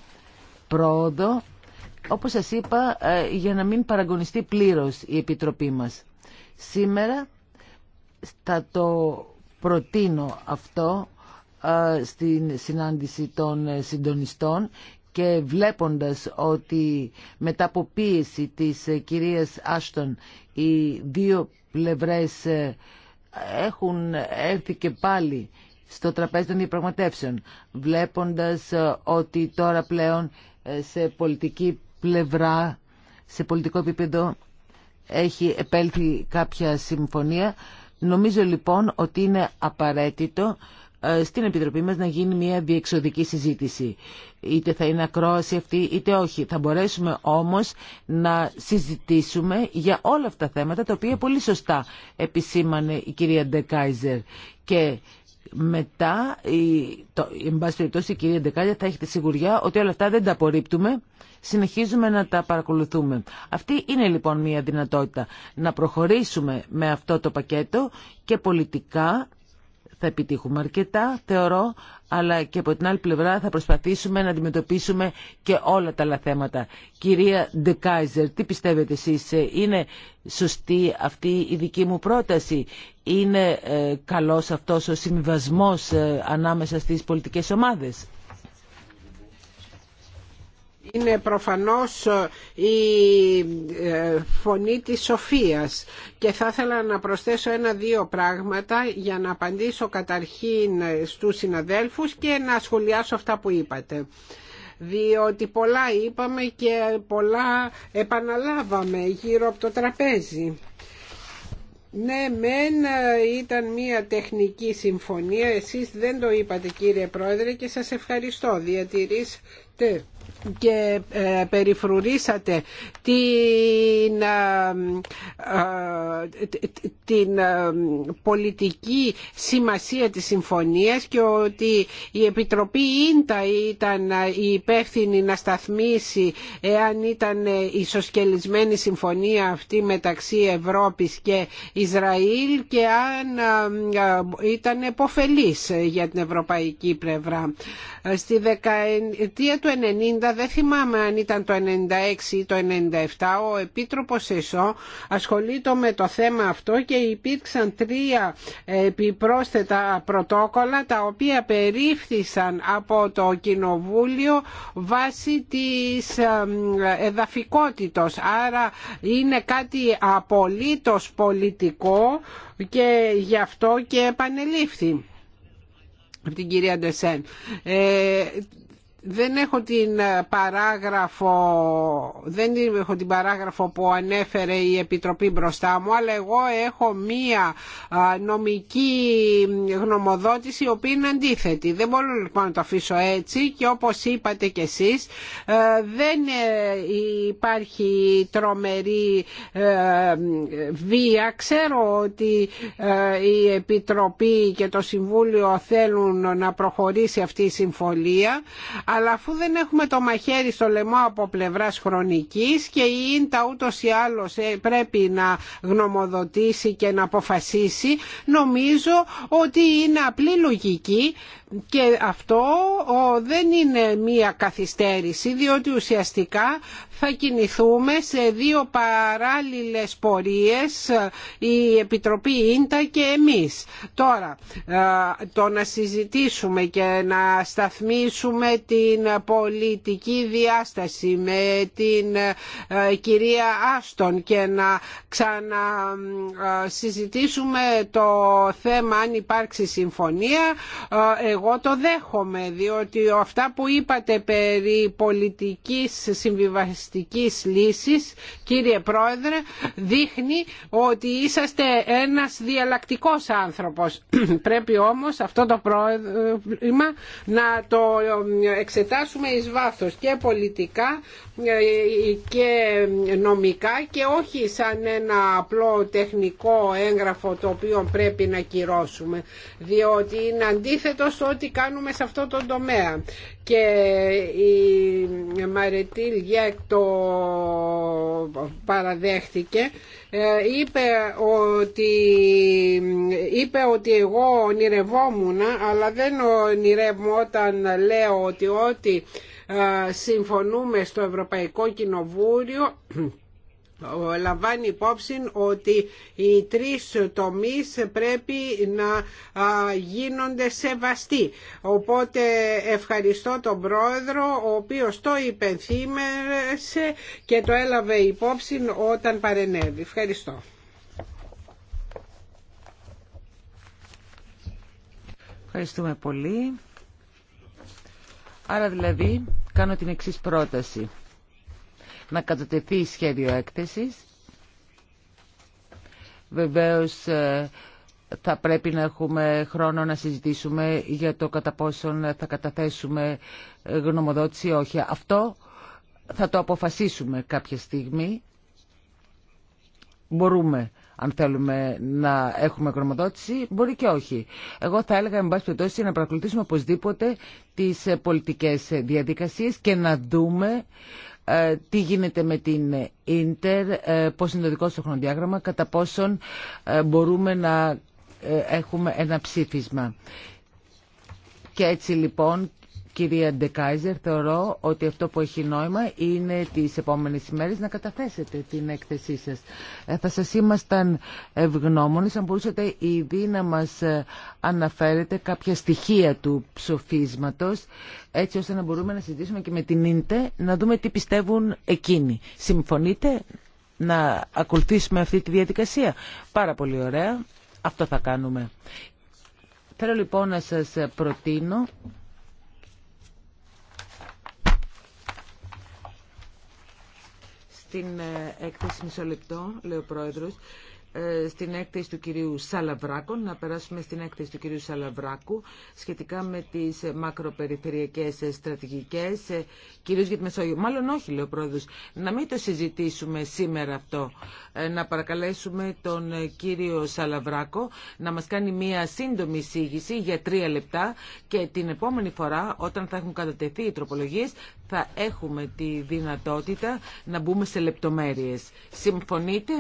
πρόοδο, όπως σας είπα, για να μην παραγωνιστεί πλήρως η Επιτροπή μας. Σήμερα θα το προτείνω αυτό ε, στην συνάντηση των συντονιστών και βλέποντας ότι μετά από πίεση της ε, κυρίας Άστον οι δύο πλευρές ε, έχουν έρθει και πάλι στο τραπέζι των διαπραγματεύσεων βλέποντας ότι τώρα πλέον σε πολιτική πλευρά σε πολιτικό επίπεδο έχει επέλθει κάποια συμφωνία Νομίζω λοιπόν ότι είναι απαραίτητο ε, στην Επιτροπή μας να γίνει μια διεξοδική συζήτηση. Είτε θα είναι ακρόαση αυτή είτε όχι. Θα μπορέσουμε όμως να συζητήσουμε για όλα αυτά τα θέματα τα οποία πολύ σωστά επισήμανε η κυρία Ντεκάιζερ. Και μετά, η, το, εν πάση περιπτώσει, η κυρία Ντεκάλια θα έχει τη σιγουριά ότι όλα αυτά δεν τα απορρίπτουμε, συνεχίζουμε να τα παρακολουθούμε. Αυτή είναι λοιπόν μια δυνατότητα να προχωρήσουμε με αυτό το πακέτο και πολιτικά θα επιτύχουμε αρκετά, θεωρώ, αλλά και από την άλλη πλευρά θα προσπαθήσουμε να αντιμετωπίσουμε και όλα τα άλλα θέματα. Κυρία Ντεκάιζερ, τι πιστεύετε εσείς, ε, είναι σωστή αυτή η δική μου πρόταση, είναι ε, καλός αυτός ο συμβασμός ε, ανάμεσα στις πολιτικές ομάδες είναι προφανώς η ε, φωνή της σοφίας και θα ήθελα να προσθέσω ένα-δύο πράγματα για να απαντήσω καταρχήν στους συναδέλφους και να σχολιάσω αυτά που είπατε διότι πολλά είπαμε και πολλά επαναλάβαμε γύρω από το τραπέζι. Ναι, μεν ε, ήταν μια τεχνική συμφωνία, εσείς δεν το είπατε κύριε Πρόεδρε και σας ευχαριστώ, Διατηρήστε και ε, περιφρουρήσατε την, ε, ε, την πολιτική σημασία της συμφωνίας και ότι η Επιτροπή Ίντα ήταν η υπεύθυνη να σταθμίσει εάν ήταν ισοσκελισμένη συμφωνία αυτή μεταξύ Ευρώπης και Ισραήλ και αν ήταν επωφελής για την ευρωπαϊκή πλευρά. Στη δεκαετία του 90 δεν θυμάμαι αν ήταν το 96 ή το 97, ο Επίτροπος ΕΣΟ ασχολείται με το θέμα αυτό και υπήρξαν τρία επιπρόσθετα πρωτόκολλα τα οποία περίφθησαν από το Κοινοβούλιο βάσει της εδαφικότητος. Άρα είναι κάτι απολύτως πολιτικό και γι' αυτό και επανελήφθη από την κυρία Ντεσέν. Ε, δεν έχω την ε, παράγραφο δεν έχω την παράγραφο που ανέφερε η Επιτροπή μπροστά μου αλλά εγώ έχω μία νομική γνωμοδότηση η οποία είναι αντίθετη δεν μπορώ λοιπόν να το αφήσω έτσι και όπως είπατε κι εσείς ε, δεν ε, υπάρχει τρομερή βία ξέρω ότι η Επιτροπή και το Συμβούλιο θέλουν να προχωρήσει αυτή η συμφωνία αλλά αφού δεν έχουμε το μαχαίρι στο λαιμό από πλευράς χρονικής και η ίντα ούτως ή άλλως ε, πρέπει να γνωμοδοτήσει και να αποφασίσει, νομίζω ότι είναι απλή λογική και αυτό δεν είναι μία καθυστέρηση διότι ουσιαστικά θα κινηθούμε σε δύο παράλληλες πορείες η Επιτροπή Ίντα και εμείς. Τώρα, το να συζητήσουμε και να σταθμίσουμε την πολιτική διάσταση με την κυρία Άστον και να ξανασυζητήσουμε το θέμα αν υπάρξει συμφωνία, εγώ το δέχομαι διότι αυτά που είπατε περί πολιτικής συμβιβαστικής λύσης κύριε Πρόεδρε δείχνει ότι είσαστε ένας διαλλακτικός άνθρωπος. Πρέπει όμως αυτό το πρόβλημα να το εξετάσουμε εις βάθος και πολιτικά ε, και νομικά και όχι σαν ένα απλό τεχνικό έγγραφο το οποίο πρέπει να κυρώσουμε διότι είναι αντίθετο στο ότι κάνουμε σε αυτό το τομέα και η Μαρετήλ Γιέκ το παραδέχτηκε ε, είπε ότι, είπε ότι εγώ ονειρευόμουν αλλά δεν ονειρεύω όταν λέω ότι ό,τι ε, συμφωνούμε στο Ευρωπαϊκό Κοινοβούλιο, λαμβάνει υπόψη ότι οι τρεις τομείς πρέπει να γίνονται σεβαστοί. Οπότε ευχαριστώ τον Πρόεδρο ο οποίος το υπενθύμερεσε και το έλαβε υπόψη όταν παρενέβη. Ευχαριστώ. Ευχαριστούμε πολύ. Άρα δηλαδή κάνω την εξής πρόταση. Να κατατεθεί σχέδιο έκθεσης. Βεβαίως ε, θα πρέπει να έχουμε χρόνο να συζητήσουμε για το κατά πόσον θα καταθέσουμε γνωμοδότηση όχι. Αυτό θα το αποφασίσουμε κάποια στιγμή. Μπορούμε αν θέλουμε να έχουμε χρηματοδότηση, μπορεί και όχι. Εγώ θα έλεγα, εν πάση περιπτώσει, να παρακολουθήσουμε οπωσδήποτε τι ε, πολιτικές ε, διαδικασίες και να δούμε ε, τι γίνεται με την Ίντερ, ε, πώς είναι το δικό σου χρονοδιάγραμμα, κατά πόσον μπορούμε να έχουμε ένα ψήφισμα. Και έτσι λοιπόν Κυρία Ντεκάιζερ, θεωρώ ότι αυτό που έχει νόημα είναι τις επόμενες ημέρες να καταθέσετε την έκθεσή σας. Ε, θα σας ήμασταν ευγνώμονες αν μπορούσατε ήδη να μας ε, αναφέρετε κάποια στοιχεία του ψοφίσματος έτσι ώστε να μπορούμε να συζητήσουμε και με την Ίντε να δούμε τι πιστεύουν εκείνοι. Συμφωνείτε να ακολουθήσουμε αυτή τη διαδικασία. Πάρα πολύ ωραία. Αυτό θα κάνουμε. Θέλω λοιπόν να σας προτείνω την ε, έκθεση μισό λεπτό, λέει ο Πρόεδρος. Ε, στην έκθεση του κυρίου Σαλαβράκου, να περάσουμε στην έκθεση του κυρίου Σαλαβράκου σχετικά με τις μακροπεριφερειακές στρατηγικές, ε, κυρίως για τη Μεσόγειο. Μάλλον όχι, λέει ο να μην το συζητήσουμε σήμερα αυτό. Ε, να παρακαλέσουμε τον κύριο Σαλαβράκο να μας κάνει μία σύντομη εισήγηση για τρία λεπτά και την επόμενη φορά όταν θα έχουν κατατεθεί οι τροπολογίες θα έχουμε τη δυνατότητα να μπούμε σε λεπτομέρειες. Συμφωνείτε?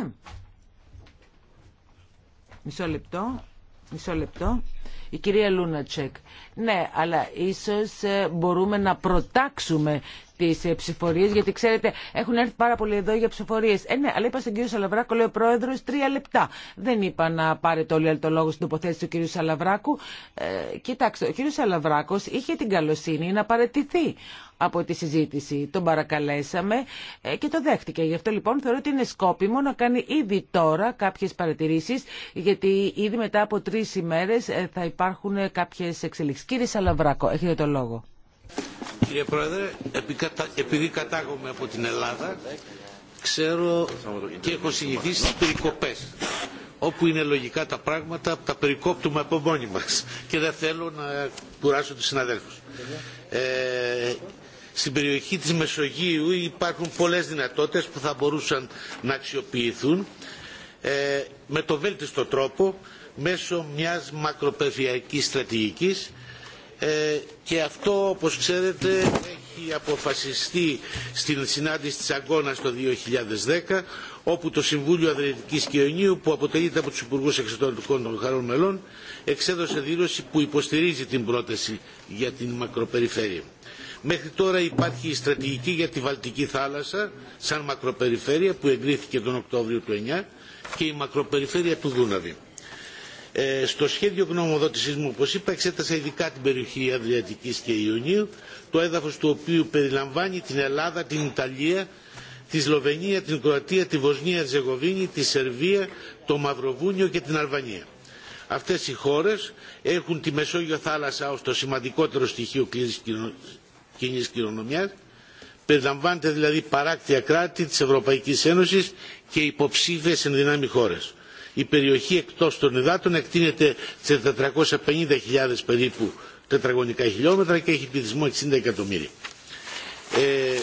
Μισό λεπτό. Μισό λεπτό. Η κυρία Λούνατσεκ. Ναι, αλλά ίσως ε, μπορούμε να προτάξουμε τι ε, ψηφορίε, γιατί ξέρετε έχουν έρθει πάρα πολλοί εδώ για ψηφορίε. Ε, ναι, αλλά είπα στον κύριο Σαλαβράκο, λέει ο πρόεδρος, τρία λεπτά. Δεν είπα να πάρετε όλοι το λόγο στην τοποθέτηση του κύριου Σαλαβράκου. Ε, κοιτάξτε, ο κύριο Σαλαβράκο είχε την καλοσύνη να παρετηθεί από τη συζήτηση. Τον παρακαλέσαμε ε, και το δέχτηκε. Γι' αυτό λοιπόν θεωρώ ότι είναι σκόπιμο να κάνει ήδη τώρα κάποιες παρατηρήσεις, γιατί ήδη μετά από τρεις ημέρες ε, θα υπάρχουν κάποιες εξελίξει. Κύριε Σαλαβράκο, έχετε το λόγο. Κύριε Πρόεδρε, επειδή κατάγομαι από την Ελλάδα, ξέρω και έχω συνηθίσει στις περικοπές. Όπου είναι λογικά τα πράγματα, τα περικόπτουμε από μόνοι μας. Και δεν θέλω να κουράσω τους συναδέλφους. Ε, στην περιοχή της Μεσογείου υπάρχουν πολλές δυνατότητες που θα μπορούσαν να αξιοποιηθούν ε, με το βέλτιστο τρόπο μέσω μιας μακροπεριφερειακής στρατηγικής ε, και αυτό όπως ξέρετε έχει αποφασιστεί στην συνάντηση της Αγκώνας το 2010 όπου το Συμβούλιο και Κοινωνίου που αποτελείται από τους Υπουργούς Εξωτερικών των Χαρών Μελών εξέδωσε δήλωση που υποστηρίζει την πρόταση για την μακροπεριφέρεια. Μέχρι τώρα υπάρχει η στρατηγική για τη Βαλτική θάλασσα σαν μακροπεριφέρεια που εγκρίθηκε τον Οκτώβριο του 2009 και η μακροπεριφέρεια του Δούναβη. Ε, στο σχέδιο γνωμοδότησής μου, όπως είπα, εξέτασα ειδικά την περιοχή Αδριατικής και Ιωνίου, το έδαφος του οποίου περιλαμβάνει την Ελλάδα, την Ιταλία, τη Σλοβενία, την Κροατία, τη Βοσνία, Ζεγοβίνη, τη Σερβία, το Μαυροβούνιο και την Αλβανία. Αυτές οι χώρες έχουν τη Μεσόγειο θάλασσα ως το σημαντικότερο στοιχείο κοινή κληρονομιάς, περιλαμβάνεται δηλαδή παράκτια κράτη της Ευρωπαϊκής Ένωσης και υποψήφιες ενδυνάμει χώρες η περιοχή εκτός των υδάτων εκτείνεται σε 450.000 περίπου τετραγωνικά χιλιόμετρα και έχει πληθυσμό 60 εκατομμύρια. Ε,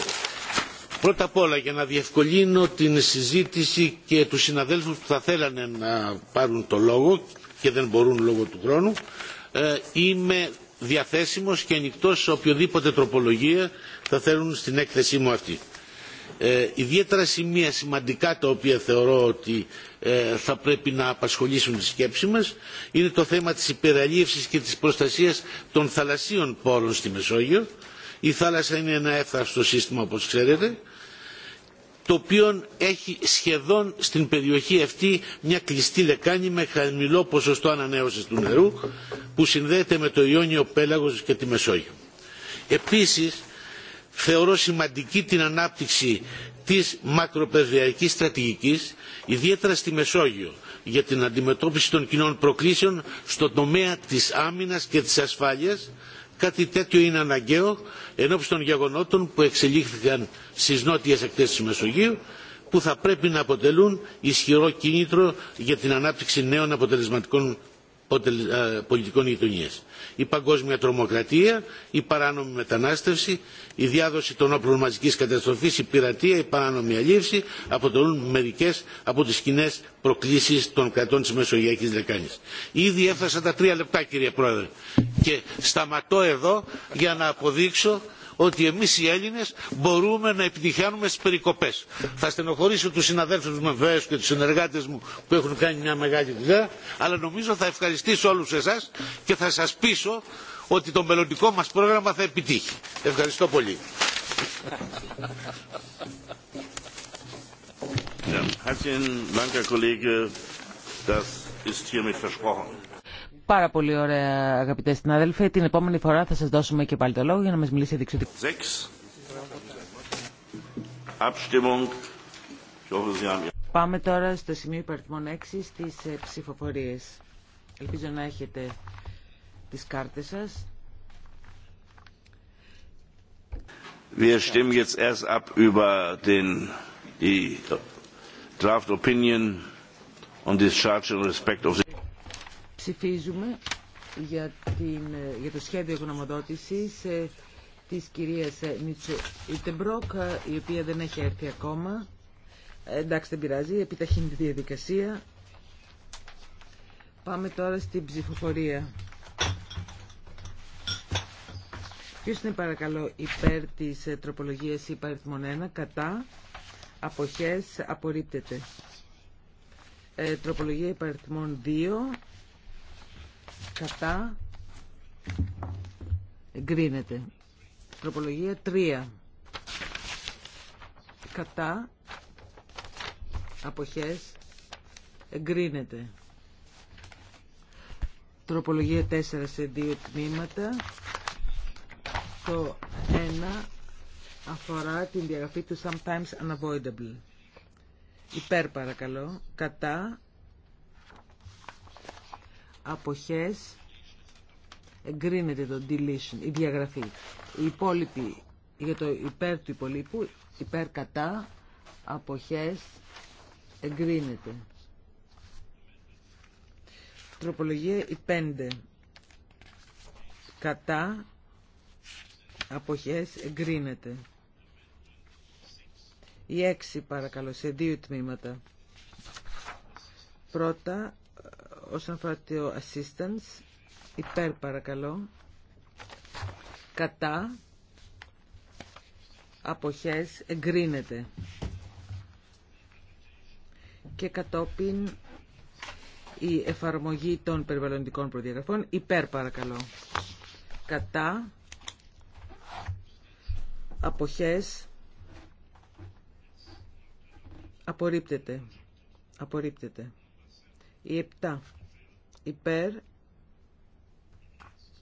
πρώτα απ' όλα για να διευκολύνω την συζήτηση και τους συναδέλφους που θα θέλανε να πάρουν το λόγο και δεν μπορούν λόγω του χρόνου ε, είμαι διαθέσιμος και ανοιχτό σε οποιοδήποτε τροπολογία θα θέλουν στην έκθεσή μου αυτή. Ε, ιδιαίτερα σημεία σημαντικά τα οποία θεωρώ ότι ε, θα πρέπει να απασχολήσουν τη σκέψη μας είναι το θέμα της υπεραλίευσης και της προστασίας των θαλασσίων πόρων στη Μεσόγειο. Η θάλασσα είναι ένα το σύστημα όπως ξέρετε το οποίο έχει σχεδόν στην περιοχή αυτή μια κλειστή λεκάνη με χαμηλό ποσοστό ανανέωσης του νερού που συνδέεται με το Ιόνιο Πέλαγος και τη Μεσόγειο. Επίσης θεωρώ σημαντική την ανάπτυξη της μακροπεριφερειακής στρατηγικής, ιδιαίτερα στη Μεσόγειο, για την αντιμετώπιση των κοινών προκλήσεων στον τομέα της άμυνας και της ασφάλειας. Κάτι τέτοιο είναι αναγκαίο ενώπιση των γεγονότων που εξελίχθηκαν στις νότιες ακτές της Μεσογείου, που θα πρέπει να αποτελούν ισχυρό κίνητρο για την ανάπτυξη νέων αποτελεσματικών ε, πολιτικών γειτονίας η παγκόσμια τρομοκρατία, η παράνομη μετανάστευση, η διάδοση των όπλων μαζικής καταστροφής, η πειρατεία, η παράνομη αλήψη αποτελούν μερικές από τις κοινέ προκλήσεις των κρατών της Μεσογειακής Λεκάνης. Ήδη έφτασα τα τρία λεπτά κύριε Πρόεδρε και σταματώ εδώ για να αποδείξω ότι εμείς οι Έλληνες μπορούμε να επιτυχάνουμε στις περικοπές. Θα στενοχωρήσω τους συναδέλφους μου βέβαια και τους συνεργάτες μου που έχουν κάνει μια μεγάλη δουλειά, αλλά νομίζω θα ευχαριστήσω όλους εσάς και θα σας πείσω ότι το μελλοντικό μας πρόγραμμα θα επιτύχει. Ευχαριστώ πολύ. Kollege. Das ist hiermit versprochen. Πάρα πολύ ωραία αγαπητέ συνάδελφοι. Την επόμενη φορά θα σας δώσουμε και πάλι το λόγο για να μας η εξωτικά. Πάμε τώρα στο σημείο υπαριθμών 6 στις ε, ψηφοφορίες. Ελπίζω να έχετε τις κάρτες σας. Wir stimmen jetzt erst ab über den, die Draft Opinion discharge and respect Ψηφίζουμε για, την, για το σχέδιο γνωμοδότησης ε, της κυρίας ε, Μίτσου Ιτεμπρόκ, ε, η οποία δεν έχει έρθει ακόμα. Εντάξει, δεν πειράζει, επιταχύνει τη διαδικασία. Πάμε τώρα στην ψηφοφορία. Ποιος είναι παρακαλώ υπέρ της τροπολογία υπαριθμών 1, κατά, αποχές, απορρίπτεται. Ε, τροπολογία υπαριθμών 2, κατά εγκρίνεται. Τροπολογία 3 κατά αποχές εγκρίνεται. Τροπολογία 4 σε δύο τμήματα. Το 1 αφορά την διαγραφή του sometimes unavoidable. Υπέρ παρακαλώ. Κατά αποχές εγκρίνεται το deletion, η διαγραφή. Η υπόλοιπη, για το υπέρ του υπολείπου, υπέρ κατά, αποχές, εγκρίνεται. Τροπολογία η 5. Κατά, αποχές, εγκρίνεται. Η 6 παρακαλώ, σε δύο τμήματα. Πρώτα, όσον αφορά το assistance. Υπέρ παρακαλώ. Κατά. Αποχές εγκρίνεται. Και κατόπιν η εφαρμογή των περιβαλλοντικών προδιαγραφών. Υπέρ παρακαλώ. Κατά. Αποχές. Απορρίπτεται. Απορρίπτεται. Η 7 υπέρ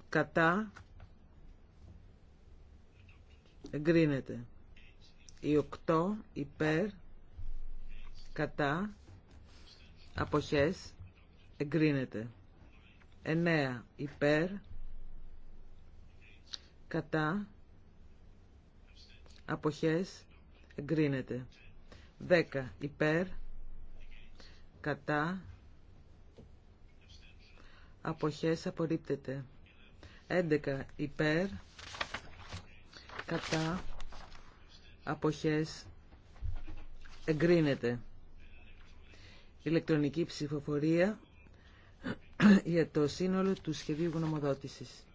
κατά εγκρίνεται. Η 8 υπέρ κατά αποχές εγκρίνεται. 9 υπέρ κατά αποχές εγκρίνεται. 10 υπέρ κατά αποχές απορρίπτεται. 11 υπέρ κατά αποχές εγκρίνεται. Ηλεκτρονική ψηφοφορία για το σύνολο του σχεδίου γνωμοδότησης.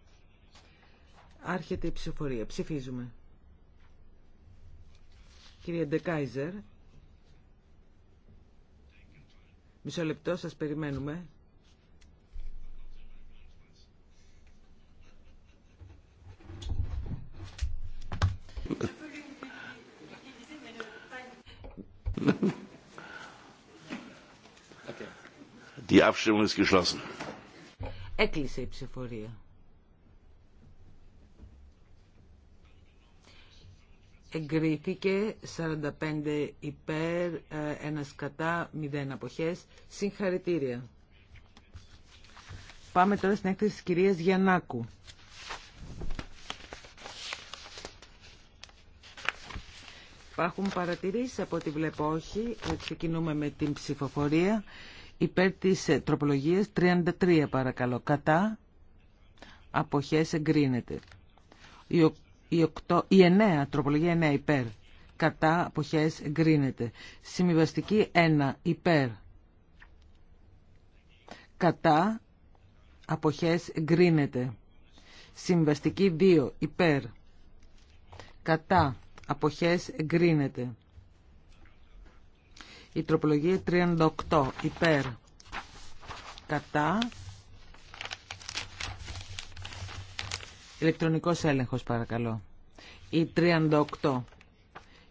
Άρχεται η ψηφοφορία. Ψηφίζουμε. Κύριε Ντεκάιζερ, μισό λεπτό σας περιμένουμε. Die Abstimmung ist geschlossen. Έκλεισε η ψηφορία. Εγκρίθηκε 45 υπέρ, ε, ένας κατά, 0 αποχές. Συγχαρητήρια. Πάμε τώρα στην έκθεση της κυρίας Γιαννάκου. Υπάρχουν παρατηρήσει από ό,τι βλέπω όχι. Ε, ξεκινούμε με την ψηφοφορία υπέρ της ε, τροπολογίας 33 παρακαλώ. Κατά αποχές εγκρίνεται. Η, η 9, τροπολογία 9 υπέρ. Κατά αποχές εγκρίνεται. Συμβιβαστική 1 υπέρ. Κατά αποχές εγκρίνεται. Συμβαστική 2 υπέρ. Κατά αποχές εγκρίνεται. Η τροπολογία 38 υπέρ κατά ηλεκτρονικός έλεγχος παρακαλώ. Η 38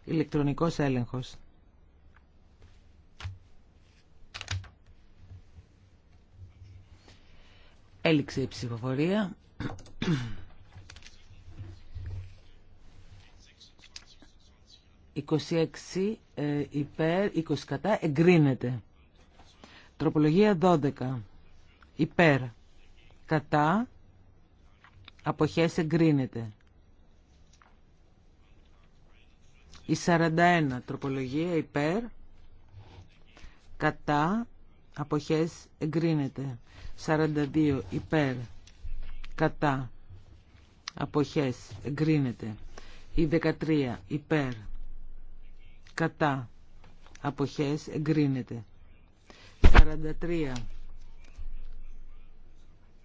ηλεκτρονικός έλεγχος. Έληξε η ψηφοφορία. 26 ε, υπέρ, 20 κατά, εγκρίνεται. Τροπολογία 12. Υπέρ. Κατά. Αποχές εγκρίνεται. Η 41. Τροπολογία υπέρ. Κατά. Αποχές εγκρίνεται. 42. Υπέρ. Κατά. Αποχές εγκρίνεται. Η 13. Υπέρ κατά αποχές εγκρίνεται 43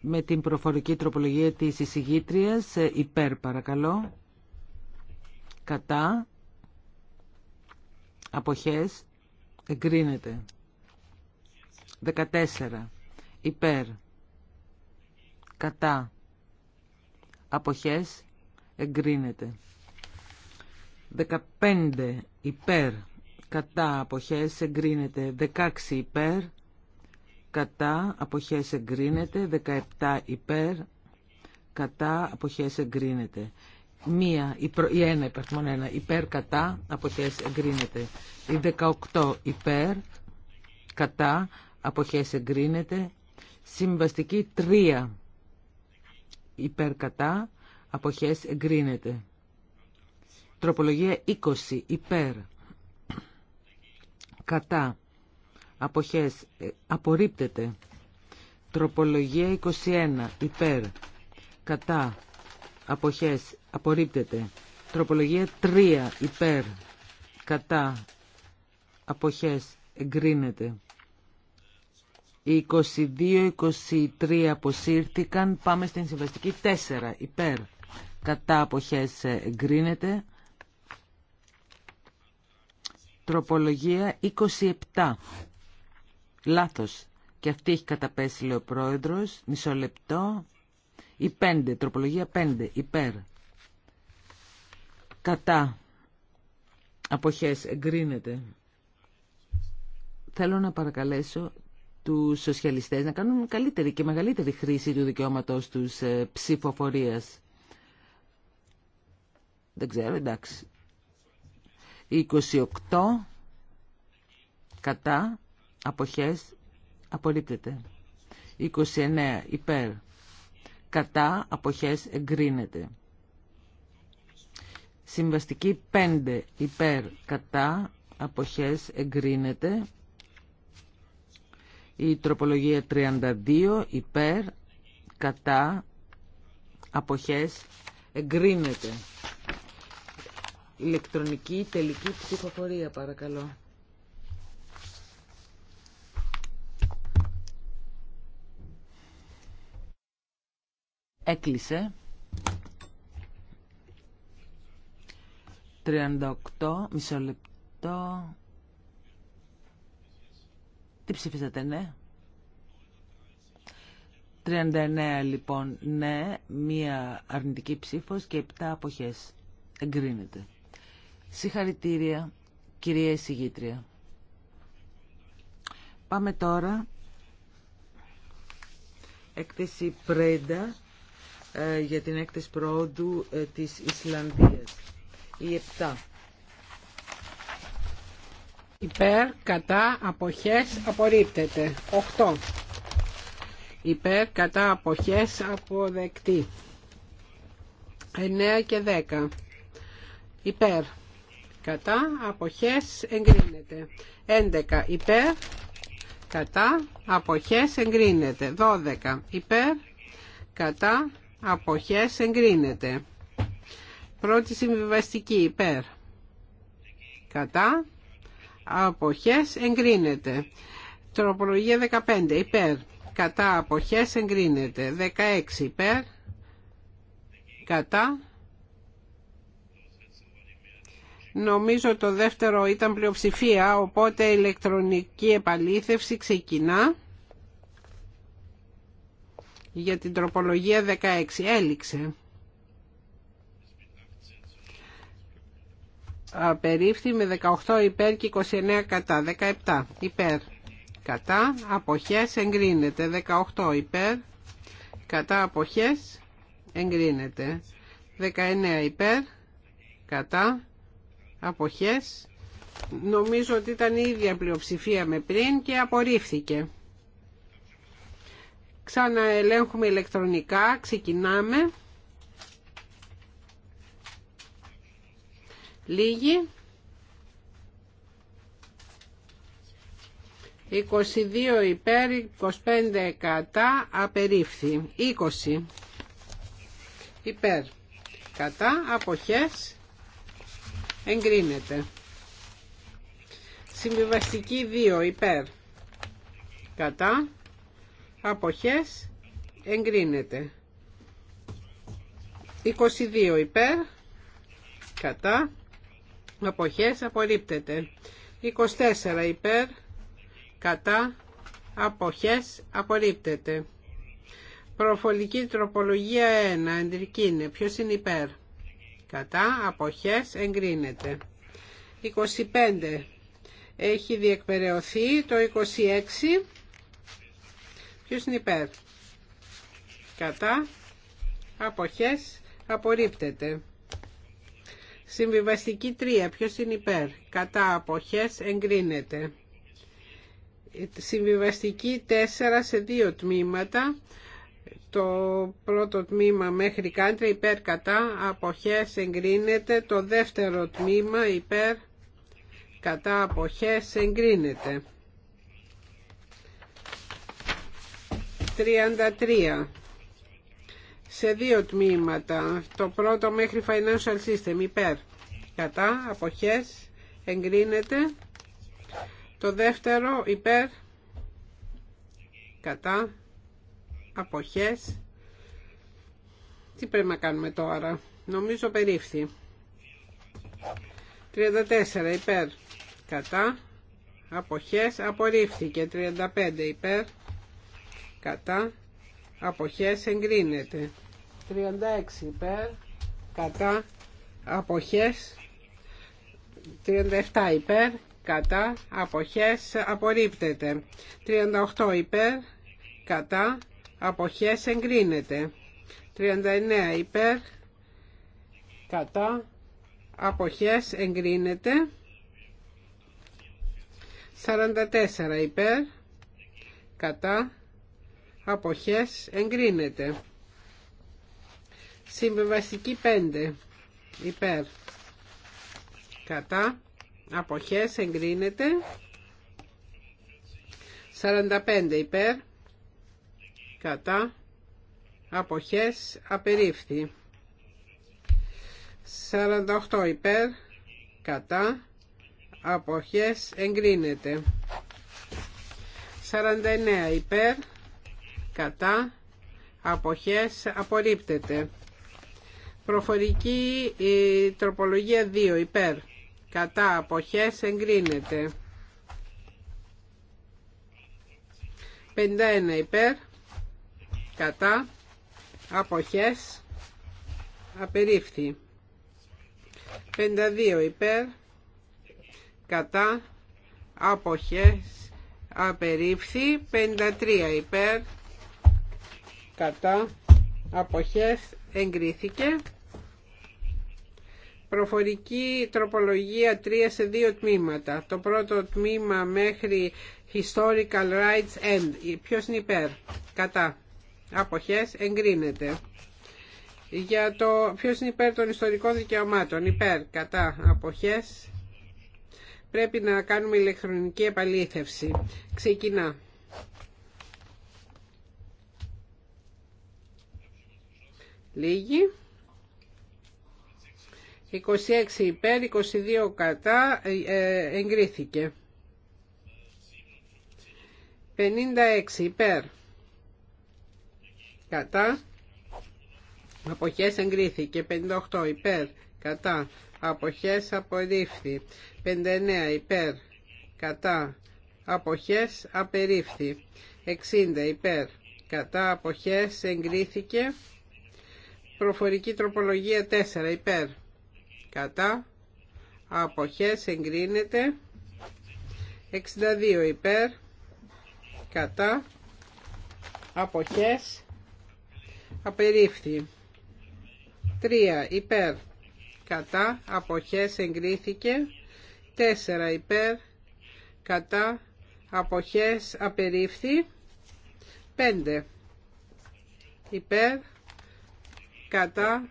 με την προφορική τροπολογία της εισηγήτριας ε, υπέρ παρακαλώ κατά αποχές εγκρίνεται 14 υπέρ κατά αποχές εγκρίνεται 15 υπέρ κατά αποχές εγκρίνεται 16 υπέρ κατά αποχές εγκρίνεται 17 υπέρ κατά αποχές εγκρίνεται μία, η, προ, η ένα υπαρθμόν ένα υπέρ κατά αποχές εγκρίνεται η 18 υπέρ κατά αποχές εγκρίνεται συμβαστική 3 υπέρ κατά αποχές εγκρίνεται Τροπολογία 20 ε, υπέρ κατά αποχές απορρίπτεται. Τροπολογία 21 υπέρ κατά αποχές απορρίπτεται. Τροπολογία 3 υπέρ κατά αποχές εγκρίνεται. Οι 22-23 αποσύρθηκαν. Πάμε στην συμβαστική 4 υπέρ κατά αποχές ε, εγκρίνεται. Τροπολογία 27. Λάθος. Και αυτή έχει καταπέσει, λέει ο πρόεδρος. Μισό λεπτό. Η 5. Τροπολογία 5. Υπέρ. Κατά. Αποχές. Εγκρίνεται. Θέλω να παρακαλέσω του σοσιαλιστές να κάνουν καλύτερη και μεγαλύτερη χρήση του δικαιώματος τους ε, ψηφοφορίας. Δεν ξέρω, εντάξει. 28 κατά αποχές απολύπτεται. 29 υπέρ κατά αποχές εγκρίνεται συμβαστική 5 υπέρ κατά αποχές εγκρίνεται η τροπολογία 32 υπέρ κατά αποχές εγκρίνεται ηλεκτρονική τελική ψηφοφορία παρακαλώ. Έκλεισε. 38, μισό λεπτό. Τι ψηφίσατε, ναι. 39 λοιπόν, ναι, μία αρνητική ψήφος και 7 αποχές. Εγκρίνεται. Συγχαρητήρια, κυρία εισηγήτρια. Πάμε τώρα. Έκθεση Πρέντα ε, για την έκθεση πρόοδου ε, της Ισλανδίας. Η 7. Υπέρ, κατά, αποχές, απορρίπτεται. 8. Υπέρ, κατά, αποχές, αποδεκτή. 9 και 10. Υπέρ, κατά αποχές εγκρίνεται 11 υπέρ κατά αποχές εγκρίνεται 12 υπέρ κατά αποχές εγκρίνεται πρώτη συμβιβαστική υπέρ κατά αποχές εγκρίνεται τροπολογία 15 υπέρ κατά αποχές εγκρίνεται 16 υπέρ κατά Νομίζω το δεύτερο ήταν πλειοψηφία, οπότε ηλεκτρονική επαλήθευση ξεκινά για την τροπολογία 16. Έληξε. Απερίφθη με 18 υπέρ και 29 κατά. 17 υπέρ. Κατά. Αποχές εγκρίνεται. 18 υπέρ. Κατά αποχές εγκρίνεται. 19 υπέρ. Κατά αποχές νομίζω ότι ήταν η ίδια πλειοψηφία με πριν και απορρίφθηκε ξαναελέγχουμε ηλεκτρονικά ξεκινάμε λίγη 22 υπέρ 25 κατά απερίφθη 20 υπέρ κατά αποχές εγκρίνεται. Συμβιβαστική 2 υπέρ κατά αποχές εγκρίνεται. 22 υπέρ κατά αποχές απορρίπτεται. 24 υπέρ κατά αποχές απορρίπτεται. Προφορική τροπολογία 1 εντρική είναι. Ποιος είναι υπέρ κατά αποχές εγκρίνεται 25 έχει διεκπαιρεωθεί το 26 ποιος είναι υπέρ κατά αποχές απορρίπτεται Συμβιβαστική 3. Ποιος είναι υπέρ. Κατά αποχές εγκρίνεται. Συμβιβαστική 4 σε δύο τμήματα το πρώτο τμήμα μέχρι κάντρα υπέρ κατά αποχές εγκρίνεται το δεύτερο τμήμα υπέρ κατά αποχές εγκρίνεται 33 σε δύο τμήματα το πρώτο μέχρι financial system υπέρ κατά αποχές εγκρίνεται το δεύτερο υπέρ κατά αποχές. Τι πρέπει να κάνουμε τώρα. Νομίζω περίφθη. 34 υπέρ κατά αποχές απορρίφθηκε 35 υπέρ κατά αποχές εγκρίνεται 36 υπέρ κατά αποχές 37 υπέρ κατά αποχές απορρίπτεται 38 υπέρ κατά αποχές εγκρίνεται 39 υπέρ κατά αποχές εγκρίνεται 44 υπέρ κατά αποχές εγκρίνεται συμβεβαστική 5 υπέρ κατά αποχές εγκρίνεται 45 υπέρ κατά αποχές απερίφθη 48 υπέρ κατά αποχές εγκρίνεται 49 υπέρ κατά αποχές απορρίπτεται προφορική η ε, τροπολογία 2 υπέρ κατά αποχές εγκρίνεται 51 υπέρ κατά αποχές απερίφθη 52 υπέρ κατά αποχές απερίφθη 53 υπέρ κατά αποχές εγκρίθηκε προφορική τροπολογία 3 σε 2 τμήματα το πρώτο τμήμα μέχρι historical rights end ποιος είναι υπέρ κατά αποχές εγκρίνεται. Για το ποιος είναι υπέρ των ιστορικών δικαιωμάτων, υπέρ, κατά, αποχές, πρέπει να κάνουμε ηλεκτρονική επαλήθευση. Ξεκινά. Λίγη. 26 υπέρ, 22 κατά, ε, ε, εγκρίθηκε. 56 υπέρ κατά αποχές εγκρίθηκε 58 υπέρ κατά αποχές απορρίφθη 59 υπέρ κατά αποχές απερίφθη 60 υπέρ κατά αποχές εγκρίθηκε προφορική τροπολογία 4 υπέρ κατά αποχές εγκρίνεται 62 υπέρ κατά αποχές απερίφθη. 3 υπέρ κατά αποχές εγκρίθηκε. 4 υπέρ κατά αποχές απερίφθη. 5 υπέρ κατά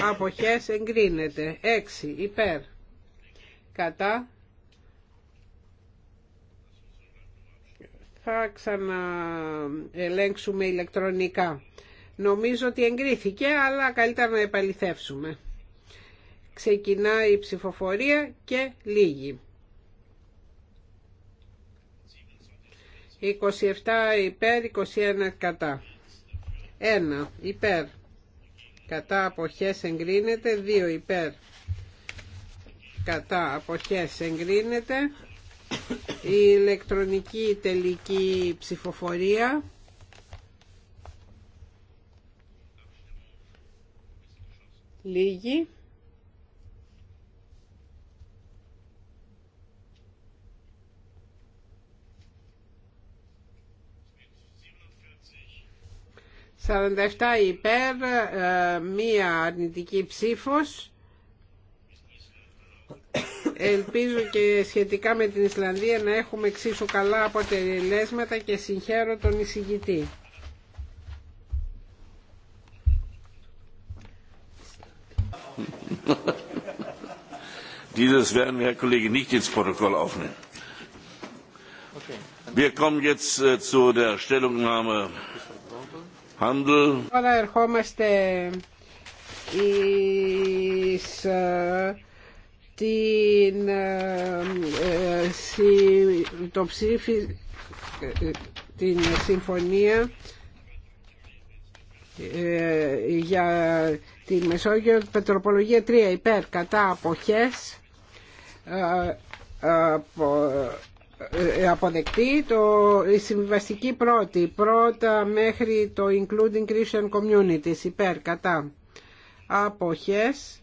αποχές εγκρίνεται. 6 υπέρ κατά θα ξαναελέγξουμε ηλεκτρονικά. Νομίζω ότι εγκρίθηκε, αλλά καλύτερα να επαληθεύσουμε. Ξεκινάει η ψηφοφορία και λίγη. 27 υπέρ, 21 κατά. 1 υπέρ. Κατά αποχές εγκρίνεται. 2 υπέρ. Κατά αποχές εγκρίνεται. Η ηλεκτρονική τελική ψηφοφορία. Λίγοι. 47 υπέρ, ε, μία αρνητική ψήφος. Ελπίζω και σχετικά με την Ισλανδία να έχουμε εξίσου καλά αποτελέσματα και συγχαίρω τον εισηγητή. Dieses werden wir, Herr Kollege, nicht ins Protokoll aufnehmen. Wir kommen jetzt zu der Stellungnahme Handel. Τώρα ερχόμαστε την, ε, συ, το ψήφι, ε, την τη Μεσόγειο, Πετροπολογία 3 υπέρ κατά αποχές ε, ε, ε, αποδεκτή το, η συμβιβαστική πρώτη πρώτα μέχρι το including Christian communities υπέρ κατά αποχές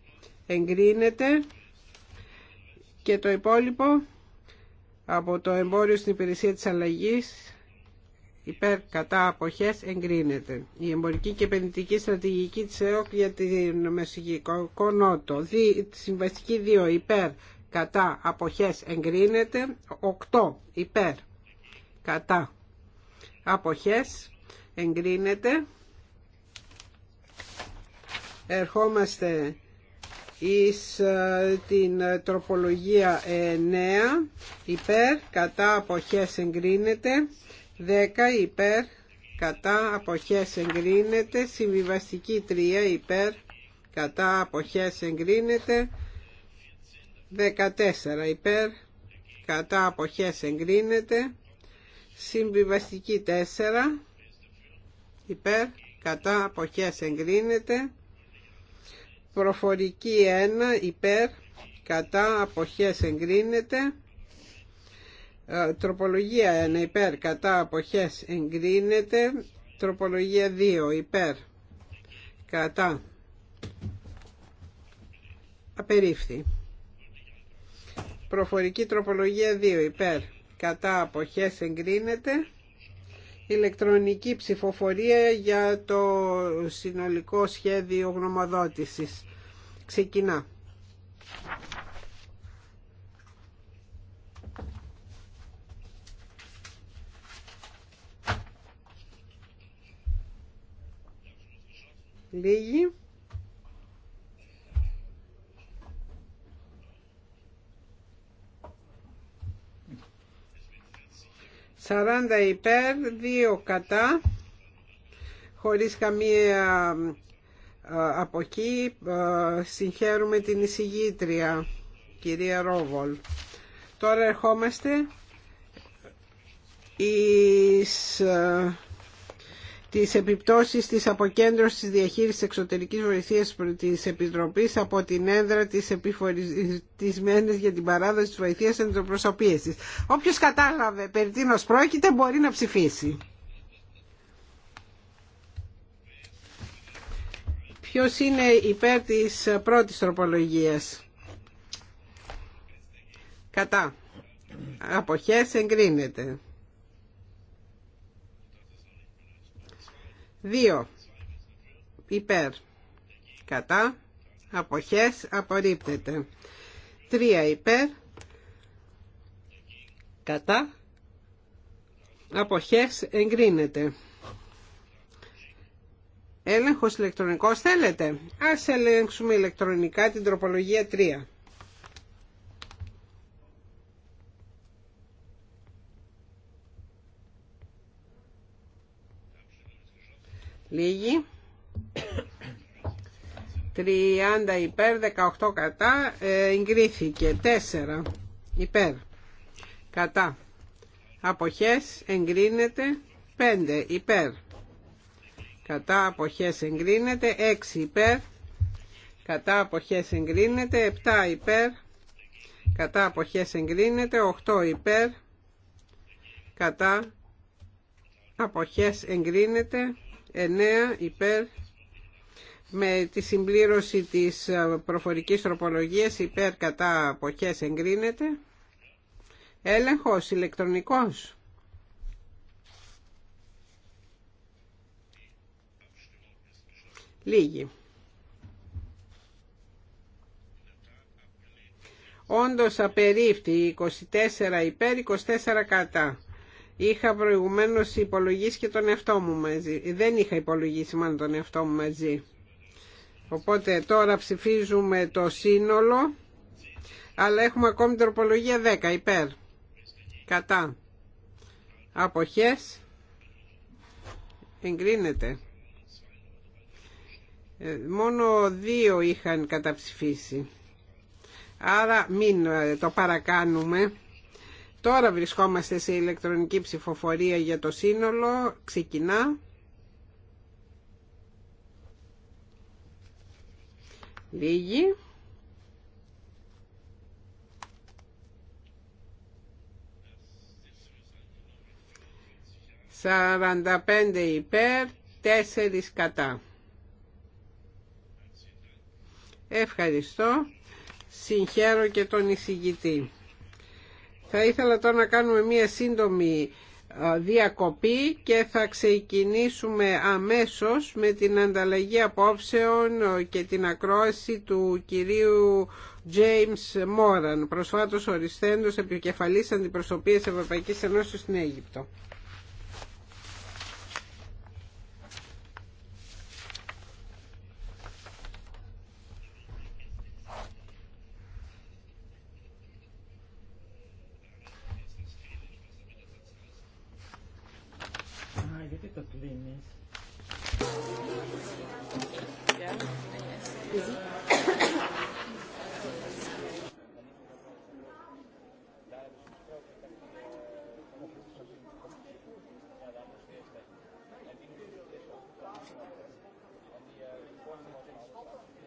εγκρίνεται και το υπόλοιπο από το εμπόριο στην υπηρεσία της αλλαγής υπέρ κατά αποχές εγκρίνεται. Η εμπορική και επενδυτική στρατηγική της ΕΟΚ για την Μεσογειακό Νότο. Συμβαστική 2 υπέρ κατά αποχές εγκρίνεται. 8 υπέρ κατά αποχές εγκρίνεται. Ερχόμαστε εις ε, την τροπολογία 9 υπέρ κατά αποχές εγκρίνεται 10 υπέρ κατά αποχές εγκρίνεται συμβιβαστική 3 υπέρ κατά αποχές εγκρίνεται 14 υπέρ κατά αποχές εγκρίνεται συμβιβαστική 4 υπέρ κατά αποχές εγκρίνεται προφορική 1 υπέρ κατά αποχές εγκρίνεται ε, τροπολογία 1 υπέρ κατά αποχές εγκρίνεται. Τροπολογία 2 υπέρ κατά απερίφθη. Προφορική τροπολογία 2 υπέρ κατά αποχές εγκρίνεται. Ηλεκτρονική ψηφοφορία για το συνολικό σχέδιο γνωμοδότησης. Ξεκινά. Λίγη. Σαράντα υπέρ, δύο κατά, χωρίς καμία από εκεί συγχαίρουμε την εισηγήτρια, κυρία Ρόβολ. Τώρα ερχόμαστε εις τις επιπτώσεις της αποκέντρωσης της διαχείρισης εξωτερικής βοηθείας της Επιτροπής από την έδρα της επιφορισμένης για την παράδοση της βοηθείας αντιπροσωπίεσης. Όποιος κατάλαβε περί τίνος πρόκειται μπορεί να ψηφίσει. Ποιος είναι υπέρ της πρώτης τροπολογίας. Κατά. Αποχές εγκρίνεται. Δύο υπέρ κατά αποχές απορρίπτεται Τρία υπέρ κατά αποχές εγκρίνεται Έλεγχος ηλεκτρονικός θέλετε. Ας ελέγξουμε ηλεκτρονικά την τροπολογία 3. Λίγοι. 30 υπέρ, 18 κατά, ε, εγκρίθηκε. 4 υπέρ, κατά. Αποχές εγκρίνεται 5 υπέρ. Κατά αποχές εγκρίνεται 6 υπέρ. Κατά αποχές εγκρίνεται 7 υπέρ. Κατά αποχές εγκρίνεται 8 υπέρ. Κατά αποχές εγκρίνεται 9 υπέρ με τη συμπλήρωση της ε, προφορικής τροπολογίας υπέρ κατά αποχές εγκρίνεται. Έλεγχος ηλεκτρονικός. Λίγη. Όντως απερίφθη 24 υπέρ 24 κατά. Είχα προηγουμένω υπολογίσει και τον εαυτό μου μαζί. Δεν είχα υπολογίσει μάλλον τον εαυτό μου μαζί. Οπότε τώρα ψηφίζουμε το σύνολο, αλλά έχουμε ακόμη τροπολογία 10 υπέρ. Κατά. Αποχές. Εγκρίνεται. Ε, μόνο δύο είχαν καταψηφίσει. Άρα μην ε, το παρακάνουμε. Τώρα βρισκόμαστε σε ηλεκτρονική ψηφοφορία για το σύνολο. Ξεκινά. Λίγη. Σαράντα πέντε υπέρ, τέσσερις κατά. Ευχαριστώ. Συγχαίρω και τον εισηγητή. Θα ήθελα τώρα να κάνουμε μία σύντομη διακοπή και θα ξεκινήσουμε αμέσως με την ανταλλαγή απόψεων και την ακρόαση του κυρίου James Moran, προσφάτως οριστέντος επικεφαλής αντιπροσωπείας Ευρωπαϊκής Ενώσης στην Αίγυπτο.